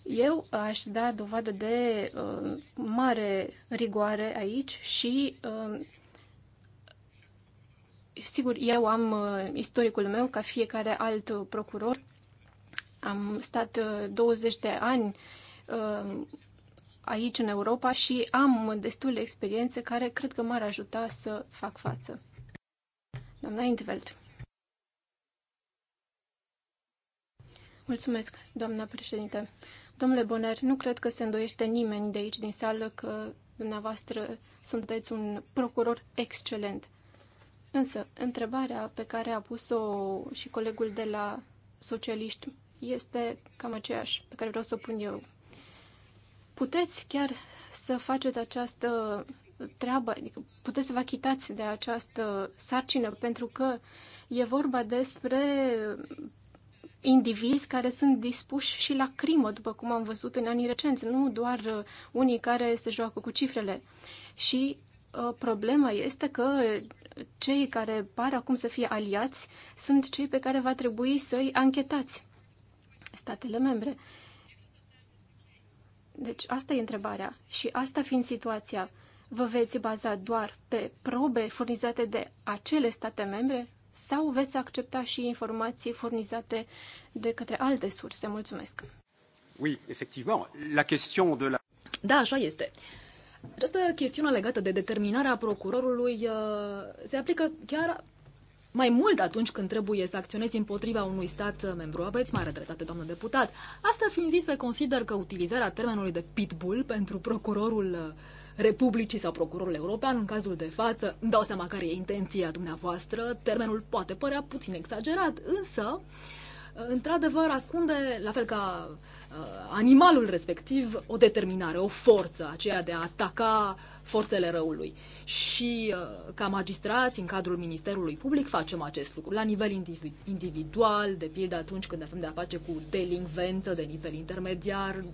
Eu aș da dovadă de uh, mare rigoare aici și uh, sigur, eu am uh, istoricul meu, ca fiecare alt procuror, am stat uh, 20 de ani uh, aici în Europa și am destule experiențe care cred că m-ar ajuta să fac față. Doamna Intveld. Mulțumesc, doamna președinte. Domnule Boner, nu cred că se îndoiește nimeni de aici din sală că dumneavoastră sunteți un procuror excelent. Însă, întrebarea pe care a pus-o și colegul de la socialiști este cam aceeași pe care vreau să o pun eu puteți chiar să faceți această treabă, adică puteți să vă achitați de această sarcină, pentru că e vorba despre indivizi care sunt dispuși și la crimă, după cum am văzut în anii recenți, nu doar uh, unii care se joacă cu cifrele. Și uh, problema este că cei care par acum să fie aliați sunt cei pe care va trebui să-i anchetați statele membre. Uh, deci asta e întrebarea. Și asta fiind situația, vă veți baza doar pe probe furnizate de acele state membre sau veți accepta și informații furnizate de către alte surse? Mulțumesc! Oui, effectivement, la question de la... Da, așa este. Această chestiune legată de determinarea procurorului uh, se aplică chiar mai mult atunci când trebuie să acționezi împotriva unui stat uh, membru. Aveți mare dreptate, doamnă deputat. Asta fiind zis, să consider că utilizarea termenului de pitbull pentru procurorul uh, Republicii sau procurorul european, în cazul de față, îmi dau seama care e intenția dumneavoastră, termenul poate părea puțin exagerat, însă, uh, într-adevăr, ascunde, la fel ca animalul respectiv, o determinare, o forță aceea de a ataca uh, forțele răului. Și uh, ca magistrați, în cadrul Ministerului Public, facem acest lucru la nivel individual, de pildă atunci când avem de-a face cu delinventă de nivel intermediar,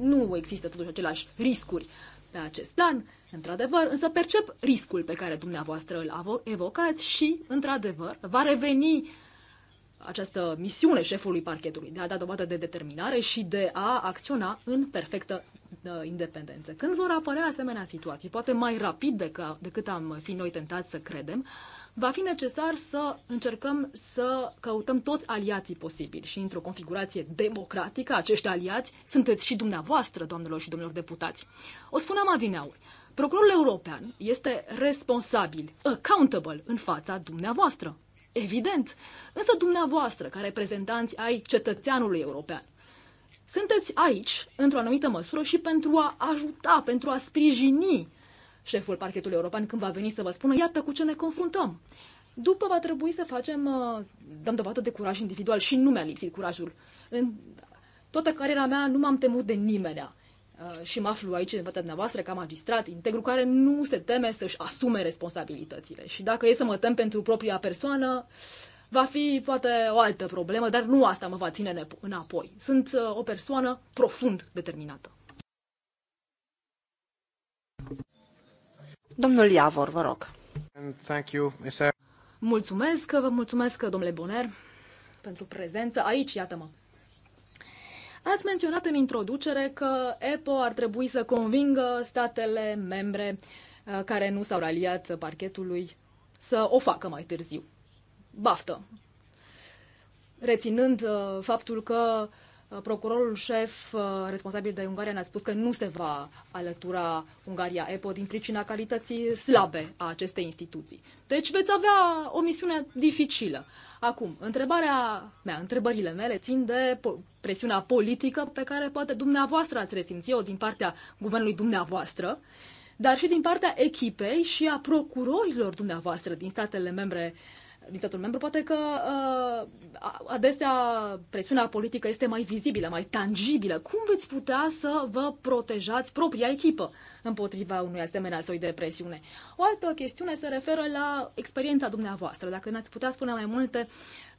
nu există totuși aceleași riscuri pe acest plan, într-adevăr, însă percep riscul pe care dumneavoastră îl evocați și, într-adevăr, va reveni această misiune șefului parchetului de a da dovadă de determinare și de a acționa în perfectă independență. Când vor apărea asemenea situații, poate mai rapid decât am fi noi tentați să credem, va fi necesar să încercăm să căutăm toți aliații posibili și într-o configurație democratică, acești aliați sunteți și dumneavoastră, doamnelor și domnilor deputați. O spuneam avineauri. Procurorul european este responsabil, accountable în fața dumneavoastră. Evident. Însă dumneavoastră, ca reprezentanți ai cetățeanului european, sunteți aici, într-o anumită măsură, și pentru a ajuta, pentru a sprijini șeful parchetului european când va veni să vă spună, iată cu ce ne confruntăm. După va trebui să facem, uh, dăm dovadă de curaj individual și nu mi-a lipsit curajul. În toată cariera mea nu m-am temut de nimeni. Uh, și mă aflu aici în fața dumneavoastră ca magistrat integru care nu se teme să-și asume responsabilitățile. Și dacă e să mă tem pentru propria persoană, uh, va fi poate o altă problemă, dar nu asta mă va ține înapoi. Sunt uh, o persoană profund determinată. Domnul Iavor, vă rog. Thank you, Mr. Mulțumesc, vă mulțumesc, domnule Boner, pentru prezență. Aici, iată-mă. Ați menționat în introducere că EPO ar trebui să convingă statele membre uh, care nu s-au raliat parchetului să o facă mai târziu baftă. Reținând uh, faptul că uh, procurorul șef uh, responsabil de Ungaria ne-a spus că nu se va alătura Ungaria EPO din pricina calității slabe a acestei instituții. Deci veți avea o misiune dificilă. Acum, întrebarea mea, întrebările mele țin de po- presiunea politică pe care poate dumneavoastră ați resimțit-o din partea guvernului dumneavoastră, dar și din partea echipei și a procurorilor dumneavoastră din statele membre uh, dictatul membru. Poate că uh, adesea presiunea politică este mai vizibilă, mai tangibilă. Cum veți putea să vă protejați propria echipă împotriva unui asemenea soi de presiune? O altă chestiune se referă la experiența dumneavoastră. Dacă ne-ați putea spune mai multe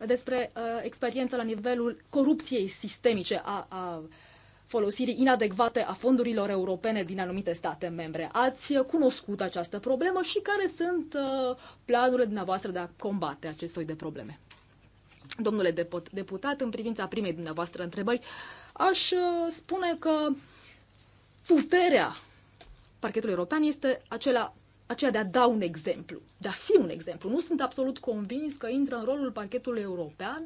despre uh, experiența la nivelul corupției sistemice a, a uh, folosirii inadecvate a fondurilor europene din anumite state membre. Ați cunoscut această problemă și care sunt uh, planurile dumneavoastră de a combate acest soi de probleme? Domnule deputat, în privința primei dumneavoastră întrebări, aș uh, spune că puterea parchetului european este acela aceea de a da un exemplu, de a fi un exemplu. Nu sunt absolut convins că intră în rolul parchetului european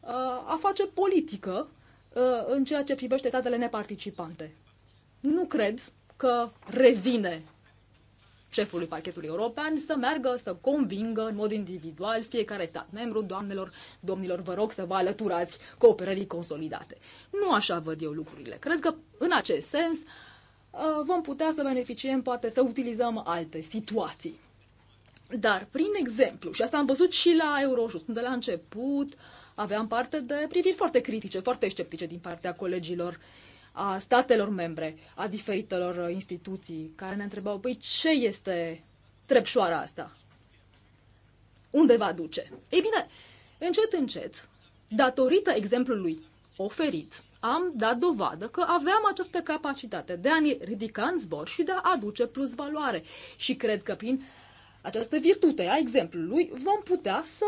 uh, a face politică Uh, în ceea ce privește statele neparticipante. Nu cred că revine șefului parchetului european să meargă să convingă în mod individual fiecare stat membru, doamnelor, domnilor, vă rog să vă alăturați cooperării consolidate. Nu așa văd eu lucrurile. Cred că în acest sens uh, vom putea să beneficiem, poate să utilizăm alte situații. Dar, prin exemplu, și asta am văzut și la Eurojust, de la început, uh, aveam parte de priviri foarte critice, foarte sceptice din partea colegilor a statelor membre, a diferitelor uh, instituții, care ne întrebau, păi ce este trepșoara asta? Unde va duce? Ei bine, încet, încet, datorită exemplului oferit, am dat dovadă că aveam această capacitate de a ne ridica în zbor și de a aduce plus valoare. Și cred că prin această virtute a exemplului vom putea să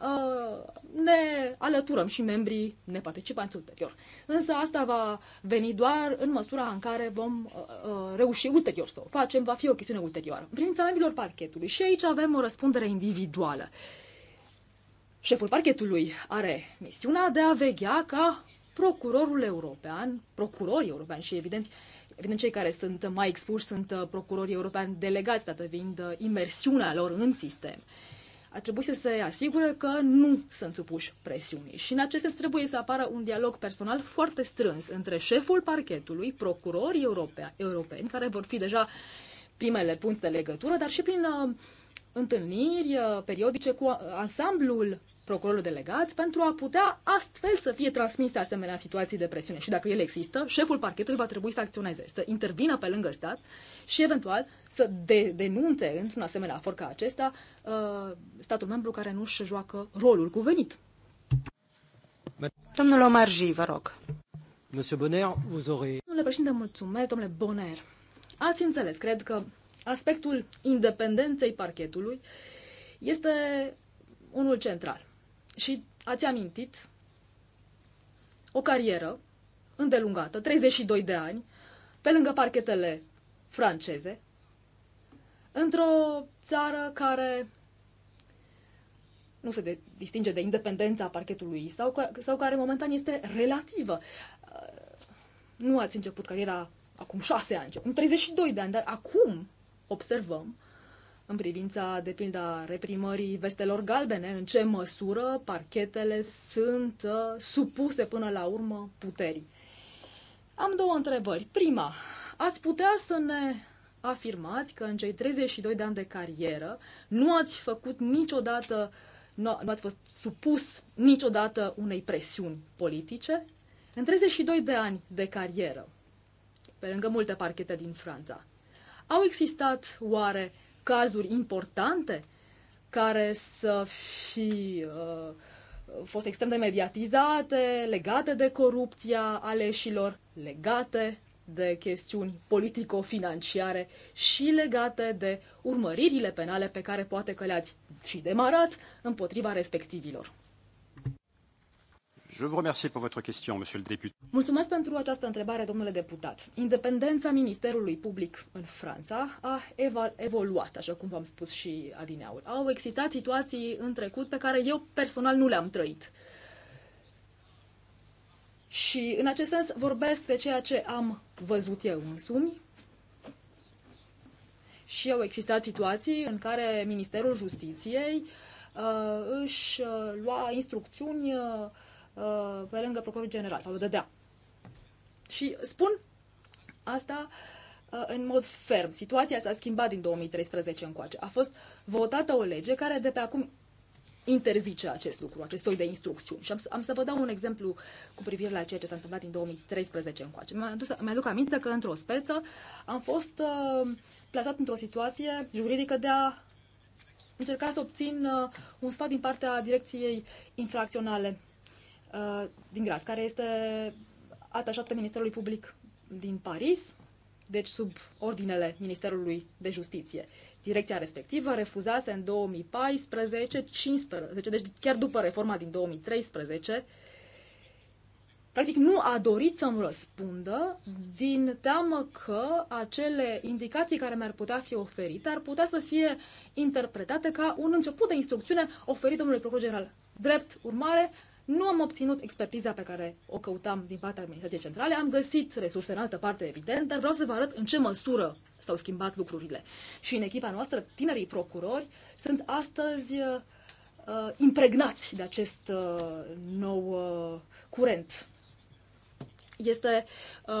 Uh, ne alăturăm și membrii neparticipanți ulterior. Însă asta va veni doar în măsura în care vom uh, uh, reuși ulterior să o facem, va fi o chestiune ulterioară. În privința membrilor parchetului și aici avem o răspundere individuală. Șeful parchetului are misiunea de a veghea ca procurorul european, procurorii europeni și evident, evident cei care sunt mai expuși sunt procurorii europeni delegați, dată fiind imersiunea lor în sistem. Uh, ar trebui să se asigure că nu sunt supuși presiunii. Și în acest sens trebuie să apară un dialog personal foarte strâns între șeful parchetului, procurorii europea, europeni, care vor fi deja primele punți de legătură, dar și prin uh, întâlniri uh, periodice cu uh, ansamblul procurorul delegat pentru a putea astfel să fie transmise asemenea situații de presiune. Și dacă ele există, șeful parchetului va trebui să acționeze, să intervină pe lângă stat și eventual să de- denunțe într-un asemenea for ca acesta uh, statul membru care nu își joacă rolul cuvenit. Domnul Omarji, vă rog. Monsieur Bonner, vous aurez... Domnule președinte, mulțumesc, domnule Bonner. Ați înțeles, cred că aspectul independenței parchetului este unul central și ați amintit o carieră îndelungată, 32 de ani, pe lângă parchetele franceze, într-o țară care nu se de, distinge de independența parchetului sau, sau care momentan este relativă. Uh, nu ați început cariera acum șase ani, acum 32 de ani, dar acum observăm în privința, de pildă, reprimării vestelor galbene, în ce măsură parchetele sunt uh, supuse până la urmă puterii. Am două întrebări. Prima, ați putea să ne afirmați că în cei 32 de ani de carieră nu ați făcut niciodată, nu, nu ați fost supus niciodată unei presiuni politice? În 32 de ani de carieră, pe lângă multe parchete din Franța, au existat oare cazuri importante care să fi uh, fost extrem de mediatizate, legate de corupția aleșilor, legate de chestiuni politico-financiare și legate de urmăririle penale pe care poate că le-ați și demarat împotriva respectivilor. Je vous remercie pour votre question, monsieur le député. Mulțumesc pentru această întrebare, domnule deputat. Independența Ministerului Public în Franța a evoluat, așa cum v-am spus și adineauri. Au existat situații în trecut pe care eu personal nu le-am trăit. Și în acest sens vorbesc de ceea ce am văzut eu însumi, și au existat situații în care Ministerul Justiției uh, își uh, lua instrucțiuni uh, Uh, pe lângă procurorul general sau dădea. Și spun asta uh, în mod ferm. Situația s-a schimbat din 2013 încoace. A fost votată o lege care de pe acum interzice acest lucru, acest soi de instrucțiuni. Și am, am să vă dau un exemplu cu privire la ceea ce s-a întâmplat din 2013 încoace. Mi-aduc aminte că într-o speță am fost uh, plasat într-o situație juridică de a încerca să obțin uh, un sfat din partea direcției infracționale Uh, din Graz, care este atașată Ministerului Public din Paris, deci sub ordinele Ministerului de Justiție. Direcția respectivă refuzase în 2014, 15, deci chiar după reforma din 2013, practic nu a dorit să-mi răspundă din teamă că acele indicații care mi-ar putea fi oferite ar putea să fie interpretate ca un început de instrucțiune oferit domnului procuror general. Drept urmare, nu am obținut expertiza pe care o căutam din partea administrației centrale, am găsit resurse în altă parte, evident, dar vreau să vă arăt în ce măsură s-au schimbat lucrurile. Și în echipa noastră, tinerii procurori sunt astăzi uh, uh impregnați de acest uh, nou uh, curent este uh,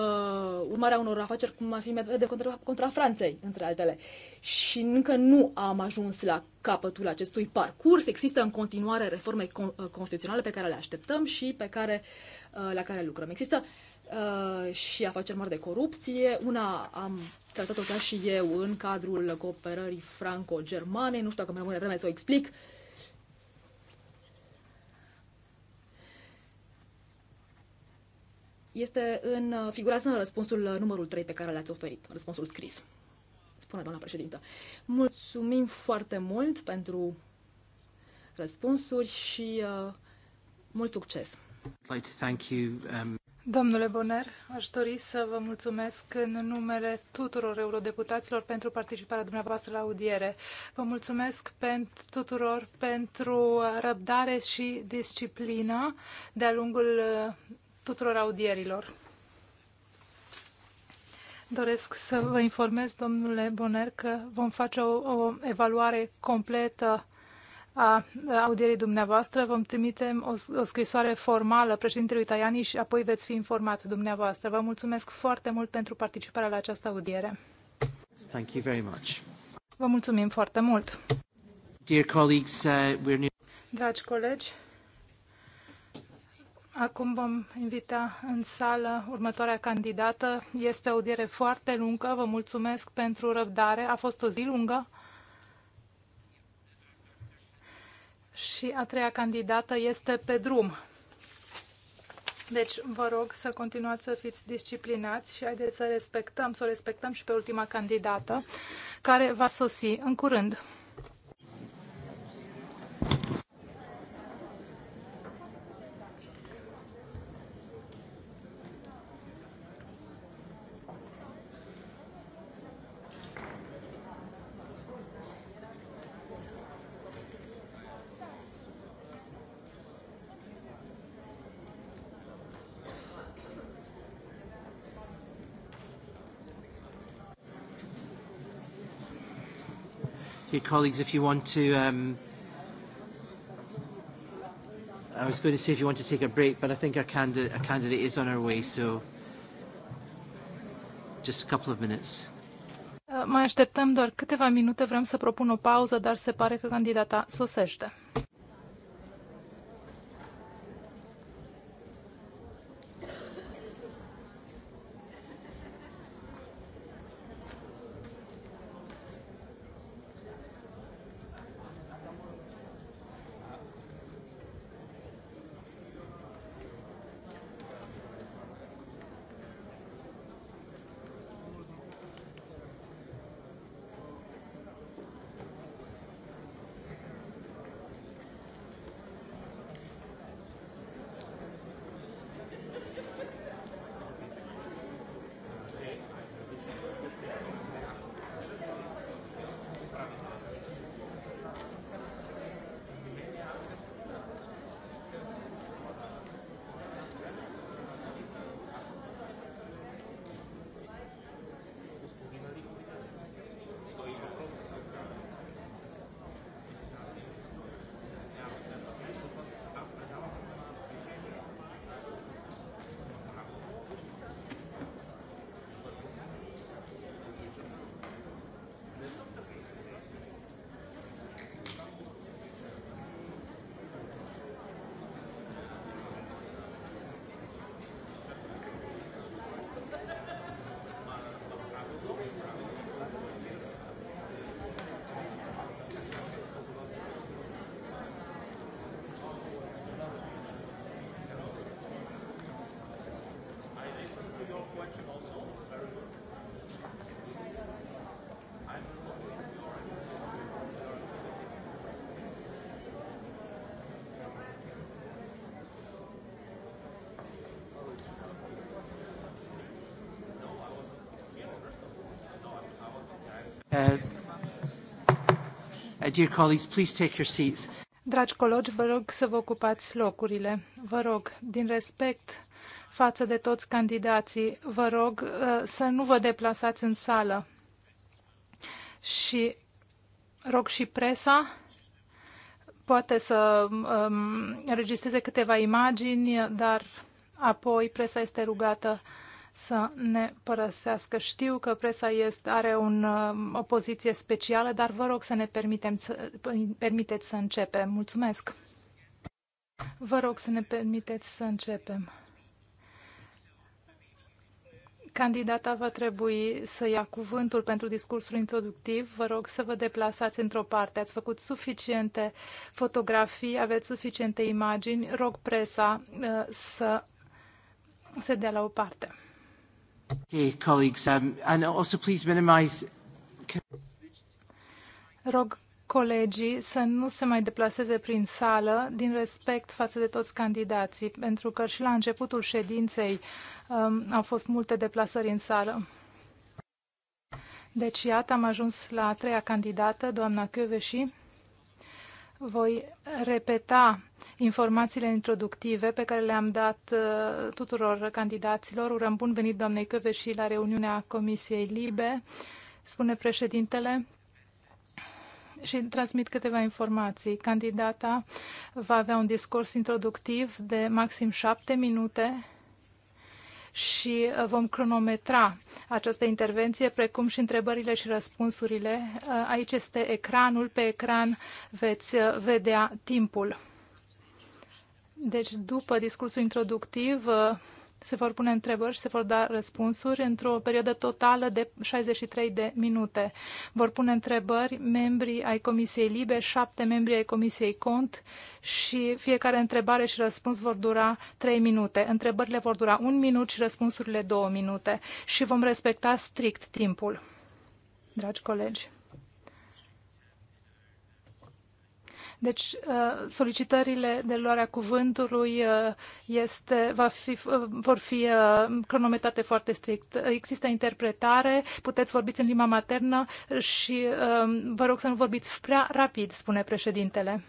urmarea unor afaceri cum ar fi de contra, contra Franței, între altele. Și încă nu am ajuns la capătul acestui parcurs. Există în continuare reforme con- uh, constituționale pe care le așteptăm și pe care, uh, la care lucrăm. Există uh, și afaceri mari de corupție. Una am tratat-o ca și eu în cadrul cooperării franco-germane. Nu știu dacă mai rămâne vreme să o explic. Uh, este în, uh, figurează în răspunsul uh, numărul 3 pe care l-ați oferit, răspunsul scris. Spune doamna președintă. Mulțumim foarte mult pentru răspunsuri și uh, mult succes! Um, Domnule Boner, aș dori să vă mulțumesc în numele tuturor eurodeputaților pentru participarea dumneavoastră la audiere. Vă mulțumesc pentru tuturor pentru răbdare și disciplină de-a lungul uh, tuturor audierilor. Doresc să vă informez, domnule Boner, că vom face o, o evaluare completă a audierii dumneavoastră. Vom trimite o, o scrisoare formală președintelui Tajani și apoi veți fi informat dumneavoastră. Vă mulțumesc foarte mult pentru participarea la această audiere. Thank you very much. Vă mulțumim foarte mult. Dear colleagues, uh, we're Dragi colegi, Acum vom invita în sală următoarea candidată. Este o audiere foarte lungă. Vă mulțumesc pentru răbdare. A fost o zi lungă. Și a treia candidată este pe drum. Deci vă rog să continuați să fiți disciplinați și haideți să respectăm, să o respectăm și pe ultima candidată care va sosi în curând. colleagues, if you want to, um, I was going to say if you want to take a break, but I think our candi our candidate is on our way, so just a couple of minutes. Uh, mai așteptăm doar câteva minute, vrem să propun o pauză, dar se pare că candidata sosește. dear colleagues, please take your seats. Dragi colegi, vă rog să vă ocupați locurile. Vă rog, din respect față de toți candidații, vă rog uh, să nu vă deplasați în sală. Și rog și presa poate să um, registreze câteva imagini, dar apoi presa este rugată să ne părăsească. Știu că presa este, are un, uh, o poziție specială, dar vă rog să ne permitem să, păi, permiteți să începem. Mulțumesc! Vă rog să ne permiteți să începem. Candidata va trebui să ia cuvântul pentru discursul introductiv. Vă rog să vă deplasați într-o parte. Ați făcut suficiente fotografii, aveți suficiente imagini. Rog presa uh, să se dea la o parte. Um, rog colegii să nu se mai deplaseze prin sală din respect față de toți candidații, pentru că și la începutul ședinței um, au fost multe deplasări în sală. Deci, iată, am ajuns la a treia candidată, doamna Căveșii voi repeta informațiile introductive pe care le-am dat uh, tuturor candidaților. Urăm bun venit doamnei Căve și la reuniunea Comisiei Libe, spune președintele și transmit câteva informații. Candidata va avea un discurs introductiv de maxim șapte minute și uh, vom cronometra această intervenție, precum și întrebările și răspunsurile. Uh, aici este ecranul, pe ecran veți uh, vedea timpul. Deci, după discursul introductiv, se vor pune întrebări și se vor da răspunsuri într-o perioadă totală de 63 de minute. Vor pune întrebări membrii ai Comisiei Libe, șapte membri ai Comisiei Cont și fiecare întrebare și răspuns vor dura 3 minute. Întrebările vor dura un minut și răspunsurile două minute și vom respecta strict timpul. Dragi colegi. Deci uh, solicitările de luarea cuvântului uh, este, va fi, uh, vor fi cronometrate foarte strict. Există interpretare, puteți vorbiți în limba maternă și um, vă rog să nu vorbiți prea rapid, spune președintele.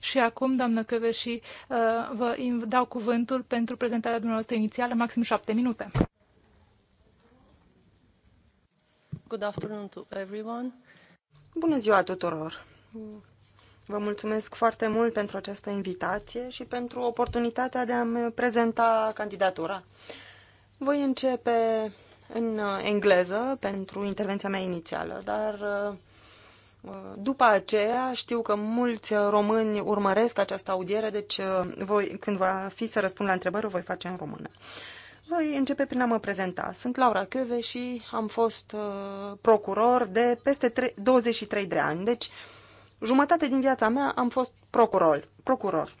Și acum, doamnă Căveși, vă dau cuvântul pentru prezentarea dumneavoastră inițială, maxim șapte minute. Good afternoon to everyone. Bună ziua tuturor! Vă mulțumesc foarte mult pentru această invitație și pentru oportunitatea de a-mi prezenta candidatura. Voi începe în uh, engleză pentru intervenția mea inițială, dar uh, uh, după aceea știu că mulți români urmăresc această audiere, deci voi, când va fi să răspund la întrebări, o voi face în română. Voi începe prin a mă prezenta. Sunt Laura Căve și am fost procuror de peste 23 de ani, deci uh, jumătate din viața mea am fost procuror. procuror.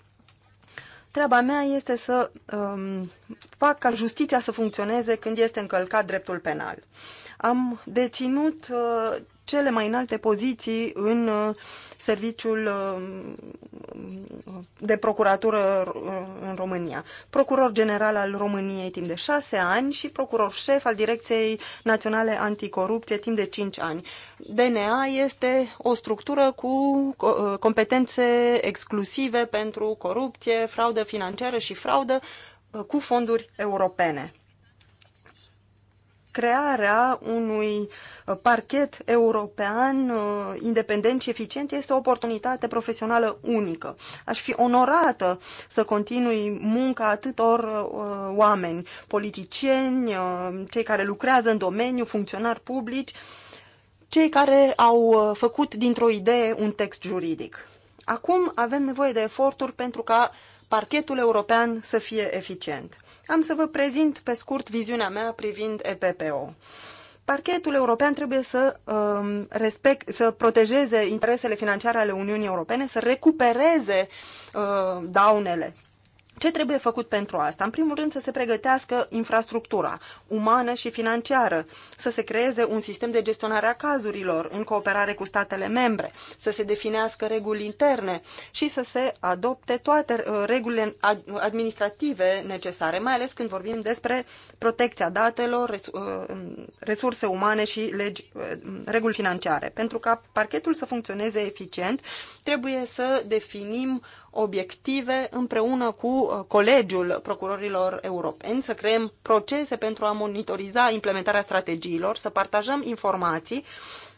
Treaba mea este să um, fac ca justiția să funcționeze când este încălcat dreptul penal. Am deținut uh, cele mai înalte poziții în uh, serviciul uh, de procuratură uh, în România. Procuror general al României timp de șase ani și procuror șef al Direcției Naționale Anticorupție timp de cinci ani. DNA este o structură cu competențe exclusive pentru corupție, fraudă financiară și fraudă cu fonduri europene crearea unui uh, parchet european uh, independent și eficient este o oportunitate profesională unică. Aș fi onorată să continui munca atâtor uh, oameni, politicieni, cei care lucrează în domeniu, funcționari publici, cei care au făcut dintr-o idee un text juridic. Acum avem nevoie de eforturi pentru ca parchetul european să fie eficient. Am să vă prezint pe scurt viziunea mea privind EPPO. Parchetul european trebuie să, um, respect, să protejeze interesele financiare ale Uniunii Europene, să recupereze uh, daunele ce trebuie făcut pentru asta? În primul rând să se pregătească infrastructura umană și financiară, să se creeze un sistem de gestionare a cazurilor în cooperare cu statele membre, să se definească reguli interne și să se adopte toate uh, regulile administrative necesare, mai ales când vorbim despre protecția datelor, uh, resurse umane și legi, uh, reguli financiare. Pentru ca parchetul să funcționeze eficient, trebuie să definim obiective împreună cu uh, Colegiul Procurorilor Europeni, să creăm procese pentru a monitoriza implementarea strategiilor, să partajăm informații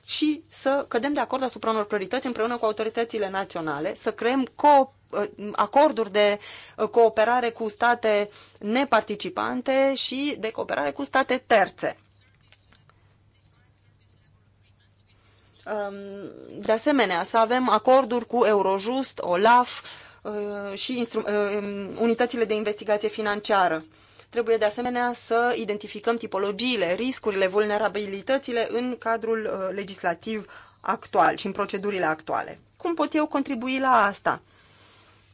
și să cădem de acord asupra unor priorități împreună cu autoritățile naționale, să creăm co uh, acorduri de uh, cooperare cu state neparticipante și de cooperare cu state terțe. Um, de asemenea, să avem acorduri cu Eurojust, OLAF, Uh, și uh, um, unitățile de investigație financiară. Trebuie de asemenea să identificăm tipologiile, riscurile, vulnerabilitățile în cadrul uh, legislativ actual și în procedurile actuale. Cum pot eu contribui la asta?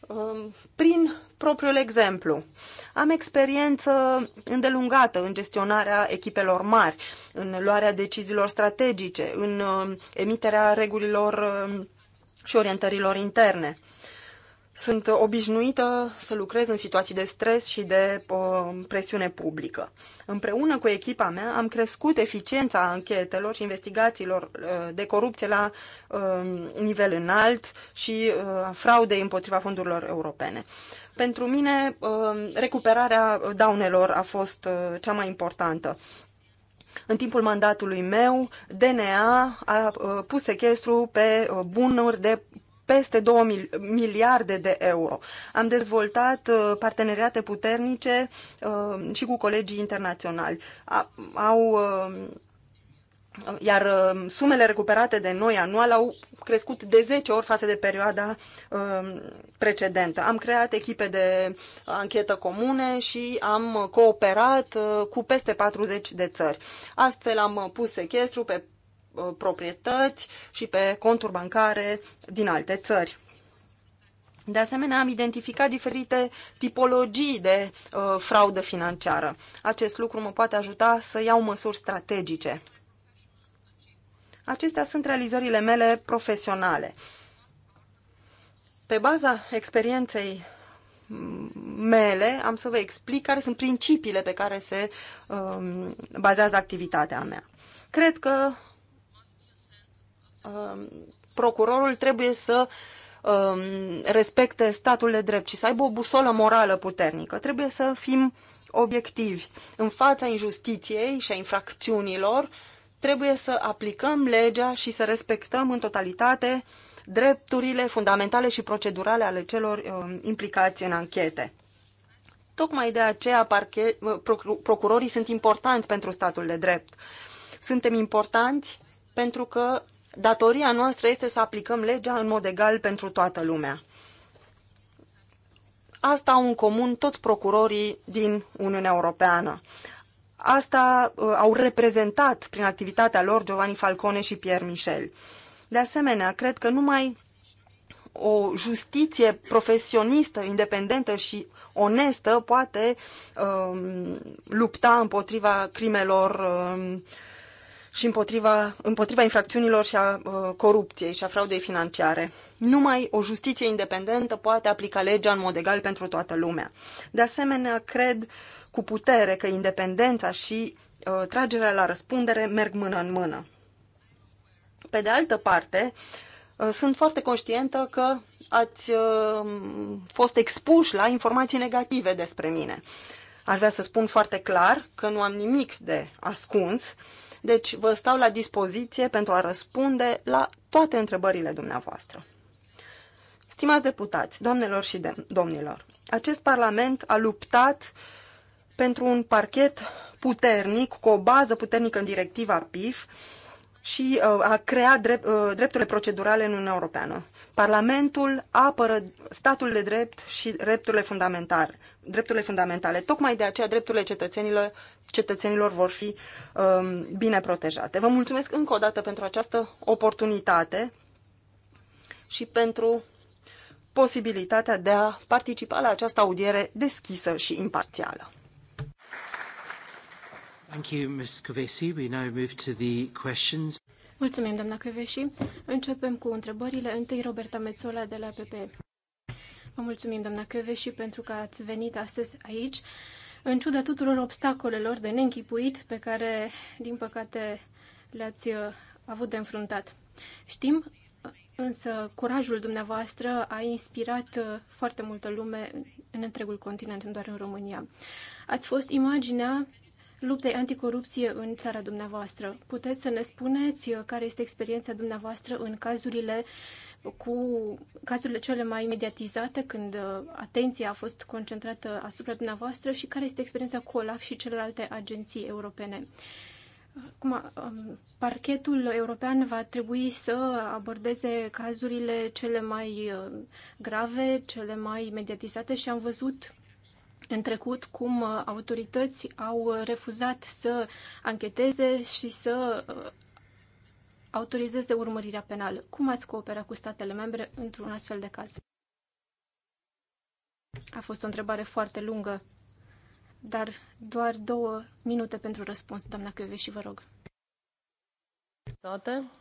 Um, prin propriul exemplu. Am experiență îndelungată în gestionarea echipelor mari, în luarea deciziilor strategice, în um, emiterea regulilor și orientărilor interne sunt obișnuită să lucrez în situații de stres și de uh, presiune publică. Împreună cu echipa mea am crescut eficiența anchetelor și investigațiilor uh, de corupție la uh, nivel înalt și uh, împotriva fondurilor europene. Pentru mine, uh, recuperarea daunelor a fost uh, cea mai importantă. În timpul mandatului meu, DNA a uh, pus sechestru pe uh, bunuri de peste 2 miliarde de euro. Am dezvoltat uh, parteneriate puternice uh, și cu colegii internaționali. Au uh, iar sumele recuperate de noi anual au crescut de 10 ori față de perioada precedentă. Am creat echipe de anchetă comune și am cooperat cu peste 40 de țări. Astfel am pus sechestru pe Uh, proprietăți și pe conturi bancare din alte țări. De asemenea, am identificat diferite tipologii de uh, fraudă financiară. Acest lucru mă poate ajuta să iau măsuri strategice. Acestea sunt realizările mele profesionale. Pe baza experienței mm, mele, am să vă explic care sunt principiile pe care se uh, bazează activitatea mea. Cred că Um, procurorul trebuie să um, respecte statul de drept și să aibă o busolă morală puternică. Trebuie să fim obiectivi. În fața injustiției și a infracțiunilor, trebuie să aplicăm legea și să respectăm în totalitate drepturile fundamentale și procedurale ale celor um, implicați în anchete. Tocmai de aceea parche, uh, procurorii sunt importanți pentru statul de drept. Suntem importanți pentru că datoria noastră este să aplicăm legea în mod egal pentru toată lumea. Asta au în comun toți procurorii din Uniunea Europeană. Asta uh, au reprezentat prin activitatea lor Giovanni Falcone și Pierre Michel. De asemenea, cred că numai o justiție profesionistă, independentă și onestă poate uh, lupta împotriva crimelor uh, și împotriva, împotriva infracțiunilor și a uh, corupției și a fraudei financiare. Numai o justiție independentă poate aplica legea în mod egal pentru toată lumea. De asemenea, cred cu putere că independența și uh, tragerea la răspundere merg mână în mână. Pe de altă parte, uh, sunt foarte conștientă că ați uh, fost expuși la informații negative despre mine. Aș vrea să spun foarte clar că nu am nimic de ascuns uh, deci vă stau la dispoziție pentru a răspunde la toate întrebările dumneavoastră. Stimați deputați, doamnelor și de- domnilor, acest Parlament a luptat pentru un parchet puternic, cu o bază puternică în directiva PIF și uh, a creat drept, uh, drepturile procedurale în Uniunea Europeană. Parlamentul apără statul de drept și drepturile fundamentale drepturile fundamentale. Tocmai de aceea drepturile cetățenilor, cetățenilor vor fi um, bine protejate. Vă mulțumesc încă o dată pentru această oportunitate și pentru posibilitatea de a participa la această audiere deschisă și imparțială. Thank you, Ms. Covesi. We now move to the questions. Mulțumim, doamna Căveși. Începem cu întrebările. Întâi, Roberta Mețola de la PP. Vă mulțumim, doamna Căve, și pentru că ați venit astăzi aici, în ciuda tuturor obstacolelor de neînchipuit pe care, din păcate, le-ați uh, avut de înfruntat. Știm, însă, curajul dumneavoastră a inspirat uh, foarte multă lume în întregul continent, nu doar în România. Ați fost imaginea luptei anticorupție în țara dumneavoastră. Puteți să ne spuneți uh, care este experiența dumneavoastră în cazurile cu cazurile cele mai mediatizate, când uh, atenția a fost concentrată asupra dumneavoastră și care este experiența cu OLAF și celelalte agenții europene. Acum, um, parchetul european va trebui să abordeze cazurile cele mai uh, grave, cele mai mediatizate și am văzut în trecut cum uh, autorități au refuzat să ancheteze și să uh, autorizeze urmărirea penală. Cum ați coopera cu statele membre într-un astfel de caz? A fost o întrebare foarte lungă, dar doar două minute pentru răspuns, doamna Căveși, vă rog.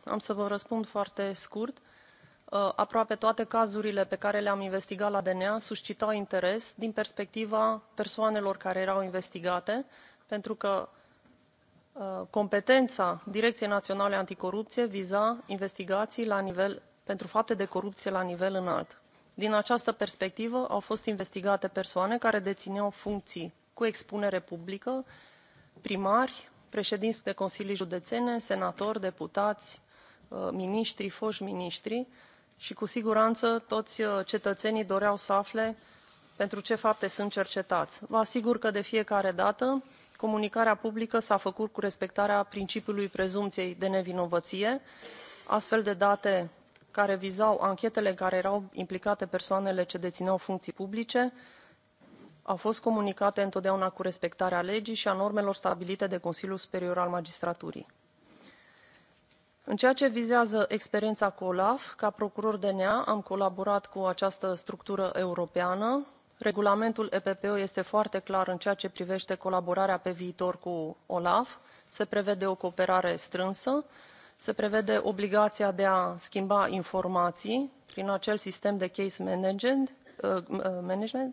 Am să vă răspund foarte scurt. Uh, aproape toate cazurile pe care le-am investigat la DNA suscitau interes din perspectiva persoanelor care erau investigate, pentru că uh, competența Direcției Naționale Anticorupție viza investigații la nivel, pentru fapte de corupție la nivel înalt. Din această perspectivă au fost investigate persoane care dețineau funcții cu expunere publică, primari, președinți de consilii județene, senatori, deputați, uh, miniștri, foști miniștri, și cu siguranță toți uh, cetățenii doreau să afle pentru ce fapte sunt cercetați. Vă asigur că de fiecare dată comunicarea publică s-a făcut cu respectarea principiului prezumției de nevinovăție. Astfel de date care vizau anchetele în care erau implicate persoanele ce dețineau funcții publice au fost comunicate întotdeauna cu respectarea legii și a normelor stabilite de Consiliul Superior al Magistraturii în ceea ce vizează experiența cu olaf ca procuror dna am colaborat cu această structură europeană regulamentul eppo este foarte clar în ceea ce privește colaborarea pe viitor cu olaf se prevede o cooperare strânsă se prevede obligația de a schimba informații prin acel sistem de case management uh, uh,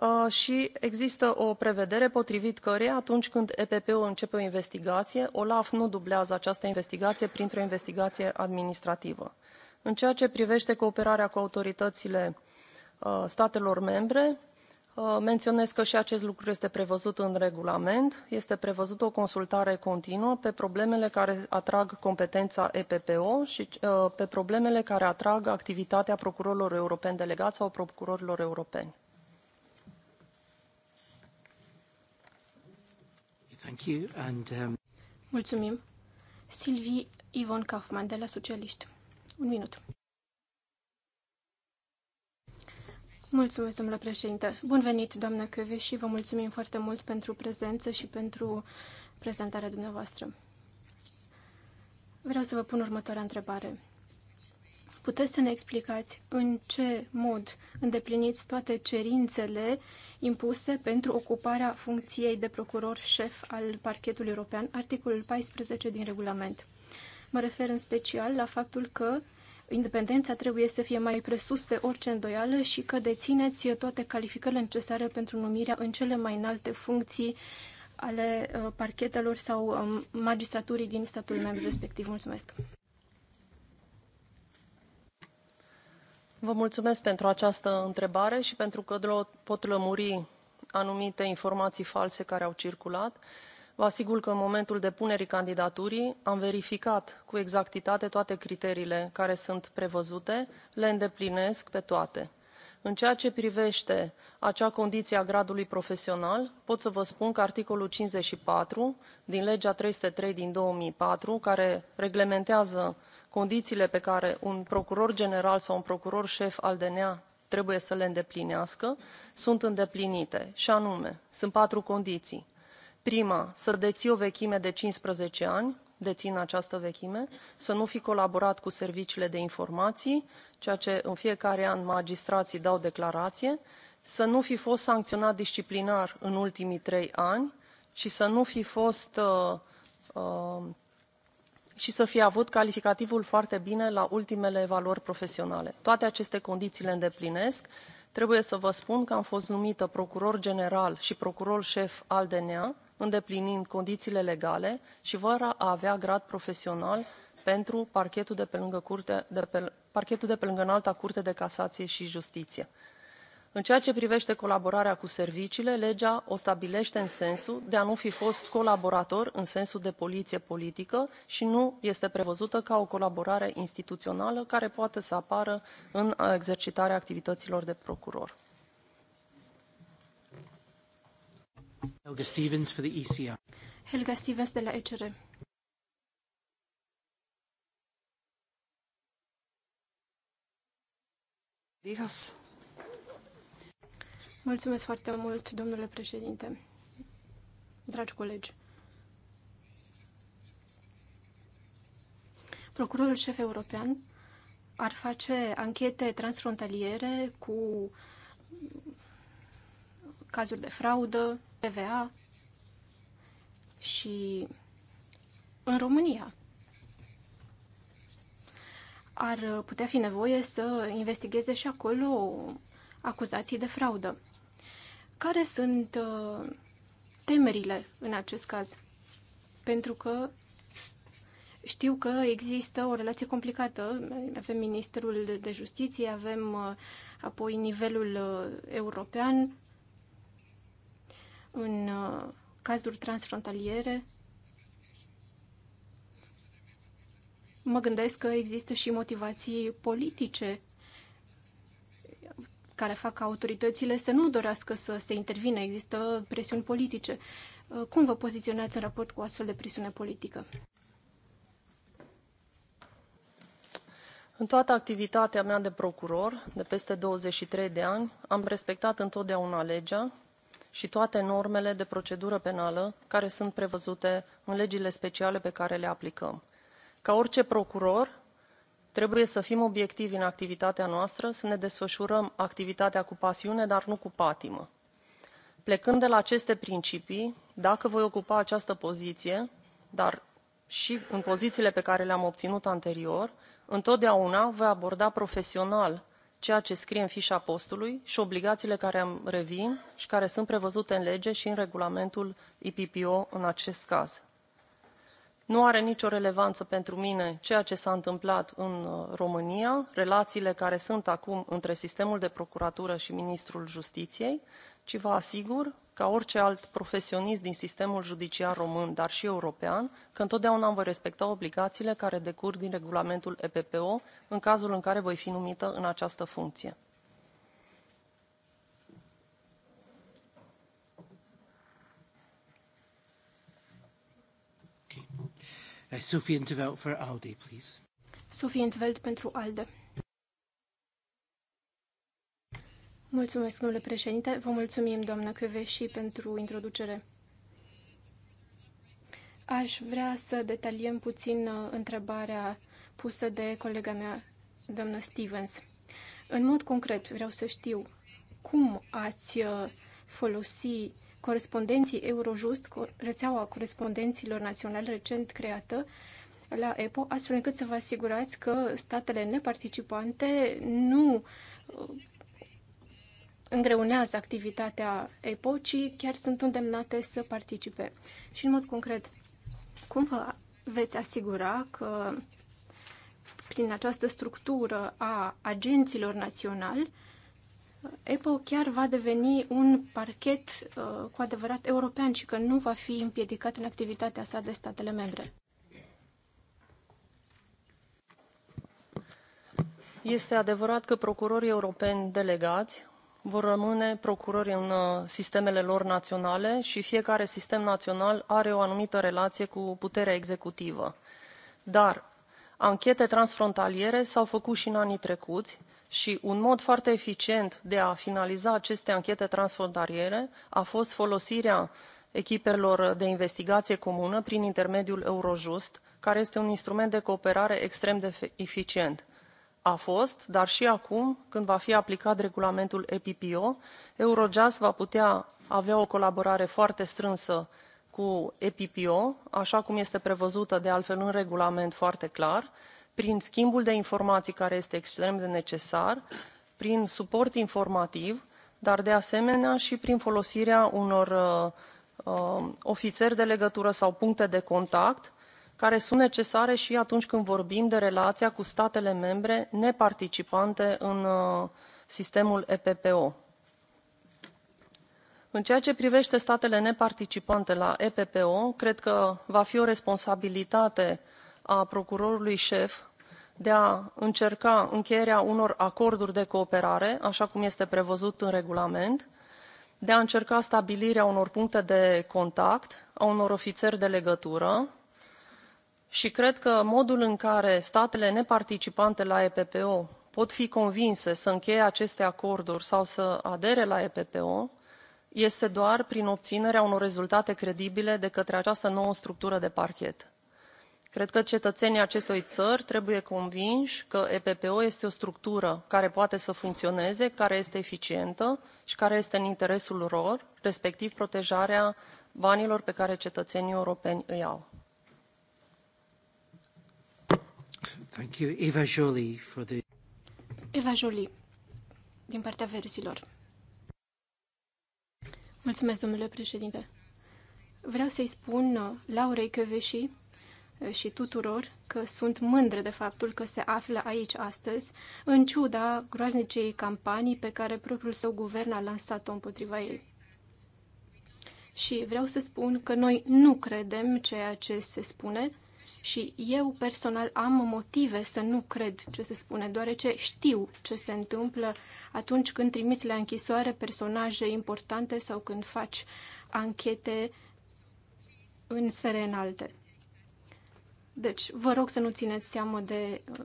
Uh, și există o prevedere potrivit căreia atunci când epp ul începe o investigație olaf nu dublează această investigație printr o investigație administrativă. în ceea ce privește cooperarea cu autoritățile uh, statelor membre uh, menționez că și acest lucru este prevăzut în regulament este prevăzută o consultare continuă pe problemele care atrag competența eppo și pe problemele care atrag activitatea procurorilor europeni delegați sau procurorilor europeni. Thank you and, um... Mulțumim. Silvi Ivon Kaufman de la Socialiști. Un minut. Mulțumesc, domnule președinte. Bun venit, doamnă Căve, și vă mulțumim foarte mult pentru prezență și pentru prezentarea dumneavoastră. Vreau să vă pun următoarea întrebare. Puteți să ne explicați în ce mod îndepliniți toate cerințele impuse pentru ocuparea funcției de procuror șef al parchetului european, articolul 14 din regulament. Mă refer în special la faptul că independența trebuie să fie mai presus de orice îndoială și că dețineți toate calificările necesare pentru numirea în cele mai înalte funcții ale uh, parchetelor sau um, magistraturii din statul membru respectiv. Mulțumesc! Vă mulțumesc pentru această întrebare și pentru că pot lămuri anumite informații false care au circulat. Vă asigur că în momentul depunerii candidaturii am verificat cu exactitate toate criteriile care sunt prevăzute, le îndeplinesc pe toate. În ceea ce privește acea condiție a gradului profesional, pot să vă spun că articolul 54 din legea 303 din 2004, care reglementează condițiile pe care un procuror general sau un procuror șef al dna trebuie să le îndeplinească sunt îndeplinite și anume sunt patru condiții prima să deții o vechime de cincisprezece ani dețin această vechime să nu fi colaborat cu serviciile de informații ceea ce în fiecare an magistrații dau declarație să nu fi fost sancționat disciplinar în ultimii trei ani și să nu fi fost uh, uh, și să fi avut calificativul foarte bine la ultimele evaluări profesionale. Toate aceste condiții le îndeplinesc. Trebuie să vă spun că am fost numită procuror general și procuror șef al DNA, îndeplinind condițiile legale și vor a avea grad profesional pentru parchetul de pe lângă, curte, de pe, parchetul de pe lângă înalta curte de casație și justiție în ceea ce privește colaborarea cu serviciile legea o stabilește în sensul de a nu fi fost colaborator în sensul de poliție politică și nu este prevăzută ca o colaborare instituțională care poate să apară în exercitarea activităților de procuror. Helga Stevens for the ECR. Helga Stevens de la ECR. Mulțumesc foarte mult, domnule președinte. Dragi colegi, procurorul șef european ar face anchete transfrontaliere cu cazuri de fraudă, TVA și în România. Ar putea fi nevoie să investigheze și acolo acuzații de fraudă. Care sunt uh, temerile în acest caz? Pentru că știu că există o relație complicată. Avem Ministerul de Justiție, avem uh, apoi nivelul uh, european în uh, cazuri transfrontaliere. Mă gândesc că există și motivații politice care fac ca autoritățile să nu dorească să se intervină. Există presiuni politice. Uh, cum vă poziționați în raport cu astfel de presiune politică? În toată activitatea mea de procuror, de peste 23 de ani, am respectat întotdeauna legea și toate normele de procedură penală care sunt prevăzute în legile speciale pe care le aplicăm. Ca orice procuror, trebuie să fim obiectivi în activitatea noastră să ne desfășurăm activitatea cu pasiune dar nu cu patimă. plecând de la aceste principii dacă voi ocupa această poziție dar și în pozițiile pe care le am obținut anterior întotdeauna voi aborda profesional ceea ce scrie în fișa postului și obligațiile care îmi revin și care sunt prevăzute în lege și în regulamentul IPPO în acest caz nu are nicio relevanță pentru mine ceea ce s a întâmplat în uh, românia relațiile care sunt acum între sistemul de procuratură și ministrul justiției ci vă asigur ca orice alt profesionist din sistemul judiciar român dar și european că întotdeauna îmi voi respecta obligațiile care decurg din regulamentul eppo în cazul în care voi fi numită în această funcție. Uh, Sophie Intervelt for ALDE, please. Sophie Intervelt pentru ALDE. Mulțumesc, domnule președinte. Vă mulțumim, doamnă și pentru introducere. Aș vrea să detaliem puțin uh, întrebarea pusă de colega mea, doamnă Stevens. În mod concret, vreau să știu cum ați uh, folosi Corespondenții Eurojust, rețeaua corespondenților naționale recent creată la EPO, astfel încât să vă asigurați că statele neparticipante nu uh, îngreunează activitatea EPO, ci chiar sunt îndemnate să participe. Și în mod concret, cum vă veți asigura că prin această structură a agenților naționali, Apple chiar va deveni un parchet uh, cu adevărat european și că nu va fi împiedicat în activitatea sa de statele membre. Este adevărat că procurorii europeni delegați vor rămâne procurori în uh, sistemele lor naționale și fiecare sistem național are o anumită relație cu puterea executivă. Dar anchete transfrontaliere s-au făcut și în anii trecuți și un mod foarte eficient de a finaliza aceste anchete transfrontaliere a fost folosirea echipelor de investigație comună prin intermediul eurojust care este un instrument de cooperare extrem de eficient. A fost, dar și acum, când va fi aplicat regulamentul EPPO, Eurojust va putea avea o colaborare foarte strânsă cu EPPO, așa cum este prevăzută de altfel în regulament foarte clar, prin schimbul de informații care este extrem de necesar, prin suport informativ, dar de asemenea și prin folosirea unor uh, uh, ofițeri de legătură sau puncte de contact care sunt necesare și atunci când vorbim de relația cu statele membre neparticipante în uh, sistemul EPPO. În ceea ce privește statele neparticipante la EPPO, cred că va fi o responsabilitate a procurorului șef de a încerca încheierea unor acorduri de cooperare, așa cum este prevăzut în regulament, de a încerca stabilirea unor puncte de contact, a unor ofițeri de legătură și cred că modul în care statele neparticipante la EPPO pot fi convinse să încheie aceste acorduri sau să adere la EPPO este doar prin obținerea unor rezultate credibile de către această nouă structură de parchet cred că cetățenii acestei țări trebuie convinși că epp ul este o structură care poate să funcționeze care este eficientă și care este în interesul lor respectiv protejarea banilor pe care cetățenii europeni îi au. Thank you. Eva Jolie for the... Eva Jolie, din partea verzilor. Mulțumesc, domnule președinte. Vreau să-i spun uh, Laurei Căveșii și tuturor că sunt mândre de faptul că se află aici astăzi, în ciuda groaznicei campanii pe care propriul său guvern a lansat-o împotriva ei. Și vreau să spun că noi nu credem ceea ce se spune și eu personal am motive să nu cred ce se spune, deoarece știu ce se întâmplă atunci când trimiți la închisoare personaje importante sau când faci anchete în sfere înalte. Deci, vă rog să nu țineți seamă de uh,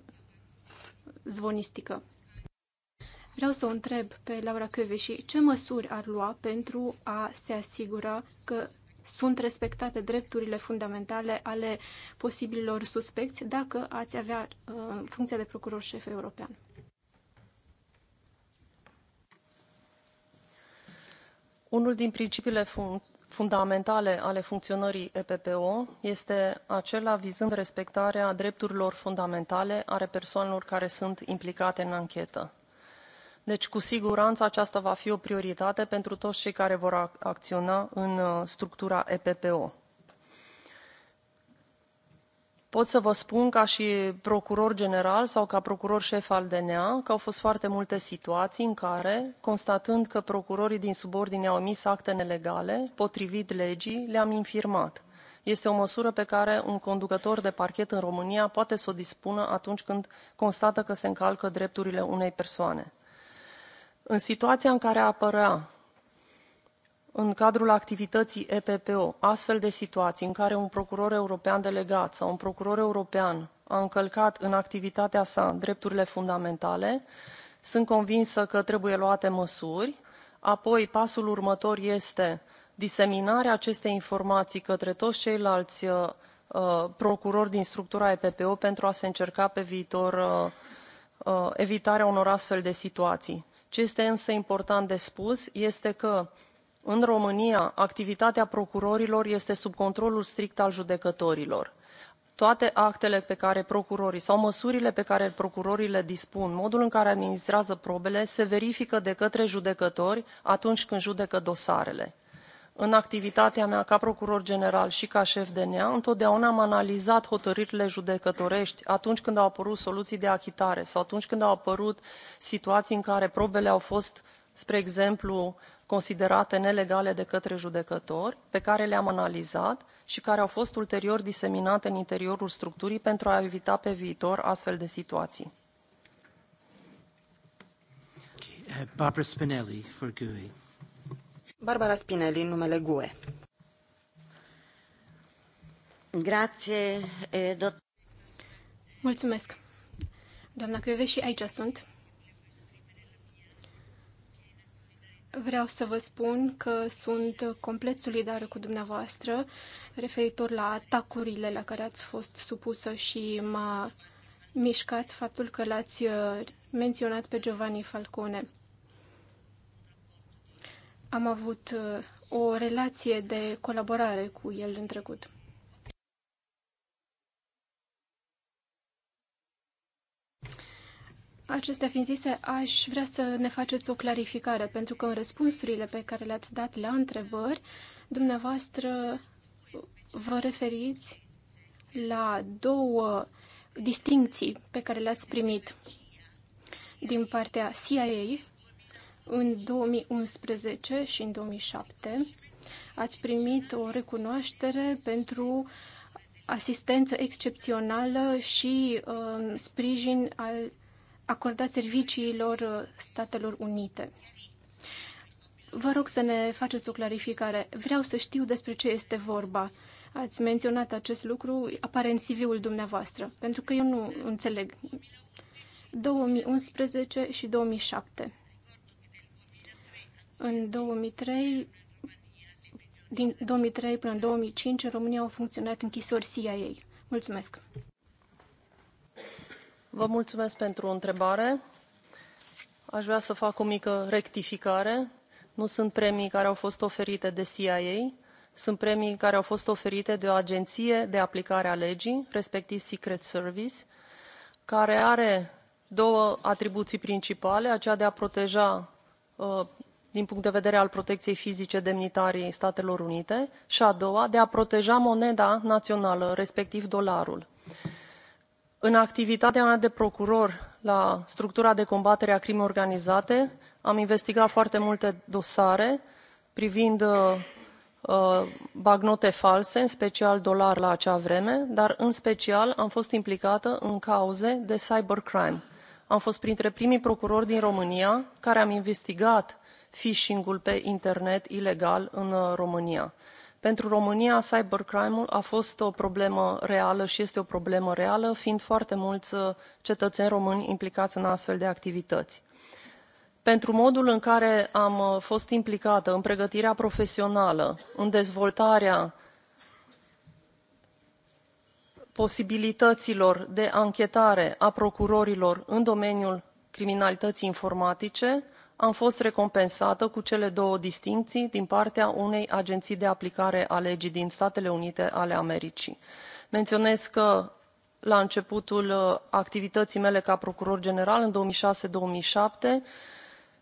zvonistică. Vreau să o întreb pe Laura Căveși ce măsuri ar lua pentru a se asigura că sunt respectate drepturile fundamentale ale posibililor suspecți dacă ați avea uh, funcția de procuror șef european. Unul din principiile fun fundamentale ale funcționării EPPO este acela vizând respectarea drepturilor fundamentale ale persoanelor care sunt implicate în anchetă. Deci, cu siguranță, aceasta va fi o prioritate pentru toți cei care vor acționa în uh, structura EPPO pot să vă spun ca și procuror general sau ca procuror șef al dna că au fost foarte multe situații în care constatând că procurorii din subordine au emis acte nelegale potrivit legii le am infirmat. este o măsură pe care un conducător de parchet în românia poate să o dispună atunci când constată că se încalcă drepturile unei persoane. în situația în care apărea în cadrul activității eppo astfel de situații în care un procuror european delegat sau un procuror european a încălcat în activitatea sa drepturile fundamentale sunt convinsă că trebuie luate măsuri apoi pasul următor este diseminarea acestei informații către toți ceilalți uh, procurori din structura eppo pentru a se încerca pe viitor uh, uh, evitarea unor astfel de situații. ce este însă important de spus este că în românia activitatea procurorilor este sub controlul strict al judecătorilor toate actele pe care procurorii sau măsurile pe care procurorii le dispun modul în care administrează probele se verifică de către judecători atunci când judecă dosarele. în activitatea mea ca procuror general și ca șef dna întotdeauna am analizat hotărârile judecătorești atunci când au apărut soluții de achitare sau atunci când au apărut situații în care probele au fost spre exemplu considerate nelegale de către judecători, pe care le-am analizat și care au fost ulterior diseminate în interiorul structurii pentru a evita pe viitor astfel de situații. Uh, Barbara Spinelli for GUE. Barbara Spinelli, în numele GUE. Grazie, eh, Mulțumesc. Doamna Creve și aici sunt. Vreau să vă spun că sunt complet solidară cu dumneavoastră referitor la atacurile la care ați fost supusă și m-a mișcat faptul că l-ați uh, menționat pe Giovanni Falcone. Am avut uh, o relație de colaborare cu el în trecut. Acestea fiind zise, aș vrea să ne faceți o clarificare, pentru că în răspunsurile pe care le-ați dat la întrebări, dumneavoastră vă referiți la două distincții pe care le-ați primit din partea CIA în 2011 și în 2007. Ați primit o recunoaștere pentru asistență excepțională și uh, sprijin al acordat serviciilor uh, Statelor Unite. Vă rog să ne faceți o clarificare. Vreau să știu despre ce este vorba. Ați menționat acest lucru, apare în CV-ul dumneavoastră, pentru că eu nu înțeleg. 2011 și 2007. În 2003, din 2003 până în 2005, în România au funcționat închisori CIA. Mulțumesc! Vă mulțumesc pentru întrebare. Aș vrea să fac o mică rectificare. Nu sunt premii care au fost oferite de CIA, sunt premii care au fost oferite de o agenție de aplicare a legii, respectiv Secret Service, care are două atribuții principale, aceea de a proteja uh, din punct de vedere al protecției fizice demnitarii Statelor Unite și a doua, de a proteja moneda națională, respectiv dolarul în activitatea mea de procuror la structura de combatere a crimei organizate am investigat foarte multe dosare privind uh, uh, bagnote false în special dolari la acea vreme dar în special am fost implicată în cauze de cybercrime. am fost printre primii procurori din românia care am investigat phishing ul pe internet ilegal în uh, românia pentru românia cybercrime ul a fost o problemă reală și este o problemă reală fiind foarte mulți uh, cetățeni români implicați în astfel de activități pentru modul în care am uh, fost implicată în pregătirea profesională în dezvoltarea posibilităților de anchetare a procurorilor în domeniul criminalității informatice am fost recompensată cu cele două distincții din partea unei agenții de aplicare a legii din Statele Unite ale Americii. Menționez că la începutul uh, activității mele ca procuror general, în 2006-2007,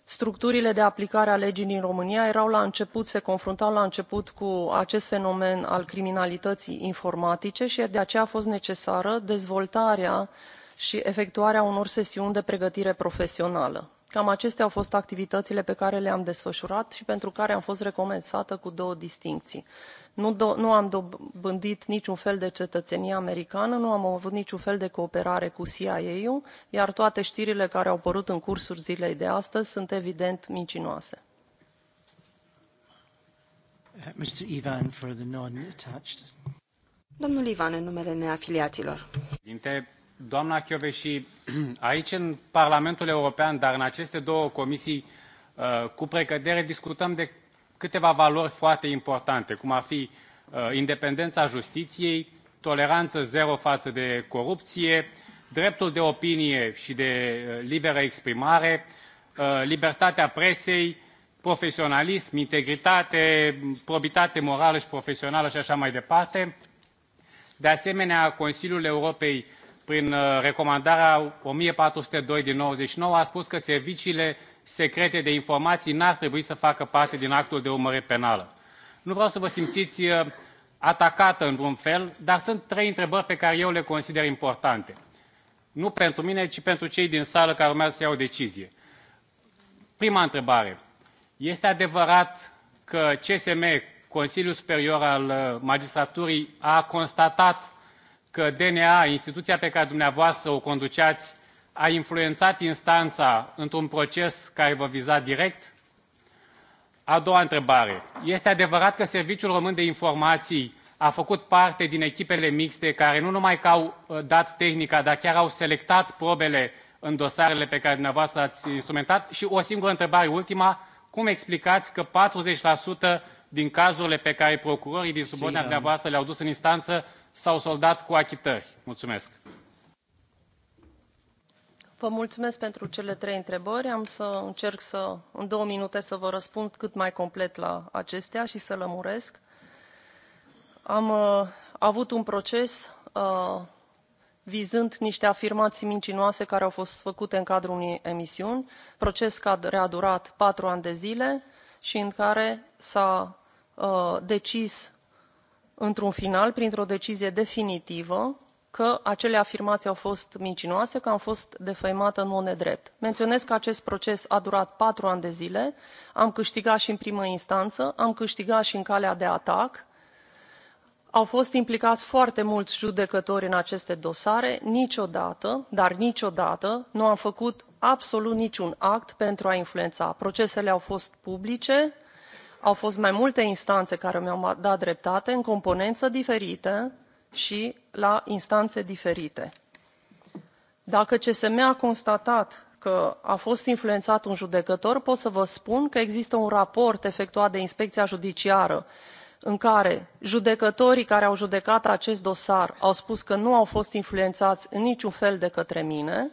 structurile de aplicare a legii din România erau la început, se confruntau la început cu acest fenomen al criminalității informatice și de aceea a fost necesară dezvoltarea și efectuarea unor sesiuni de pregătire profesională. Cam acestea au fost activitățile pe care le-am desfășurat și pentru care am fost recompensată cu două distincții. Nu, do nu am dobândit niciun fel de cetățenie americană, nu am avut niciun fel de cooperare cu CIA-ul, iar toate știrile care au apărut în cursul zilei de astăzi sunt evident mincinoase. Uh, Mr. Ivan, for the non Domnul Ivan, în numele neafiliaților. Doamna Chioveși, <clears throat> aici în Parlamentul European, dar în aceste două comisii, uh, cu precădere discutăm de câteva valori foarte importante, cum ar fi uh, independența justiției, toleranță zero față de corupție, dreptul de opinie și de uh, liberă exprimare, libertatea presei, profesionalism, integritate, probitate morală și profesională și așa mai departe. De asemenea, Consiliul Europei prin uh, recomandarea 1402 din 99, a spus că serviciile secrete de informații n-ar trebui să facă parte din actul de urmări penală. Nu vreau să vă simțiți uh, atacată în vreun fel, dar sunt trei întrebări pe care eu le consider importante. Nu pentru mine, ci pentru cei din sală care urmează să iau o decizie. Prima întrebare. Este adevărat că CSM, Consiliul Superior al uh, Magistraturii, a constatat că DNA, instituția pe care dumneavoastră o conduceați, a influențat instanța într-un proces care vă viza direct? A doua întrebare. Este adevărat că Serviciul Român de Informații a făcut parte din echipele mixte care nu numai că au uh, dat tehnica, dar chiar au selectat probele în dosarele pe care dumneavoastră ați instrumentat? Și o singură întrebare, ultima. Cum explicați că 40% din cazurile pe care procurorii din subordinea dumneavoastră le-au dus în instanță s-au soldat cu achitări. Mulțumesc! Vă mulțumesc pentru cele trei întrebări. Am să încerc să, în două minute să vă răspund cât mai complet la acestea și să lămuresc. Am uh, avut un proces uh, vizând niște afirmații mincinoase care au fost făcute în cadrul unei emisiuni, proces care a durat patru ani de zile și în care s-a uh, decis într un final printr o decizie definitivă că acele afirmații au fost mincinoase că am fost defăimată în mod nedrept. menționez că acest proces a durat patru ani de zile am câștigat și în primă instanță am câștigat și în calea de atac au fost implicați foarte mulți judecători în aceste dosare niciodată dar niciodată nu am făcut absolut niciun act pentru a influența procesele au fost publice au fost mai multe instanțe care mi au dat dreptate în componență diferite și la instanțe diferite. dacă csm a constatat că a fost influențat un judecător pot să vă spun că există un raport efectuat de inspecția judiciară în care judecătorii care au judecat acest dosar au spus că nu au fost influențați în niciun fel de către mine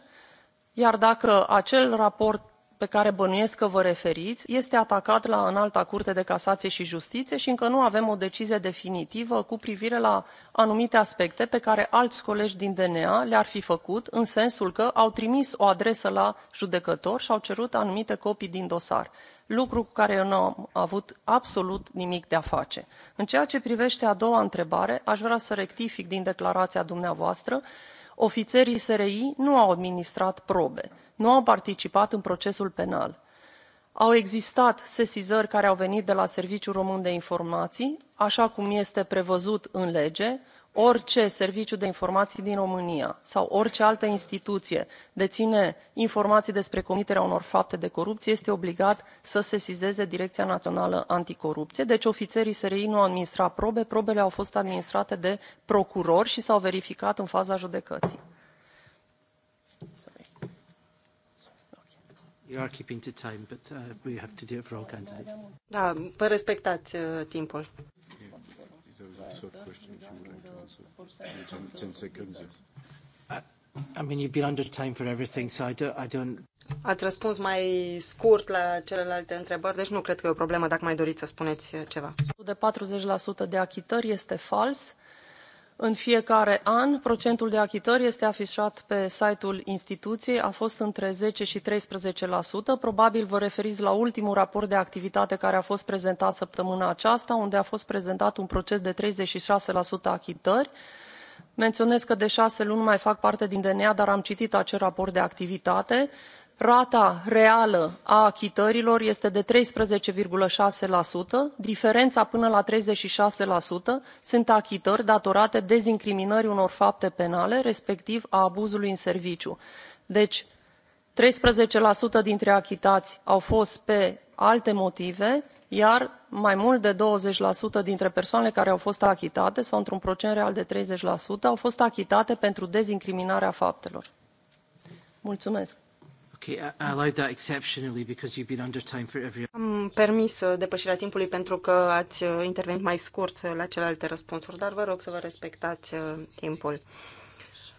iar dacă acel raport pe care bănuiesc că vă referiți este atacat la înalta curte de casație și justiție și încă nu avem o decizie definitivă cu privire la anumite aspecte pe care alți colegi din dna le ar fi făcut în sensul că au trimis o adresă la judecător și au cerut anumite copii din dosar lucru cu care eu nu am avut absolut nimic de a face. în ceea ce privește a doua întrebare aș vrea să rectific din declarația dumneavoastră ofițerii sri nu au administrat probe nu au participat în procesul penal au existat sesizări care au venit de la serviciul român de informații așa cum este prevăzut în lege orice serviciu de informații din românia sau orice altă instituție deține informații despre comiterea unor fapte de corupție este obligat să sesizeze direcția națională anticorupție deci ofițerii sri nu au administrat probe probele au fost administrate de procurori și s au verificat în faza judecății. Da, vă respectați uh, timpul third question, if you would like to answer. Ten, ten seconds. I, I mean, you've been under time for everything, so I don't, I don't... Ați răspuns mai scurt la celelalte întrebări, deci nu cred că e o problemă dacă mai doriți să spuneți ceva. De 40% de achitări este fals în fiecare an procentul de achitări este afișat pe site ul instituției a fost între zece și treisprezece probabil vă referiți la ultimul raport de activitate care a fost prezentat săptămâna aceasta unde a fost prezentat un procent de treizeci și șase achitări menționez că de șase luni nu mai fac parte din dna dar am citit acel raport de activitate și rata reală a achitărilor este de treisprezece șase diferența până la treizeci și șase sunt achitări datorate dezincriminării unor fapte penale respectiv a abuzului în serviciu deci treisprezece dintre achitați au fost pe alte motive iar mai mult de douăzeci dintre persoanele care au fost achitate sau într un procent real de treizeci au fost achitate pentru dezincriminarea faptelor. mulțumesc. Okay, I allowed that exceptionally because you've been under time for every... Am permis uh, depășirea timpului pentru că ați uh, intervenit mai scurt uh, la celelalte răspunsuri, dar vă rog să vă respectați timpul.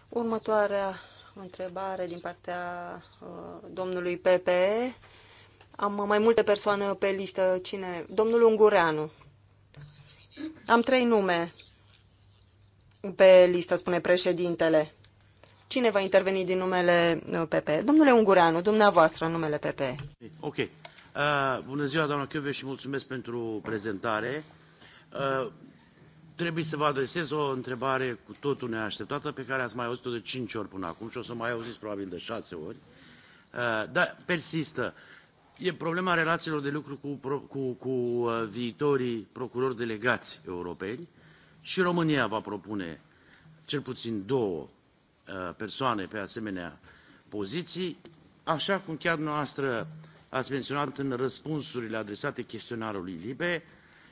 Următoarea întrebare din partea domnului PPE. Am mai multe persoane pe listă. Cine? Domnul Ungureanu. Am trei nume pe listă, spune președintele. Cine va interveni din numele PP? Uh, Domnule Ungureanu, dumneavoastră, în numele PP. Ok. Uh, bună ziua, doamna Chiove, și mulțumesc pentru prezentare. Uh, trebuie să vă adresez o întrebare cu totul neașteptată, pe care ați mai auzit-o de 5 ori până acum și o să mai auziți probabil de 6 ori. Uh, dar persistă. E problema relațiilor de lucru cu, cu, cu uh, viitorii procurori delegați europeni și România va propune cel puțin două Uh, persoane pe asemenea poziții, așa cum chiar noastră ați menționat în răspunsurile adresate chestionarului LIBE,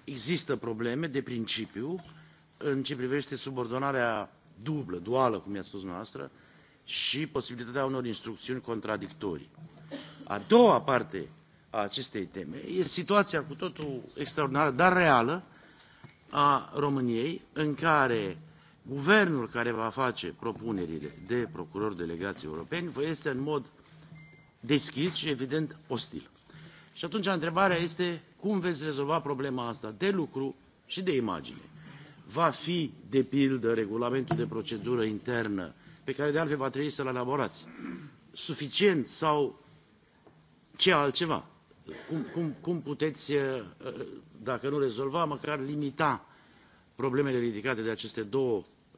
există probleme de principiu în ce privește subordonarea dublă, duală, cum i-a spus noastră, și posibilitatea unor instrucțiuni contradictorii. A doua parte a acestei teme este situația cu totul extraordinară, dar reală, a României, în care Guvernul care va face propunerile de procurori delegații europeni vă este în mod deschis și evident ostil. Și atunci întrebarea este cum veți rezolva problema asta de lucru și de imagine. Va fi, de pildă, regulamentul de procedură internă, pe care de altfel va trebui să-l elaborați, suficient sau ce altceva? Cum, cum, cum puteți, eh, eh, dacă nu rezolva, măcar limita problemele ridicate de aceste două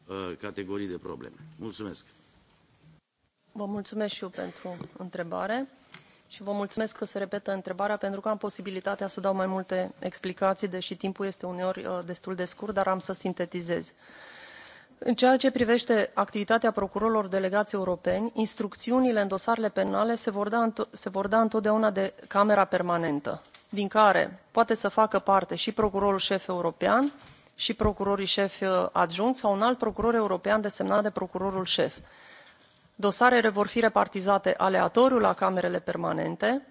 uh, categorii de probleme. Mulțumesc! Vă mulțumesc și eu pentru întrebare și vă mulțumesc că se repetă întrebarea pentru că am posibilitatea să dau mai multe explicații, deși timpul este uneori uh, destul de scurt, dar am să sintetizez. În ceea ce privește activitatea procurorilor delegați europeni, instrucțiunile în dosarele penale se vor, da, se vor da întotdeauna de Camera Permanentă, din care poate să facă parte și procurorul șef european, și procurorii șefi uh, adjuncți sau un alt procuror european desemnat de procurorul șef. Dosarele vor fi repartizate aleatoriu la camerele permanente,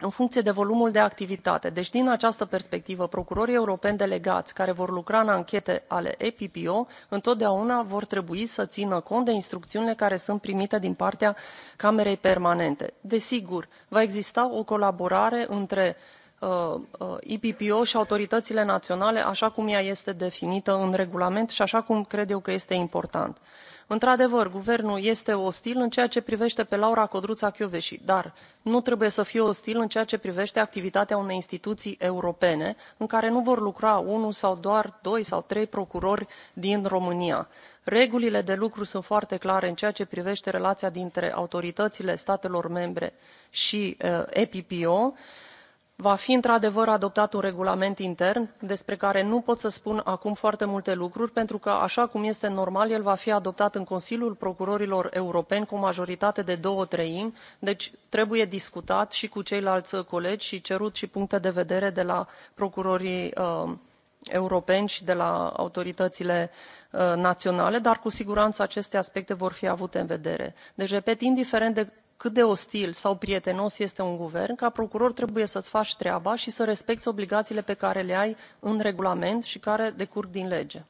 în funcție de volumul de activitate. Deci, din această perspectivă, procurorii europeni delegați care vor lucra în anchete ale EPPO întotdeauna vor trebui să țină cont de instrucțiunile care sunt primite din partea Camerei Permanente. Desigur, va exista o colaborare între eppo uh, uh, și autoritățile naționale așa cum ea este definită în regulament și așa cum cred eu că este important. într adevăr guvernul este ostil în ceea ce privește pe laura codruța kvesi dar nu trebuie să fie ostil în ceea ce privește activitatea unei instituții europene în care nu vor lucra unul sau doar doi sau trei procurori din românia regulile de lucru sunt foarte clare în ceea ce privește relația dintre autoritățile statelor membre și uh, eppo va fi într adevăr adoptat un regulament intern despre care nu pot să spun acum foarte multe lucruri pentru că așa cum este normal el va fi adoptat în consiliul procurorilor europeni cu o majoritate de două treimi deci trebuie discutat și cu ceilalți colegi și cerut și puncte de vedere de la procurorii uh, europeni și de la autoritățile uh, naționale dar cu siguranță aceste aspecte vor fi avute în vedere. deci repet indiferent de cât de ostil sau prietenos este un guvern ca procuror trebuie să ți faci treaba și să respecți obligațiile pe care le ai în regulament și care decurg din lege.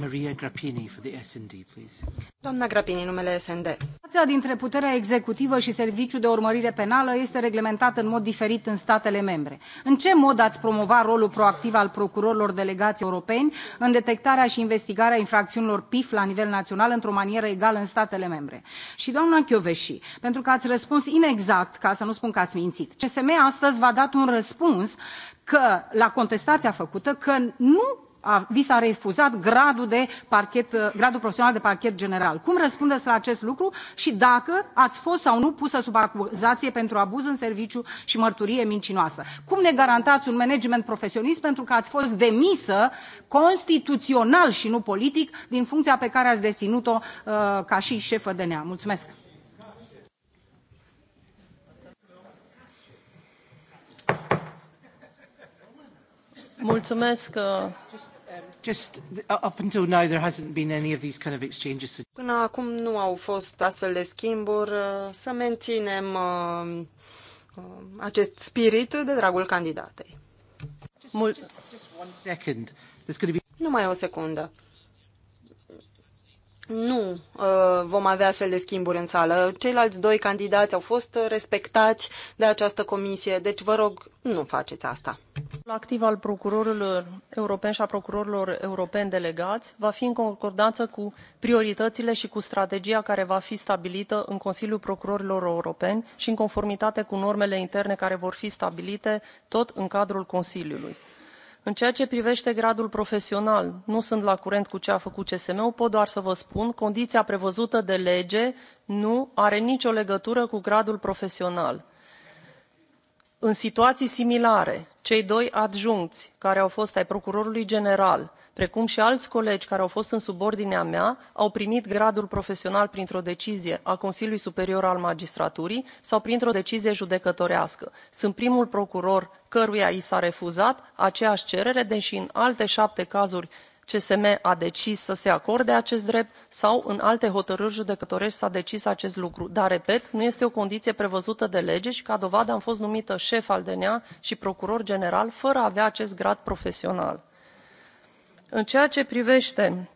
Maria Grappini for the SND, please. Doamna Grappini, numele SND. Relația dintre puterea executivă și serviciul de urmărire penală este reglementată în mod diferit în statele membre. În ce mod ați promova rolul proactiv al procurorilor delegați europeni în detectarea și investigarea infracțiunilor PIF la nivel național într-o manieră egală în statele membre? Și doamna Chioveși, pentru că ați răspuns inexact, ca să nu spun că ați mințit, CSM astăzi v-a dat un răspuns că la contestația făcută că nu vi s a refuzat gradul, de parchet, uh, gradul profesional de parchet general. Cum răspundeți la acest lucru și dacă ați fost sau nu pusă sub acuzație pentru abuz în serviciu și mărturie mincinoasă? Cum ne garantați un management profesionist pentru că ați fost demisă constituțional și nu politic din funcția pe care ați deținut-o uh, ca și șefă de nea? Mulțumesc! Mulțumesc. Uh, just uh, up until now there hasn't been any of these kind of exchanges. Până acum nu au fost astfel de schimburi. Uh, să menținem acest spirit de dragul candidatei. Mul- Numai o secundă nu uh, vom avea astfel de schimburi în sală. Ceilalți doi candidați au fost respectați de această comisie, deci vă rog, nu faceți asta. Activ al procurorilor europeni și a procurorilor europeni delegați va fi în concordanță cu prioritățile și cu strategia care va fi stabilită în Consiliul Procurorilor Europeni și în conformitate cu normele interne care vor fi stabilite tot în cadrul Consiliului în ceea ce privește gradul profesional nu sunt la curent cu ce a făcut csm ul pot doar să vă spun condiția prevăzută de lege nu are nicio legătură cu gradul profesional în situații similare cei doi adjuncți care au fost ai procurorului general precum și alți colegi care au fost în subordinea mea au primit gradul profesional printr o decizie a consiliului superior al magistraturii sau printr o decizie judecătorească. sunt primul procuror căruia i s a refuzat aceeași cerere deși în alte șapte cazuri CSM a decis să se acorde acest drept sau în alte hotărâri judecătorești s-a decis acest lucru. Dar, repet, nu este o condiție prevăzută de lege și ca dovadă am fost numită șef al DNA și procuror general fără a avea acest grad profesional. În ceea ce privește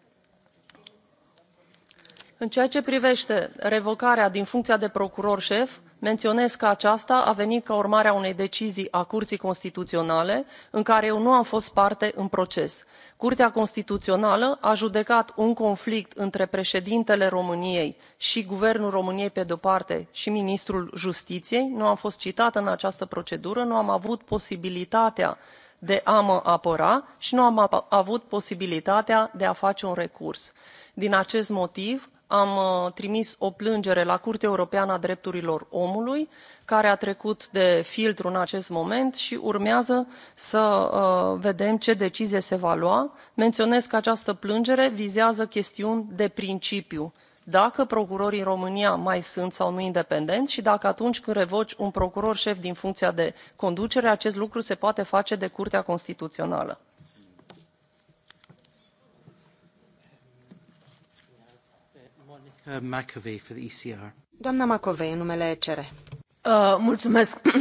în ceea ce privește revocarea din funcția de procuror șef, menționez că aceasta a venit ca urmare a unei decizii a curții constituționale în care eu nu am fost parte în proces. curtea constituțională a judecat un conflict între președintele româniei și guvernul româniei pe de o parte și ministrul justiției nu am fost citată în această procedură nu am avut posibilitatea de a mă apăra și nu am avut posibilitatea de a face un recurs. din acest motiv am uh, trimis o plângere la Curtea Europeană a Drepturilor Omului, care a trecut de filtru în acest moment și urmează să uh, vedem ce decizie se va lua. Menționez că această plângere vizează chestiuni de principiu dacă procurorii în România mai sunt sau nu independenți și dacă atunci când revoci un procuror șef din funcția de conducere, acest lucru se poate face de Curtea Constituțională. Uh, McAvey for the ECR. Doamna McAvey, în numele ECR. Uh, mulțumesc. <clears throat>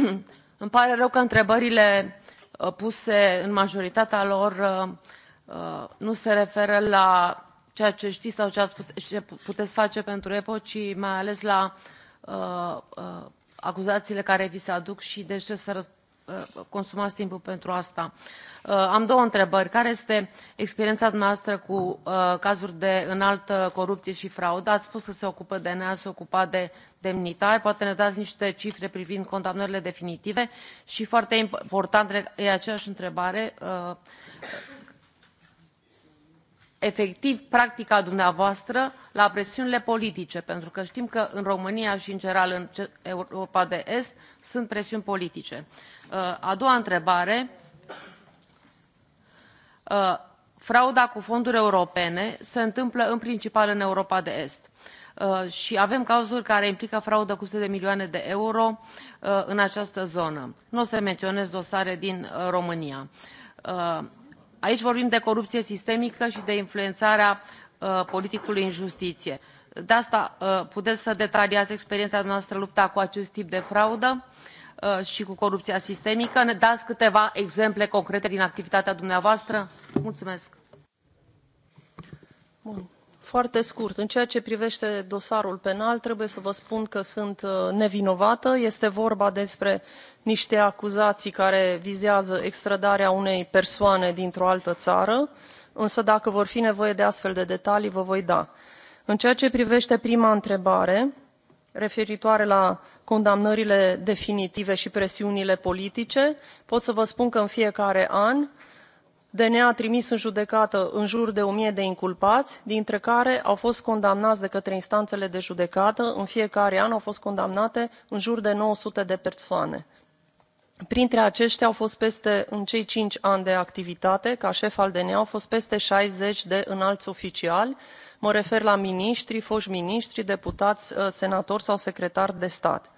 Îmi pare rău că întrebările uh, puse în majoritatea lor uh, uh, nu se referă la ceea ce știți sau ce puteți face pentru EPO, ci mai ales la uh, acuzațiile care vi se aduc și de ce să răspundeți Uh, consumați timpul pentru asta. Uh, am două întrebări. Care este experiența dumneavoastră cu uh, cazuri de înaltă corupție și fraudă? Ați spus că se ocupă de NEA, se ocupa de demnitari. Poate ne dați niște cifre privind condamnările definitive și foarte important, e aceeași întrebare, efectiv practica dumneavoastră la presiunile politice pentru că știm că în românia și în general în europa de est sunt presiuni politice. Uh, a doua întrebare uh, frauda cu fonduri europene se întâmplă în principal în europa de est uh, și avem cazuri care implică fraudă cu sute de milioane de euro în această zonă. nu o să menționez dosare din românia aici vorbim de corupție sistemică și de influențarea uh, politicului în justiție. de asta uh, puteți să detaliați experiența dumneavoastră lupta cu acest tip de fraudă uh, și cu corupția sistemică? ne dați câteva exemple concrete din activitatea dumneavoastră? mulțumesc. Bun. Foarte scurt, în ceea ce privește dosarul penal, trebuie să vă spun că sunt uh, nevinovată. Este vorba despre niște acuzații care vizează extradarea unei persoane dintr-o altă țară, însă dacă vor fi nevoie de astfel de detalii, vă voi da. În ceea ce privește prima întrebare, referitoare la condamnările definitive și presiunile politice, pot să vă spun că în fiecare an dna a trimis în judecată în jur de o mie de inculpați dintre care au fost condamnați de către instanțele de judecată în fiecare an au fost condamnate în jur de nouă sute de persoane. printre aceștia au fost peste în cei cinci ani de activitate ca șef al dna au fost peste șaizeci de înalți oficiali mă refer la miniștri foști miniștri deputați ă, senatori sau secretari de stat.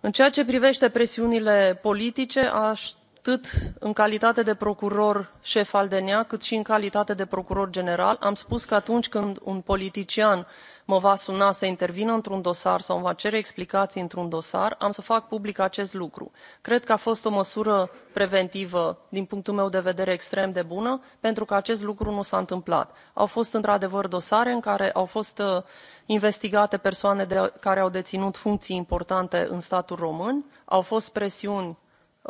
în ceea ce privește presiunile politice aș atât în calitate de procuror șef al dna cât și în calitate de procuror general am spus că atunci când un politician mă va suna să intervină într un dosar sau îmi va cere explicații într un dosar am să fac public acest lucru. cred că a fost o măsură preventivă din punctul meu de vedere extrem de bună pentru că acest lucru nu s a întâmplat. au fost într adevăr dosare în care au fost uh, investigate persoane care au deținut funcții importante în statul român au fost presiuni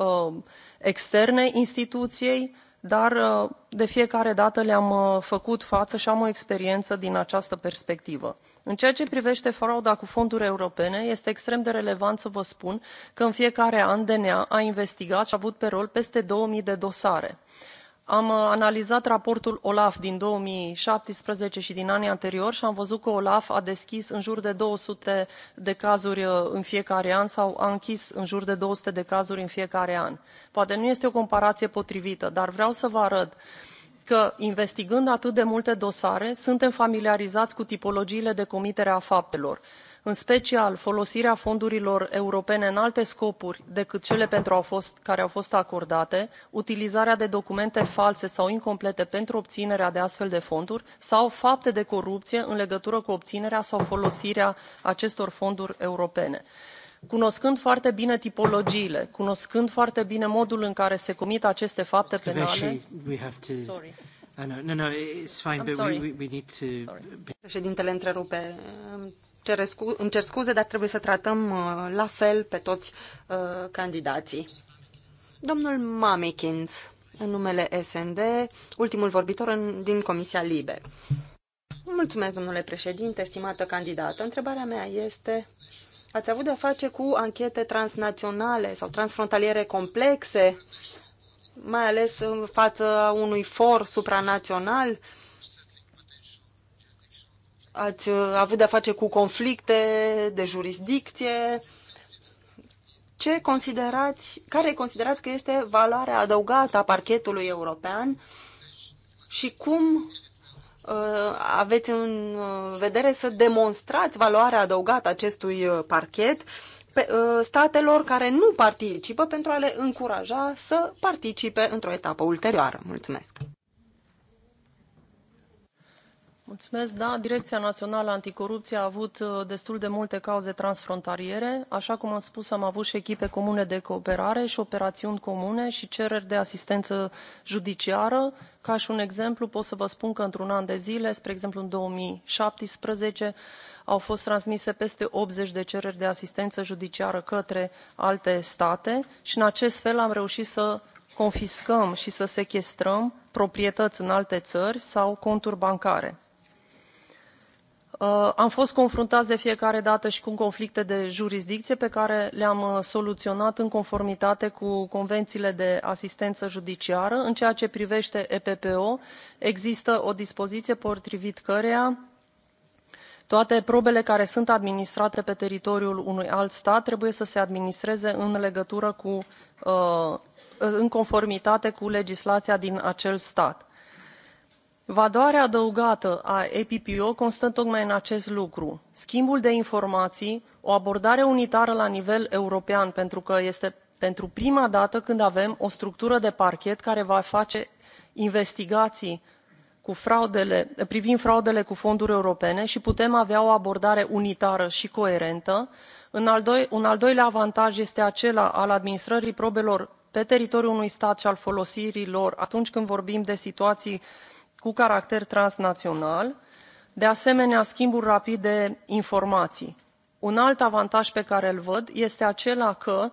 Um, externe instituției dar uh, de fiecare dată le am uh, făcut față și am o experiență din această perspectivă. în ceea ce privește frauda cu fonduri europene este extrem de relevant să vă spun că în fiecare an dna a investigat și a avut pe rol peste doi zero de dosare am uh, analizat raportul olaf din două mii șaptesprezece și din anii anteriori și am văzut că olaf a deschis în jur de două sute de cazuri uh, în fiecare an sau a închis în jur de două sute de cazuri în fiecare an. poate nu este o comparație potrivită dar vreau să vă arăt că investigând atât de multe dosare suntem familiarizați cu tipologiile de comitere a faptelor în special folosirea fondurilor europene în alte scopuri decât cele pentru care au fost acordate utilizarea de documente false sau incomplete pentru obținerea de astfel de fonduri sau fapte de corupție în legătură cu obținerea sau folosirea acestor fonduri europene cunoscând foarte bine tipologiile cunoscând foarte bine modul în care se comit aceste fapte penale Președintele întrerupe. Îmi cer, scuze, dar trebuie să tratăm uh, la fel pe toți uh, candidații. Domnul Mamekins, în numele SND, ultimul vorbitor din Comisia Libe. Mulțumesc, domnule președinte, estimată candidată. Întrebarea mea este, ați avut de-a face cu anchete transnaționale sau transfrontaliere complexe mai ales în fața unui for supranațional. Ați uh, avut de-a face cu conflicte de jurisdicție. Ce considerați, care considerați că este valoarea adăugată a parchetului european și cum uh, aveți în uh, vedere să demonstrați valoarea adăugată acestui parchet pe, uh, statelor care nu participă pentru a le încuraja să participe într-o etapă ulterioară. Mulțumesc! Mulțumesc, da. Direcția Națională Anticorupție a avut uh, destul de multe cauze transfrontaliere. Așa cum am spus, am avut și echipe comune de cooperare și operațiuni comune și cereri de asistență judiciară. Ca și un exemplu, pot să vă spun că într-un an de zile, spre exemplu în 2017, au fost transmise peste 80 de cereri de asistență judiciară către alte state și în acest fel am reușit să confiscăm și să sechestrăm proprietăți în alte țări sau conturi bancare. Uh, am fost confruntați de fiecare dată și cu conflicte de jurisdicție pe care le-am uh, soluționat în conformitate cu convențiile de asistență judiciară. În ceea ce privește EPPO, există o dispoziție potrivit căreia toate probele care sunt administrate pe teritoriul unui alt stat trebuie să se administreze în legătură cu uh, în conformitate cu legislația din acel stat. Valoarea adăugată a EPPO constă tocmai în acest lucru. Schimbul de informații, o abordare unitară la nivel european, pentru că este pentru prima dată când avem o structură de parchet care va face investigații privind fraudele cu fonduri europene și putem avea o abordare unitară și coerentă. un al doilea avantaj este acela al administrării probelor pe teritoriul unui stat și al folosirii lor atunci când vorbim de situații cu caracter transnațional de asemenea schimburi rapid de informații. un alt avantaj pe care îl văd este acela că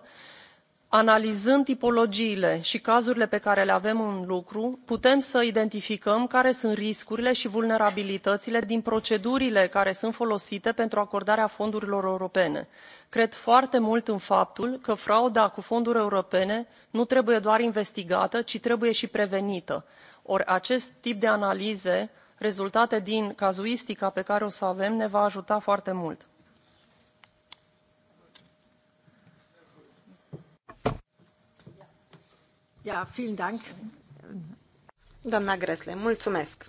analizând tipologiile și cazurile pe care le avem în lucru putem să identificăm care sunt riscurile și vulnerabilitățile din procedurile care sunt folosite pentru acordarea fondurilor europene. cred foarte mult în faptul că frauda cu fonduri europene nu trebuie doar investigată ci trebuie și prevenită Or acest tip de analize rezultate din cazuistica pe care o să o avem ne va ajuta foarte mult. Ja, Doamna Gresle, mulțumesc.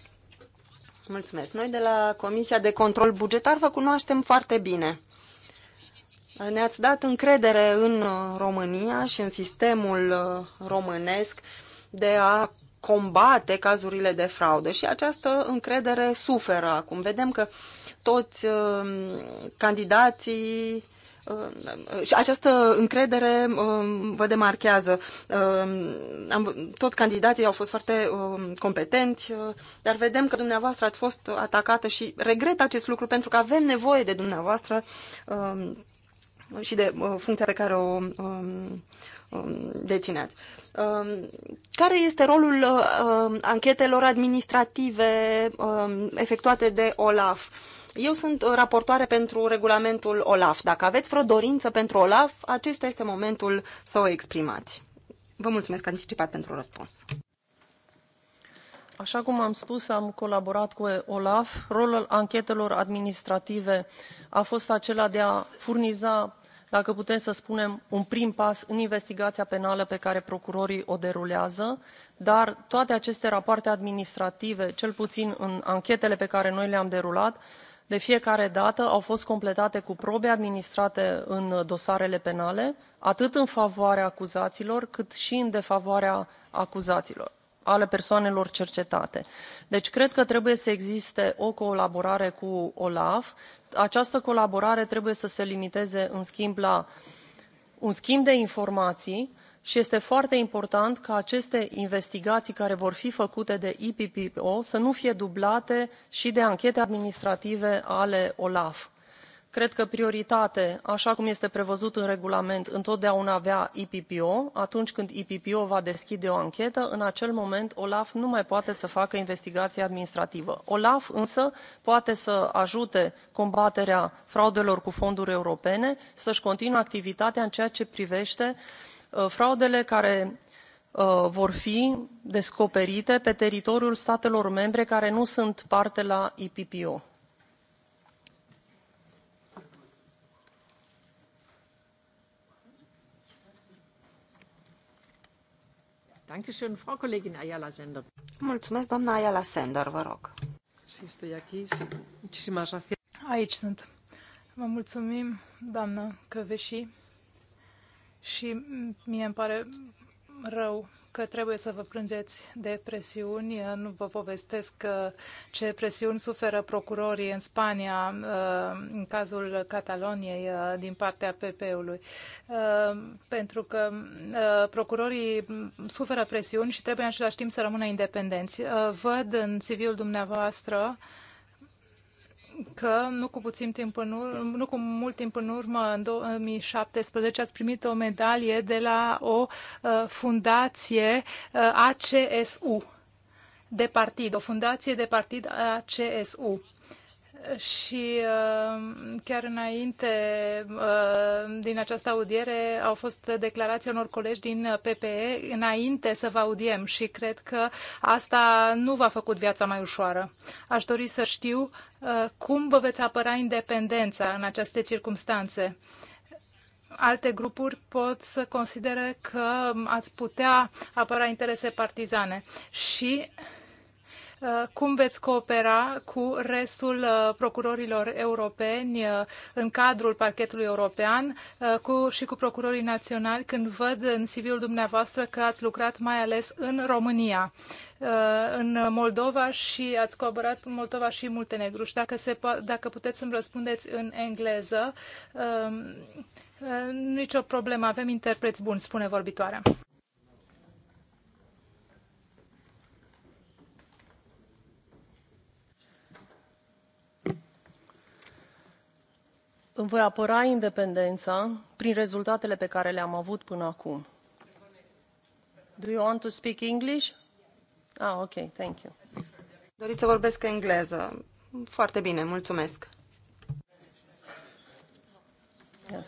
Mulțumesc. Noi de la Comisia de Control Bugetar vă cunoaștem foarte bine. Ne-ați dat încredere în România și în sistemul uh, românesc de a combate cazurile de fraudă și această încredere suferă acum. Vedem că toți uh, candidații Um, și această încredere um, vă demarchează. Um, toți candidații au fost foarte competenți, uh, dar vedem că dumneavoastră ați fost atacată și regret acest lucru pentru că avem nevoie de dumneavoastră și de uh, funcția pe care o dețineați. Care este rolul uh, anchetelor administrative efectuate de OLAF? Eu sunt uh, raportoare pentru regulamentul OLAF. Dacă aveți vreo dorință pentru OLAF, acesta este momentul să o exprimați. Vă mulțumesc anticipat pentru răspuns. Așa cum am spus, am colaborat cu OLAF. Rolul anchetelor administrative a fost acela de a furniza, dacă putem să spunem, un prim pas în investigația penală pe care procurorii o derulează, dar toate aceste rapoarte administrative, cel puțin în anchetele pe care noi le-am derulat, de fiecare dată au fost completate cu probe administrate în dosarele penale atât în favoarea acuzaților cât și în defavoarea acuzaților ale persoanelor cercetate. Deci cred că trebuie să existe o colaborare cu OLAF. Această colaborare trebuie să se limiteze în schimb la un schimb de informații și este foarte important ca aceste investigații care vor fi făcute de eppo să nu fie dublate și de anchete administrative ale olaf. cred că prioritate așa cum este prevăzut în regulament întotdeauna avea eppo atunci când eppo va deschide o anchetă în acel moment olaf nu mai poate să facă investigație administrativă. olaf însă poate să ajute combaterea fraudelor cu fonduri europene să și continue activitatea în ceea ce privește Uh, fraudele care uh, vor fi descoperite pe teritoriul statelor membre care nu sunt parte la eppo. Mulțumesc, doamna Ayala Sender, vă rog. Aici sunt. Vă mulțumim, doamnă Căveși și mie îmi pare rău că trebuie să vă plângeți de presiuni. Nu vă povestesc ce presiuni suferă procurorii în Spania uh, în cazul Cataloniei uh, din partea PP-ului. Uh, pentru că procurorii suferă presiuni și trebuie în același timp să rămână independenți. Văd în CV-ul dumneavoastră că nu cu, puțin timp în urmă, nu cu mult timp în urmă, în 2017, ați primit o medalie de la o uh, fundație uh, ACSU de partid, o fundație de partid ACSU și uh, chiar înainte uh, din această audiere au fost declarații unor colegi din PPE înainte să vă audiem și cred că asta nu v-a făcut viața mai ușoară. Aș dori să știu uh, cum vă veți apăra independența în aceste circunstanțe alte grupuri pot să considere că ați putea apăra interese partizane. Și Uh, cum veți coopera cu restul uh, procurorilor europeni uh, în cadrul parchetului european cu, și cu procurorii naționali când văd în CV-ul dumneavoastră că ați lucrat mai ales în România, în Moldova și ați colaborat în Moldova și Muntenegru. Și dacă, se, dacă puteți să-mi răspundeți în engleză, nicio problemă, avem interpreți buni, spune vorbitoarea. îmi voi apăra independența prin rezultatele pe care le am avut până acum. Do you want to speak English? Ah, ok, thank you. Doriți să vorbesc engleză. Foarte bine, mulțumesc. Yes.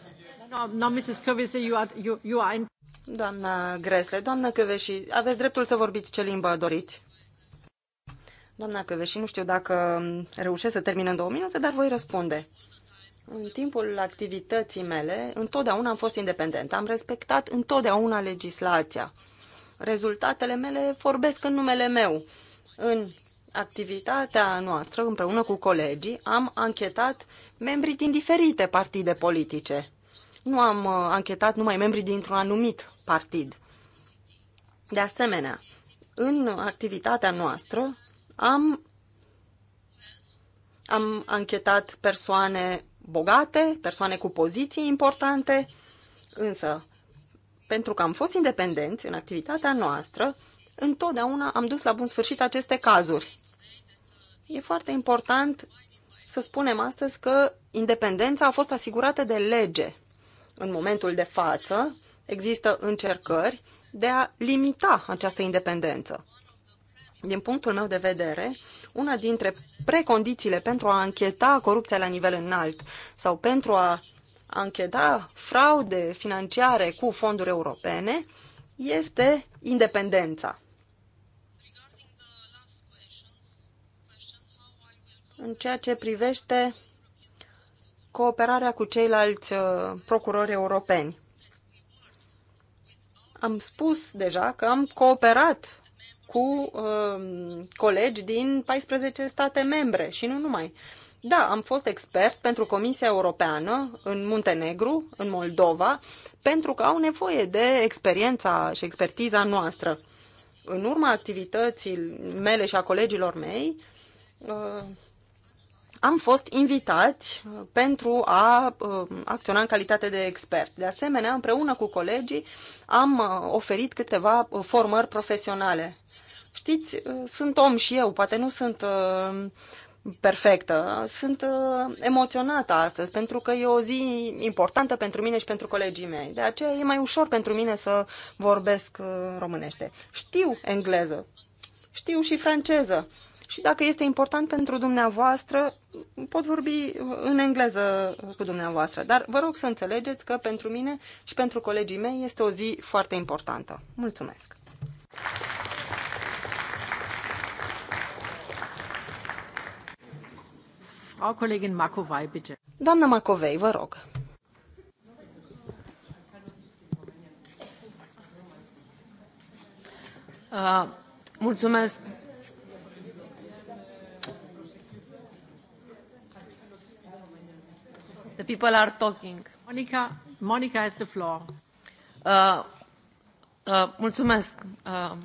No, no, Mrs. Covese, you are, you, you are in... Doamna Gresle, doamna Căveși, aveți dreptul să vorbiți ce limbă doriți. Doamna Căveși, nu știu dacă reușesc să termin în două minute, dar voi răspunde. În timpul activității mele, întotdeauna am fost independent. Am respectat întotdeauna legislația. Rezultatele mele vorbesc în numele meu. În activitatea noastră, împreună cu colegii, am anchetat membrii din diferite partide politice. Nu am uh, anchetat numai membrii dintr-un anumit partid. De asemenea, în activitatea noastră am, am anchetat persoane bogate, persoane cu poziții importante, însă pentru că am fost independenți în activitatea noastră, întotdeauna am dus la bun sfârșit aceste cazuri. E foarte important să spunem astăzi că independența a fost asigurată de lege. În momentul de față există încercări de a limita această independență. Din punctul meu de vedere, una dintre precondițiile pentru a încheta corupția la nivel înalt sau pentru a ancheta fraude financiare cu fonduri europene este independența. În ceea ce privește cooperarea cu ceilalți uh, procurori europeni. Am spus deja că am cooperat cu um, colegi din 14 state membre și nu numai. Da, am fost expert pentru Comisia Europeană în Muntenegru, în Moldova, pentru că au nevoie de experiența și expertiza noastră. În urma activității mele și a colegilor mei, uh, am fost invitați uh, pentru a uh, acționa în calitate de expert. De asemenea, împreună cu colegii, am oferit câteva formări profesionale. Știți, uh, sunt om și eu, poate nu sunt uh, perfectă. Sunt uh, emoționată astăzi pentru că e o zi importantă pentru mine și pentru colegii mei. De aceea e mai ușor pentru mine să vorbesc românește. Știu engleză, știu și franceză. Și dacă este important pentru dumneavoastră, pot vorbi în engleză cu dumneavoastră. Dar vă rog să înțelegeți că pentru mine și pentru colegii mei este o zi foarte importantă. Mulțumesc! Doamna Macovei, vă rog. Uh, mulțumesc. The people are talking. Monica, Monica has the floor. Uh, uh, mulțumesc. Uh,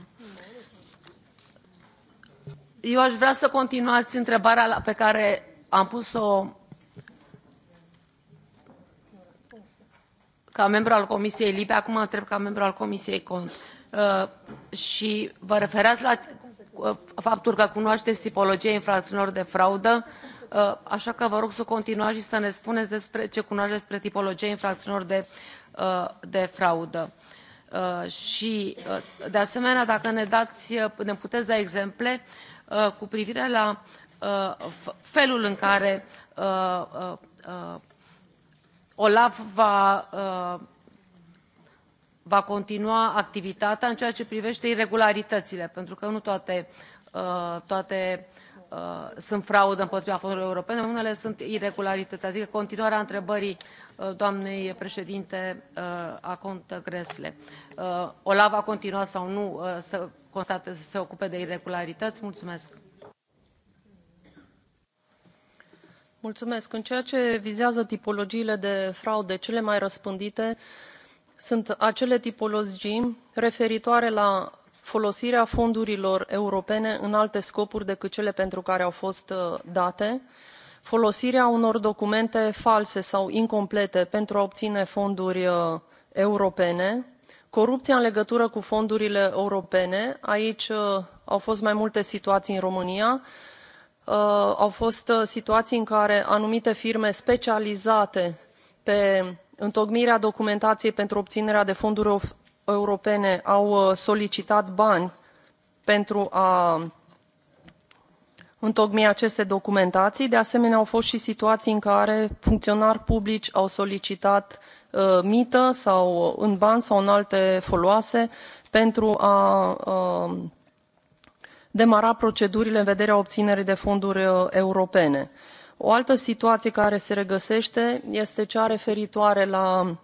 eu aș vrea să continuați întrebarea pe care am pus-o ca membru al Comisiei Libe, acum întreb ca membru al Comisiei Cont. Uh, și vă referați la uh, faptul că cunoașteți tipologia infracțiunilor de fraudă, uh, așa că vă rog să continuați și să ne spuneți despre ce cunoașteți despre tipologia infracțiunilor de, uh, de fraudă. Uh, și, uh, de asemenea, dacă ne, dați, ne puteți da exemple cu privire la Uh, felul în care uh, uh, olaf va, va continua activitatea în ceea ce privește irregularitățile, pentru că nu toate, toate sunt fraudă împotriva fondurilor europene unele sunt irregularități. adică continuarea întrebării doamnei președinte a contă Gresle. olaf va continua sau nu să constate să se ocupe de irregularități. mulțumesc. Mulțumesc. În ceea ce vizează tipologiile de fraude cele mai răspândite, sunt acele tipologii referitoare la folosirea fondurilor europene în alte scopuri decât cele pentru care au fost uh, date folosirea unor documente false sau incomplete pentru a obține fonduri uh, europene corupția în legătură cu fondurile europene aici uh, au fost mai multe situații în românia și Uh, au fost uh, situații în care anumite firme specializate pe întocmirea documentației pentru obținerea de fonduri europene au uh, solicitat bani pentru a întocmi aceste documentații. De asemenea, au fost și situații în care funcționari publici au solicitat uh, mită sau în bani sau în alte foloase pentru a uh, demara procedurile în vederea obținerii de fonduri uh, europene. o altă situație care se regăsește este cea referitoare la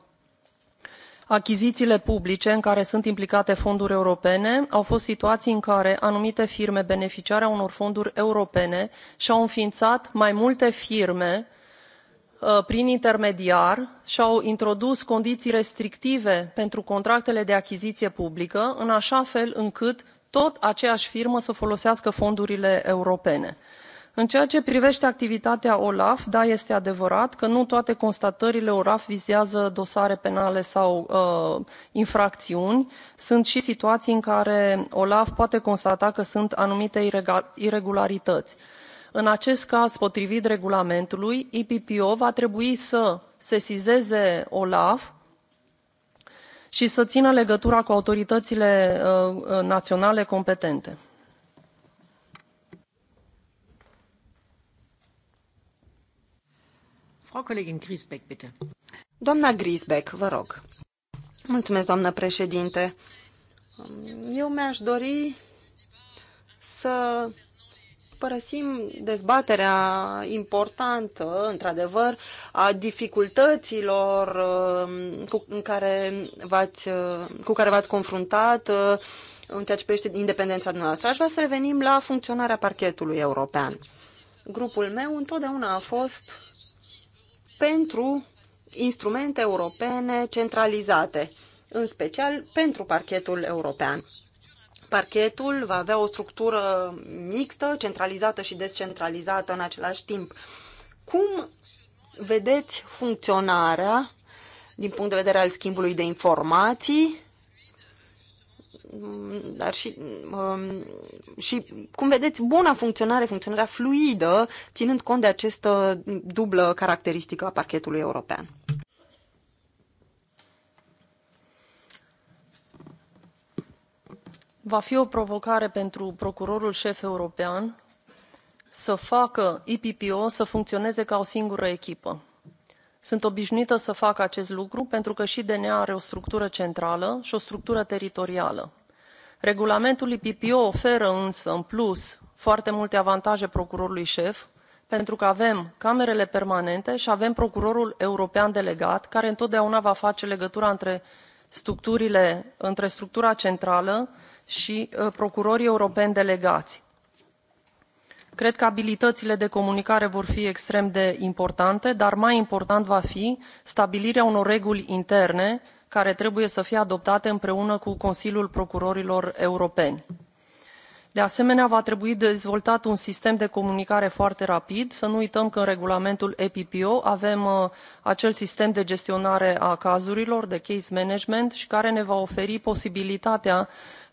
achizițiile publice în care sunt implicate fonduri europene au fost situații în care anumite firme beneficiare ale unor fonduri europene și au înființat mai multe firme uh, prin intermediar și au introdus condiții restrictive pentru contractele de achiziție publică în așa fel încât tot aceeași firmă să folosească fondurile europene. În ceea ce privește activitatea OLAF, da, este adevărat că nu toate constatările OLAF vizează dosare penale sau uh, infracțiuni. Sunt și situații în care OLAF poate constata că sunt anumite iregularități. În acest caz, potrivit regulamentului, IPPO va trebui să sesizeze OLAF și să țină legătura cu autoritățile uh, uh, naționale competente. Doamnă Griesbeck, Doamna vă rog. Mulțumesc, doamnă președinte. Eu mi-aș dori să părăsim dezbaterea importantă, într-adevăr, a dificultăților um, cu care v-ați, uh, cu care v-ați confruntat uh, în ceea ce privește independența noastră. Aș vrea să revenim la funcționarea parchetului european. Grupul meu întotdeauna a fost pentru instrumente europene centralizate, în special pentru parchetul european. Parchetul va avea o structură mixtă, centralizată și descentralizată în același timp. Cum vedeți funcționarea din punct de vedere al schimbului de informații, dar și, um, și cum vedeți buna funcționare, funcționarea fluidă, ținând cont de această dublă caracteristică a parchetului european. va fi o provocare pentru procurorul șef european să facă eppo să funcționeze ca o singură echipă. sunt obișnuită să fac acest lucru pentru că și dna are o structură centrală și o structură teritorială. regulamentul eppo oferă însă în plus foarte multe avantaje procurorului șef pentru că avem camerele permanente și avem procurorul european delegat care întotdeauna va face legătura între structurile între structura centrală și uh, procurorii europeni delegați. Cred că abilitățile de comunicare vor fi extrem de importante, dar mai important va fi stabilirea unor reguli interne care trebuie să fie adoptate împreună cu Consiliul Procurorilor Europeni. De asemenea, va trebui dezvoltat un sistem de comunicare foarte rapid. Să nu uităm că în regulamentul EPPO avem uh, acel sistem de gestionare a cazurilor, de case management, și care ne va oferi posibilitatea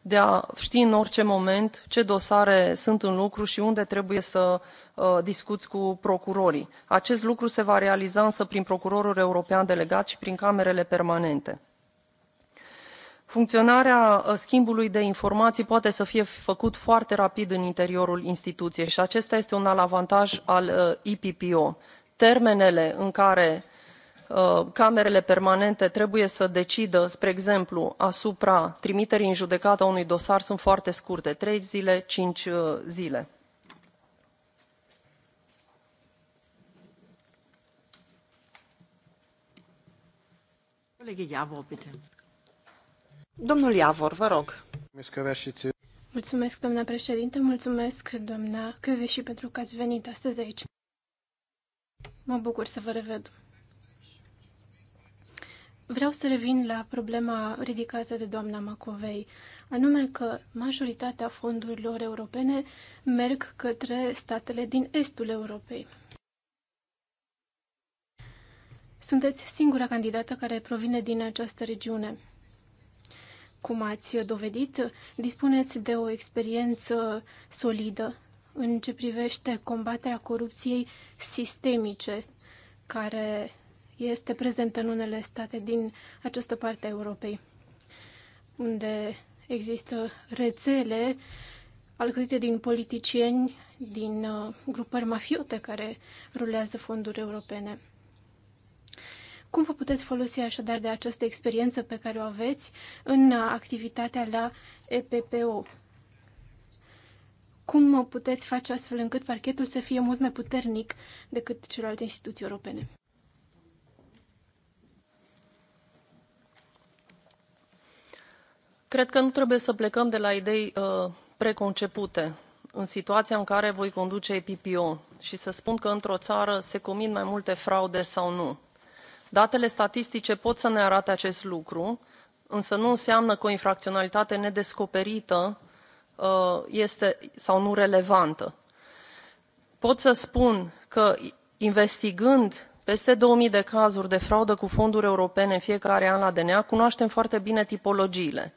de a ști în orice moment ce dosare sunt în lucru și unde trebuie să uh, discuți cu procurorii. Acest lucru se va realiza însă prin procurorul european delegat și prin camerele permanente. Funcționarea uh, schimbului de informații poate să fie făcut foarte rapid în interiorul instituției și acesta este un alavantaj al uh, IPPO. Termenele în care Uh, camerele permanente trebuie să decidă spre exemplu asupra trimiterii în judecată a unui dosar sunt foarte scurte trei zile cinci uh, zile. Domnul Iavor, vă rog. Mulțumesc, doamna președinte, mulțumesc, doamna Căveși, pentru că ați venit astăzi aici. Mă bucur să vă revăd. Vreau să revin la problema ridicată de doamna Macovei, anume că majoritatea fondurilor europene merg către statele din estul Europei. Sunteți singura candidată care provine din această regiune. Cum ați dovedit, dispuneți de o experiență solidă în ce privește combaterea corupției sistemice, care este prezentă în unele state din această parte a Europei, unde există rețele alcătuite din politicieni, din uh, grupări mafiote care rulează fonduri europene. Cum vă puteți folosi așadar de această experiență pe care o aveți în uh, activitatea la EPPO? Cum uh, puteți face astfel încât parchetul să fie mult mai puternic decât celelalte instituții europene? cred că nu trebuie să plecăm de la idei uh, preconcepute în situația în care voi conduce eppo și să spun că într o țară se comit mai multe fraude sau nu. datele statistice pot să ne arate acest lucru însă nu înseamnă că o infracționalitate nedescoperită uh, este sau nu relevantă. pot să spun că investigând peste 2.000 de cazuri de fraudă cu fonduri europene în fiecare an la dna cunoaștem foarte bine tipologiile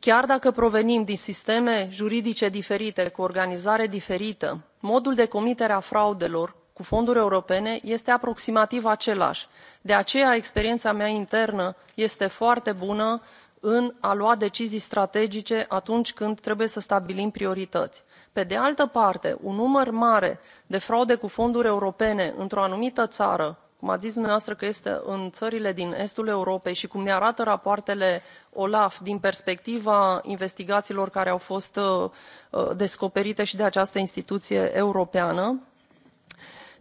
chiar dacă provenim din sisteme juridice diferite cu organizare diferită modul de comitere a fraudelor cu fonduri europene este aproximativ același de aceea experiența mea internă este foarte bună în a lua decizii strategice atunci când trebuie să stabilim priorități. pe de altă parte un număr mare de fraude cu fonduri europene într o anumită țară cum ați zis dumneavoastră că este în țările din estul europei și cum ne arată rapoartele olaf din perspectiva investigațiilor care au fost uh, uh, descoperite și de această instituție europeană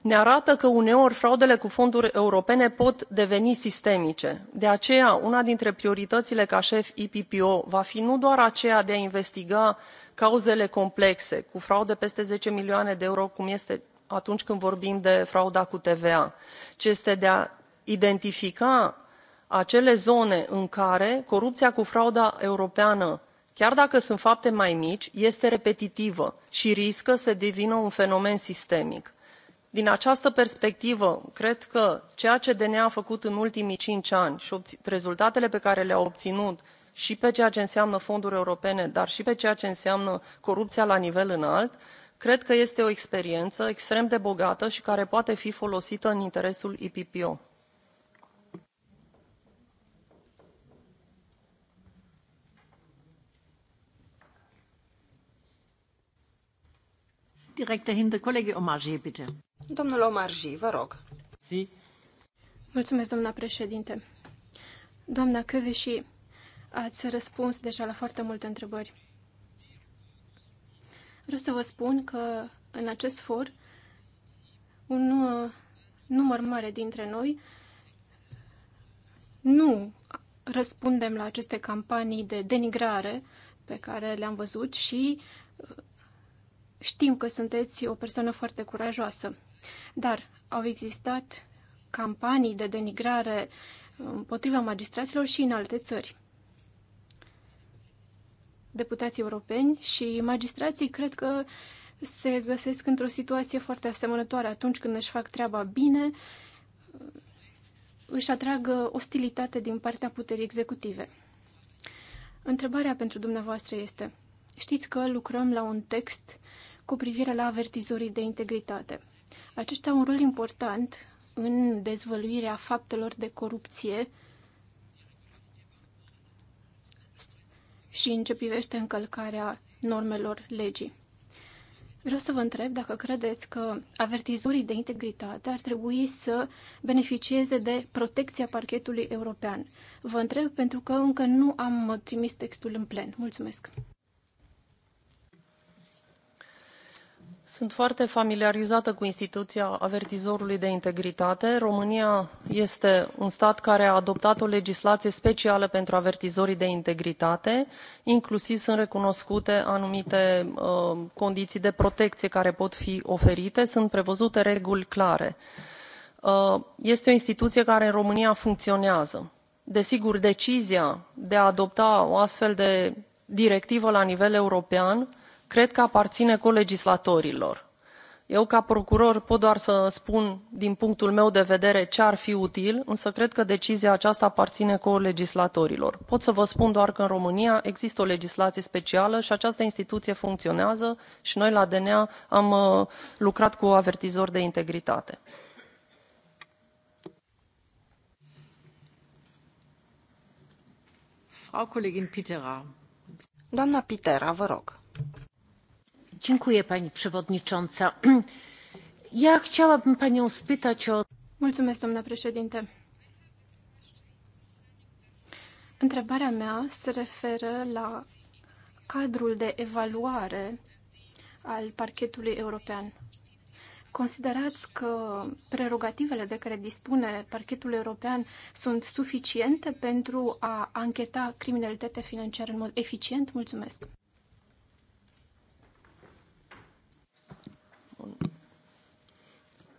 ne arată că uneori fraudele cu fonduri europene pot deveni sistemice de aceea una dintre prioritățile ca șef eppo va fi nu doar aceea de a investiga cauzele complexe cu fraude peste zece milioane de euro cum este atunci când vorbim de frauda cu TVA, ci este de a identifica acele zone în care corupția cu frauda europeană, chiar dacă sunt fapte mai mici, este repetitivă și riscă să devină un fenomen sistemic. Din această perspectivă, cred că ceea ce DNA a făcut în ultimii cinci ani și rezultatele pe care le-a obținut și pe ceea ce înseamnă fonduri europene, dar și pe ceea ce înseamnă corupția la nivel înalt, cred că este o experiență extrem de bogată și care poate fi folosită în interesul eppo. Direct dahinter, colegi, Omarjee, bitte. Domnul Omarjee, vă rog. Si. Mulțumesc, doamna președinte. Doamna Căveși, ați răspuns deja la foarte multe întrebări. Vreau să vă spun că în acest for un uh, număr mare dintre noi nu răspundem la aceste campanii de denigrare pe care le-am văzut și uh, știm că sunteți o persoană foarte curajoasă. Dar au existat campanii de denigrare împotriva magistraților și în alte țări deputații europeni și magistrații cred că se găsesc într-o situație foarte asemănătoare atunci când își fac treaba bine, își atragă ostilitate din partea puterii executive. Întrebarea pentru dumneavoastră este, știți că lucrăm la un text cu privire la avertizorii de integritate. Aceștia au un rol important în dezvăluirea faptelor de corupție și în ce privește încălcarea normelor legii. Vreau să vă întreb dacă credeți că avertizorii de integritate ar trebui să beneficieze de protecția parchetului european. Vă întreb pentru că încă nu am trimis textul în plen. Mulțumesc! Sunt foarte familiarizată cu instituția avertizorului de integritate. România este un stat care a adoptat o legislație specială pentru avertizorii de integritate, inclusiv sunt recunoscute anumite uh, condiții de protecție care pot fi oferite, sunt prevăzute reguli clare. Uh, este o instituție care în România funcționează. Desigur, decizia de a adopta o astfel de directivă la nivel european cred că aparține colegislatorilor. eu ca procuror pot doar să spun din punctul meu de vedere ce ar fi util însă cred că decizia aceasta aparține colegislatorilor. pot să vă spun doar că în românia există o legislație specială și această instituție funcționează și noi la dna am uh, lucrat cu avertizori de integritate. Frau Kollegin Pitera. Doamna Pitera, vă rog. Dziękuję pani președintă. <clears throat> Ja chciałabym panią spytać doamna Întrebarea mea se referă la cadrul de evaluare al parchetului european. Considerați că prerogativele de care dispune parchetul european sunt suficiente pentru a ancheta criminalitatea financiară în mod eficient? Mulțumesc!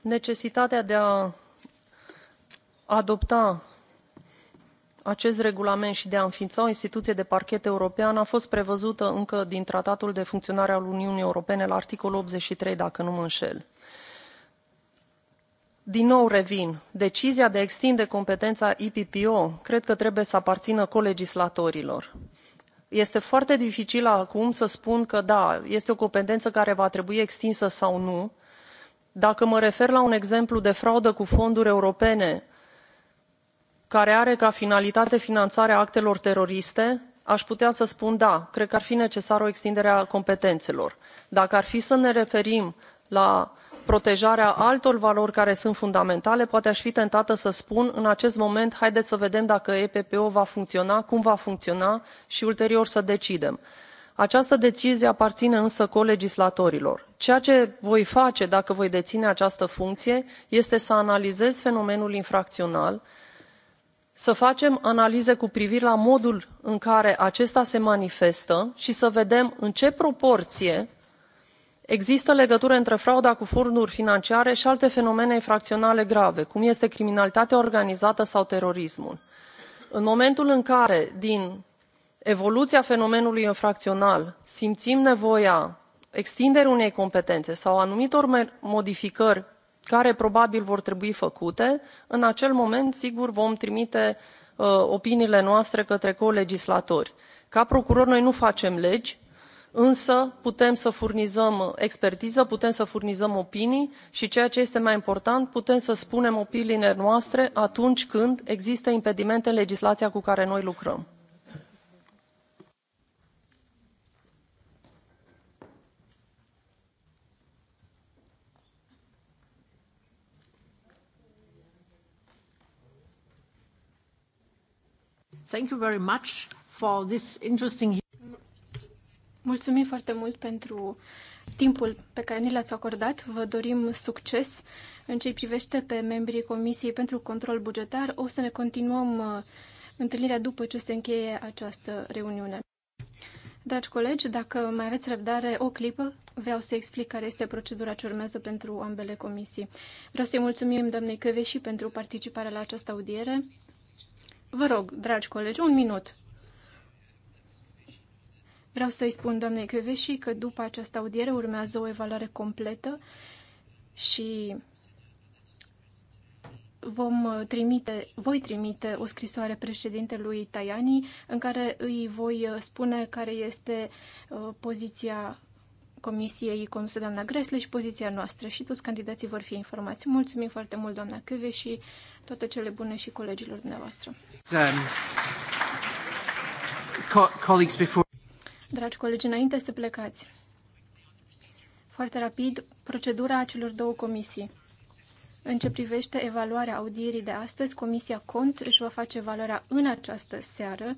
necesitatea de a adopta acest regulament și de a înființa o instituție de parchet european a fost prevăzută încă din tratatul de funcționare a uniunii europene la articolul optzeci și trei dacă nu mă înșel. din nou revin decizia de a extinde competența eppo cred că trebuie să aparțină colegislatorilor. este foarte dificil acum să spun că da este o competență care va trebui extinsă sau nu dacă mă refer la un exemplu de fraudă cu fonduri europene care are ca finalitate finanțarea actelor teroriste aș putea să spun da cred că ar fi necesară o extindere a competențelor. dacă ar fi să ne referim la protejarea altor valori care sunt fundamentale poate aș fi tentată să spun în acest moment haideți să vedem dacă eppo va funcționa cum va funcționa și ulterior să decidem această decizie aparține însă colegislatorilor. ceea ce voi face dacă voi deține această funcție este să analizez fenomenul infracțional să facem analize cu privire la modul în care acesta se manifestă și să vedem în ce proporție există legătură între frauda cu fonduri financiare și alte fenomene infracționale grave cum este criminalitatea organizată sau terorismul. în momentul în care din evoluția fenomenului infracțional simțim nevoia extinderii unei competențe sau a anumitor modificări care probabil vor trebui făcute în acel moment sigur vom trimite uh, opiniile noastre către colegislatori. ca procurori noi nu facem legi însă putem să furnizăm expertiză putem să furnizăm opinii și ceea ce este mai important putem să spunem opiniile noastre atunci când există impedimente în legislația cu care noi lucrăm. Thank you very much for this interesting... Mulțumim foarte mult pentru timpul pe care ni l-ați acordat. Vă dorim succes în ce privește pe membrii Comisiei pentru Control Bugetar. O să ne continuăm uh, întâlnirea după ce se încheie această reuniune. Dragi colegi, dacă mai aveți răbdare o clipă, vreau să explic care este procedura ce urmează pentru ambele comisii. Vreau să-i mulțumim doamnei Căveși pentru participarea la această audiere. Vă rog, dragi colegi, un minut. Vreau să-i spun doamnei Căveșii că după această audiere urmează o evaluare completă și vom trimite, voi trimite o scrisoare președintelui Tajani în care îi voi spune care este uh, poziția comisiei condusă doamna Gresle și poziția noastră și toți candidații vor fi informați. Mulțumim foarte mult, doamna Căve, și toate cele bune și colegilor dumneavoastră. Um, Dragi colegi, înainte să plecați, foarte rapid, procedura acelor două comisii. În ce privește evaluarea audierii de astăzi, Comisia Cont își va face evaluarea în această seară.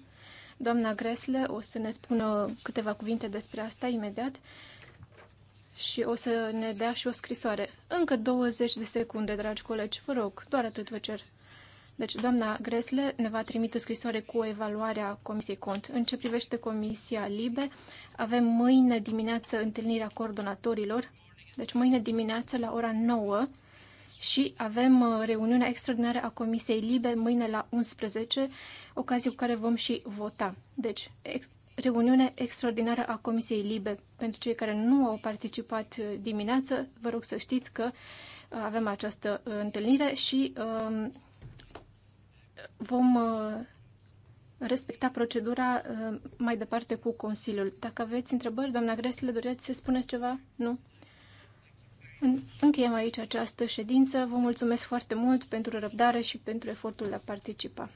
Doamna Gresle o să ne spună câteva cuvinte despre asta imediat și o să ne dea și o scrisoare. Încă 20 de secunde, dragi colegi, vă rog, doar atât vă cer. Deci, doamna Gresle ne va trimite o scrisoare cu evaluarea Comisiei Cont. În ce privește Comisia Libe, avem mâine dimineață întâlnirea coordonatorilor, deci mâine dimineață la ora 9 și avem uh, reuniunea extraordinară a Comisiei Libe mâine la 11, ocazie cu care vom și vota. Deci, reuniune extraordinară a Comisiei Libe. Pentru cei care nu au participat uh, dimineață, vă rog să știți că uh, avem această uh, întâlnire și um, vom respecta procedura mai departe cu Consiliul. Dacă aveți întrebări, doamna Gresle, doreți să spuneți ceva? Nu? Încheiem aici această ședință. Vă mulțumesc foarte mult pentru răbdare și pentru efortul de a participa.